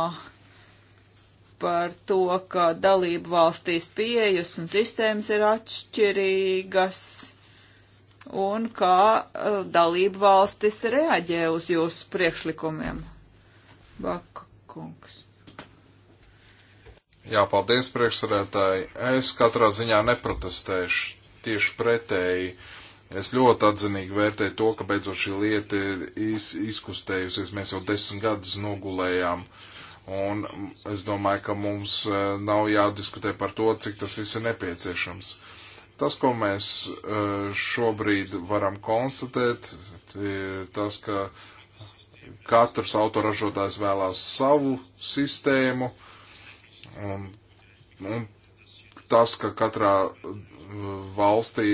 par to, ka dalību valstīs pieejas un sistēmas ir atšķirīgas un kā uh, dalību valstis reaģē uz jūsu priekšlikumiem. Baka kungs. Jā, paldies priekšsarētāji. Es katrā ziņā neprotestēšu. Tieši pretēji. Es ļoti atzinīgi vērtēju to, ka beidzot šī lieta ir iz, izkustējusies. Mēs jau desmit gadus nogulējām uh, Un es domāju, ka mums e, nav jādiskutē par to, cik tas viss ir nepieciešams. Tas, ko mēs e, šobrīd varam konstatēt, ir e, tas, ka katrs autoražotājs vēlās savu sistēmu, un, un tas, ka katrā valstī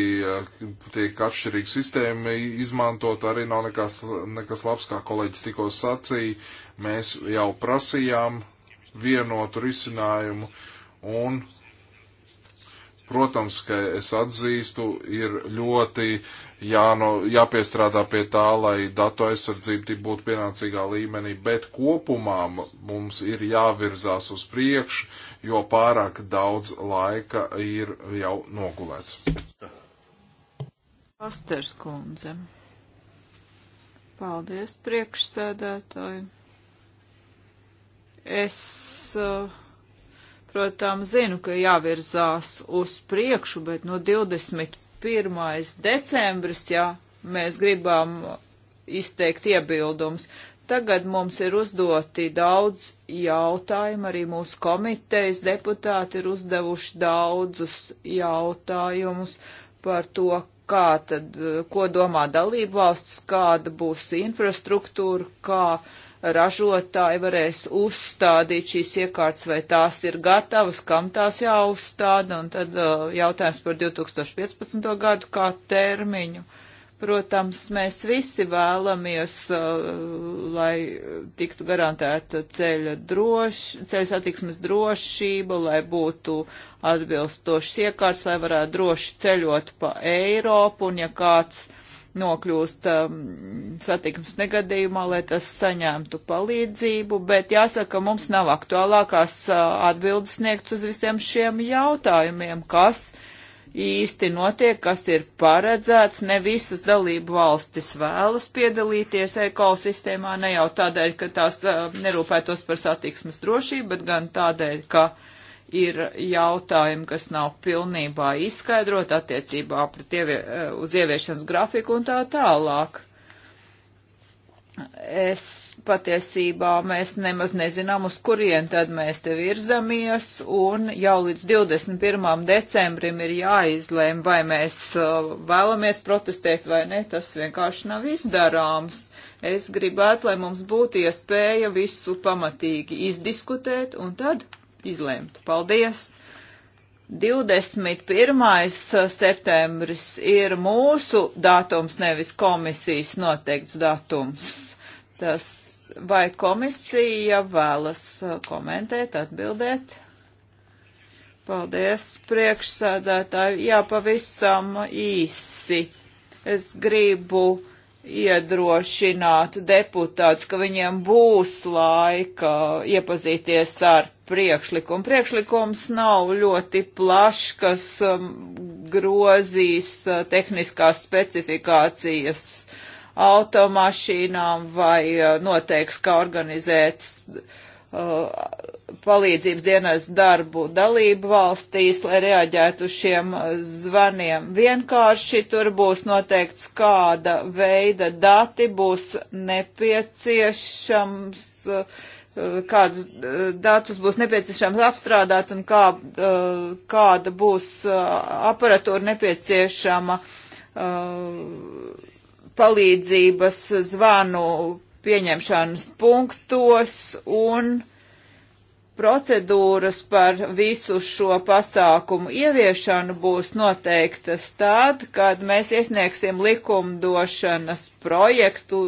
tiek atšķirīga sistēma izmantot, arī nav nekas, nekas labs, kā kolēģis tikko sacīja. Mēs jau prasījām vienotu risinājumu un, protams, ka es atzīstu, ir ļoti jāno, jāpiestrādā pie tā, lai datu aizsardzība būtu pienācīgā līmenī, bet kopumā mums ir jāvirzās uz priekšu jo pārāk daudz laika ir jau nogulēts. Pasters kundze. Paldies, priekšsēdētāji. Es, eh, protams, zinu, ka jāvirzās uz priekšu, bet no 21. decembris, ja mēs gribam izteikt iebildums, Tagad mums ir uzdoti daudz jautājumu, arī mūsu komitejas deputāti ir uzdevuši daudzus jautājumus par to, kā tad, ko domā dalību valsts, kāda būs infrastruktūra, kā ražotāji varēs uzstādīt šīs iekārtas, vai tās ir gatavas, kam tās jāuzstāda, un tad uh, jautājums par 2015. gadu kā termiņu. Uh, Protams, mēs visi vēlamies, uh, lai tiktu garantēta ceļa, droš, ceļa satiksmes drošība, lai būtu atbilstošs iekārts, lai varētu droši ceļot pa Eiropu, un ja kāds nokļūst um, satiksmes negadījumā, lai tas saņemtu palīdzību, bet jāsaka, mums nav aktuālākās uh, atbildes sniegts uz visiem šiem jautājumiem, kas uh, īsti notiek, kas ir paredzēts. Ne visas dalību valstis vēlas piedalīties ekosistēmā, ne jau tādēļ, ka tās nerūpētos par satiksmes drošību, bet gan tādēļ, ka ir jautājumi, kas nav pilnībā izskaidrot attiecībā pret ievie, uz ieviešanas grafiku un tā tālāk. Es patiesībā mēs nemaz nezinām, uz kurien tad mēs te virzamies, un jau līdz 21. decembrim ir jāizlēm, vai mēs uh, vēlamies protestēt vai ne, tas vienkārši nav izdarāms. Es gribētu, lai mums būtu iespēja visu pamatīgi izdiskutēt un tad izlēmt. Paldies! 21. Eh, septembris ir mūsu datums, nevis komisijas noteikts datums. Tas vai komisija vēlas eh, komentēt, atbildēt? Paldies, priekšsādātāji. Jā, pavisam īsi. Es gribu iedrošināt deputātus, ka viņiem būs laika iepazīties ar priekšlikumu. Priekšlikums nav ļoti plašs, kas um, grozīs uh, tehniskās specifikācijas automašīnām vai uh, noteiks, kā organizēt uh, palīdzības dienas darbu dalību valstīs, lai reaģētu uz šiem uh, zvaniem. Vienkārši tur būs noteikts, kāda veida dati būs nepieciešams. Uh, kādus eh, datus būs nepieciešams apstrādāt un kā, eh, kāda būs eh, aparatūra nepieciešama palīdzības zvanu pieņemšanas punktos un uh, procedūras par visu šo pasākumu ieviešanu būs noteiktas tad, kad mēs iesniegsim likumdošanas projektu,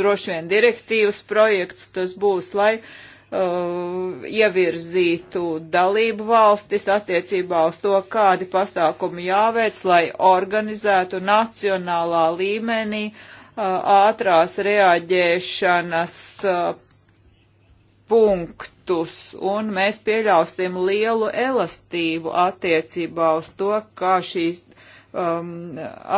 droši vien direktīvas projekts tas būs, lai uh, ievirzītu dalību valstis attiecībā uz to, kādi pasākumi jāveic, lai organizētu nacionālā līmenī uh, ātrās reaģēšanas uh, punktus, un mēs pieļausim lielu elastību attiecībā uz to, kā šīs um,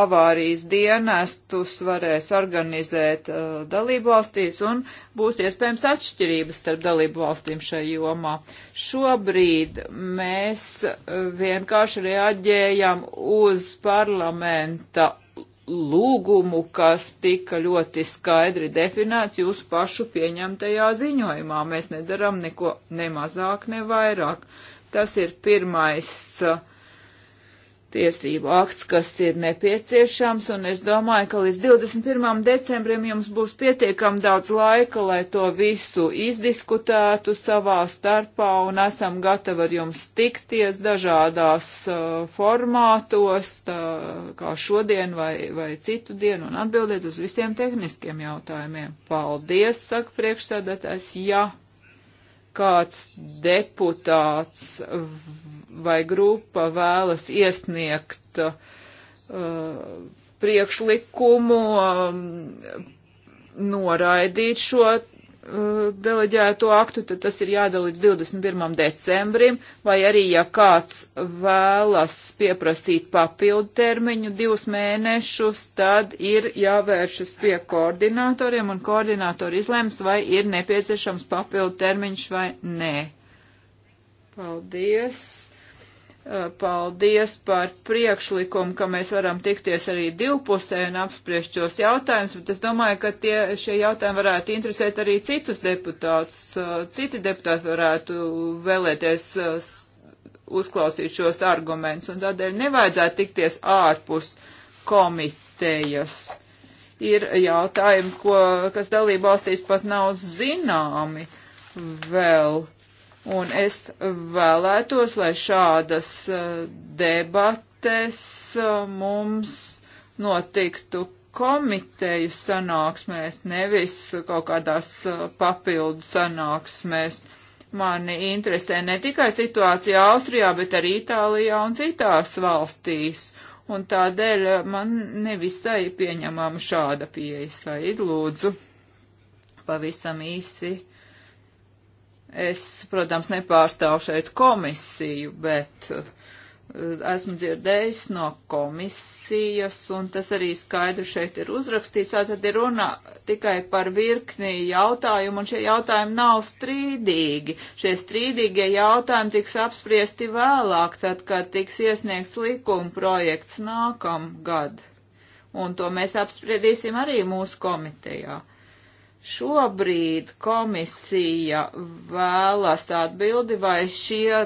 avārijas dienestus varēs organizēt uh, dalību valstīs, un būs iespējams atšķirības starp dalību valstīm šai jomā. Šobrīd mēs vienkārši reaģējam uz parlamenta lūgumu, kas tika ļoti skaidri definēts jūsu pašu pieņemtajā ziņojumā. Mēs nedaram neko ne mazāk, ne vairāk. Tas ir pirmais uh, tiesību akts, kas ir nepieciešams, un es domāju, ka līdz 21. decembrim jums būs pietiekam daudz laika, lai to visu izdiskutētu savā starpā, un esam gatavi ar jums tikties dažādās uh, formātos, tā, kā šodien vai, vai citu dienu, un atbildēt uz visiem tehniskiem jautājumiem. Paldies, saka priekšsēdētājs, ja kāds deputāts vai grupa vēlas iesniegt uh, priekšlikumu um, noraidīt šo uh, deleģēto aktu, tad tas ir jādara līdz 21. decembrim, vai arī, ja kāds vēlas pieprasīt papildu termiņu divus mēnešus, tad ir jāvēršas pie koordinatoriem, un koordinatori izlems, vai ir nepieciešams papildu termiņš vai nē. Paldies! Eh, paldies par priekšlikumu, ka mēs varam tikties arī divpusē un apspriest šos jautājumus, bet es domāju, ka tie, šie jautājumi varētu interesēt arī citus deputātus. Eh, citi deputāti varētu vēlēties eh, uzklausīt šos argumentus, un tādēļ nevajadzētu tikties ārpus komitejas. Ir jautājumi, ko, kas dalībvalstīs pat nav zināmi vēl Un es vēlētos, lai šādas uh, debates uh, mums notiktu komiteju sanāksmēs, nevis kaut kādās uh, papildu sanāksmēs. Mani interesē ne tikai situācija Austrijā, bet arī Itālijā un citās valstīs. Un tādēļ man nevisai pieņemama šāda pieeja. Said, lūdzu, pavisam īsi Es, protams, nepārstāvu šeit komisiju, bet eh, esmu dzirdējis no komisijas, un tas arī skaidri šeit ir uzrakstīts. Tātad ir runa tikai par virknī jautājumu, un šie jautājumi nav strīdīgi. Šie strīdīgie jautājumi tiks apspriesti vēlāk, tad, kad tiks iesniegts likuma projekts nākamgad. Un to mēs apspriedīsim arī mūsu komitejā. Šobrīd komisija vēlas atbildi, vai šie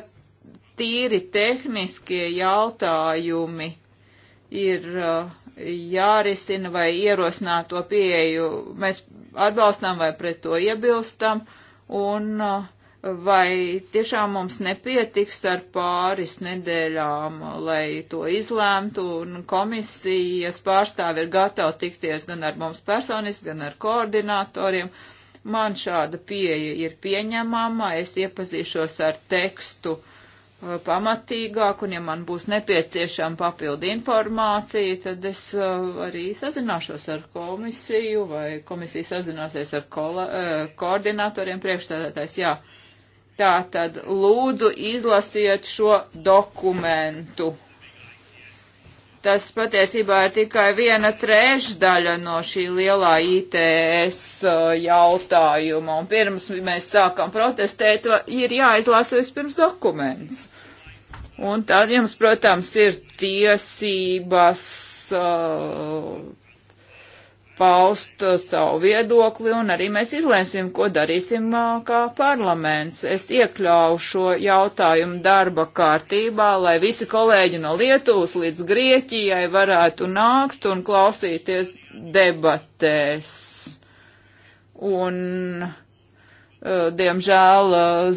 tīri tehniskie jautājumi ir uh, jārisina vai ierosināt to pieeju. Mēs atbalstām vai pret to iebilstam un uh, vai tiešām mums nepietiks ar pāris nedēļām, lai to izlēmtu, un komisijas pārstāvi ir gatavi tikties gan ar mums personiski, gan ar koordinatoriem. Man šāda pieeja ir pieņemama, es iepazīšos ar tekstu uh, pamatīgāk, un ja man būs nepieciešama papildu informācija, tad es uh, arī sazināšos ar komisiju, vai komisija sazināsies ar ko uh, koordinatoriem priekšstādātājs, jā. Uh, Tātad lūdzu izlasiet šo dokumentu. Tas patiesībā ir tikai viena trešdaļa no šī lielā ITS uh, jautājuma. Un pirms mēs sākam protestēt, ir jāizlasa vispirms dokuments. Un tad jums, protams, ir tiesības uh, paust uh, savu viedokli un arī mēs izlēmsim, ko darīsim uh, kā parlaments. Es iekļauju šo jautājumu darba kārtībā, lai visi kolēģi no Lietuvas līdz Grieķijai varētu nākt un klausīties debatēs. Un, uh, diemžēl,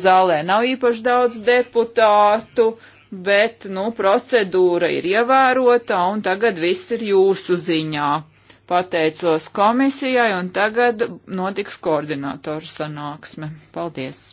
zālē nav īpaši daudz deputātu bet, nu, procedūra ir ievērota un tagad viss ir jūsu ziņā pateicos komisijai, un tagad notiks koordinātoru sanāksme. Paldies!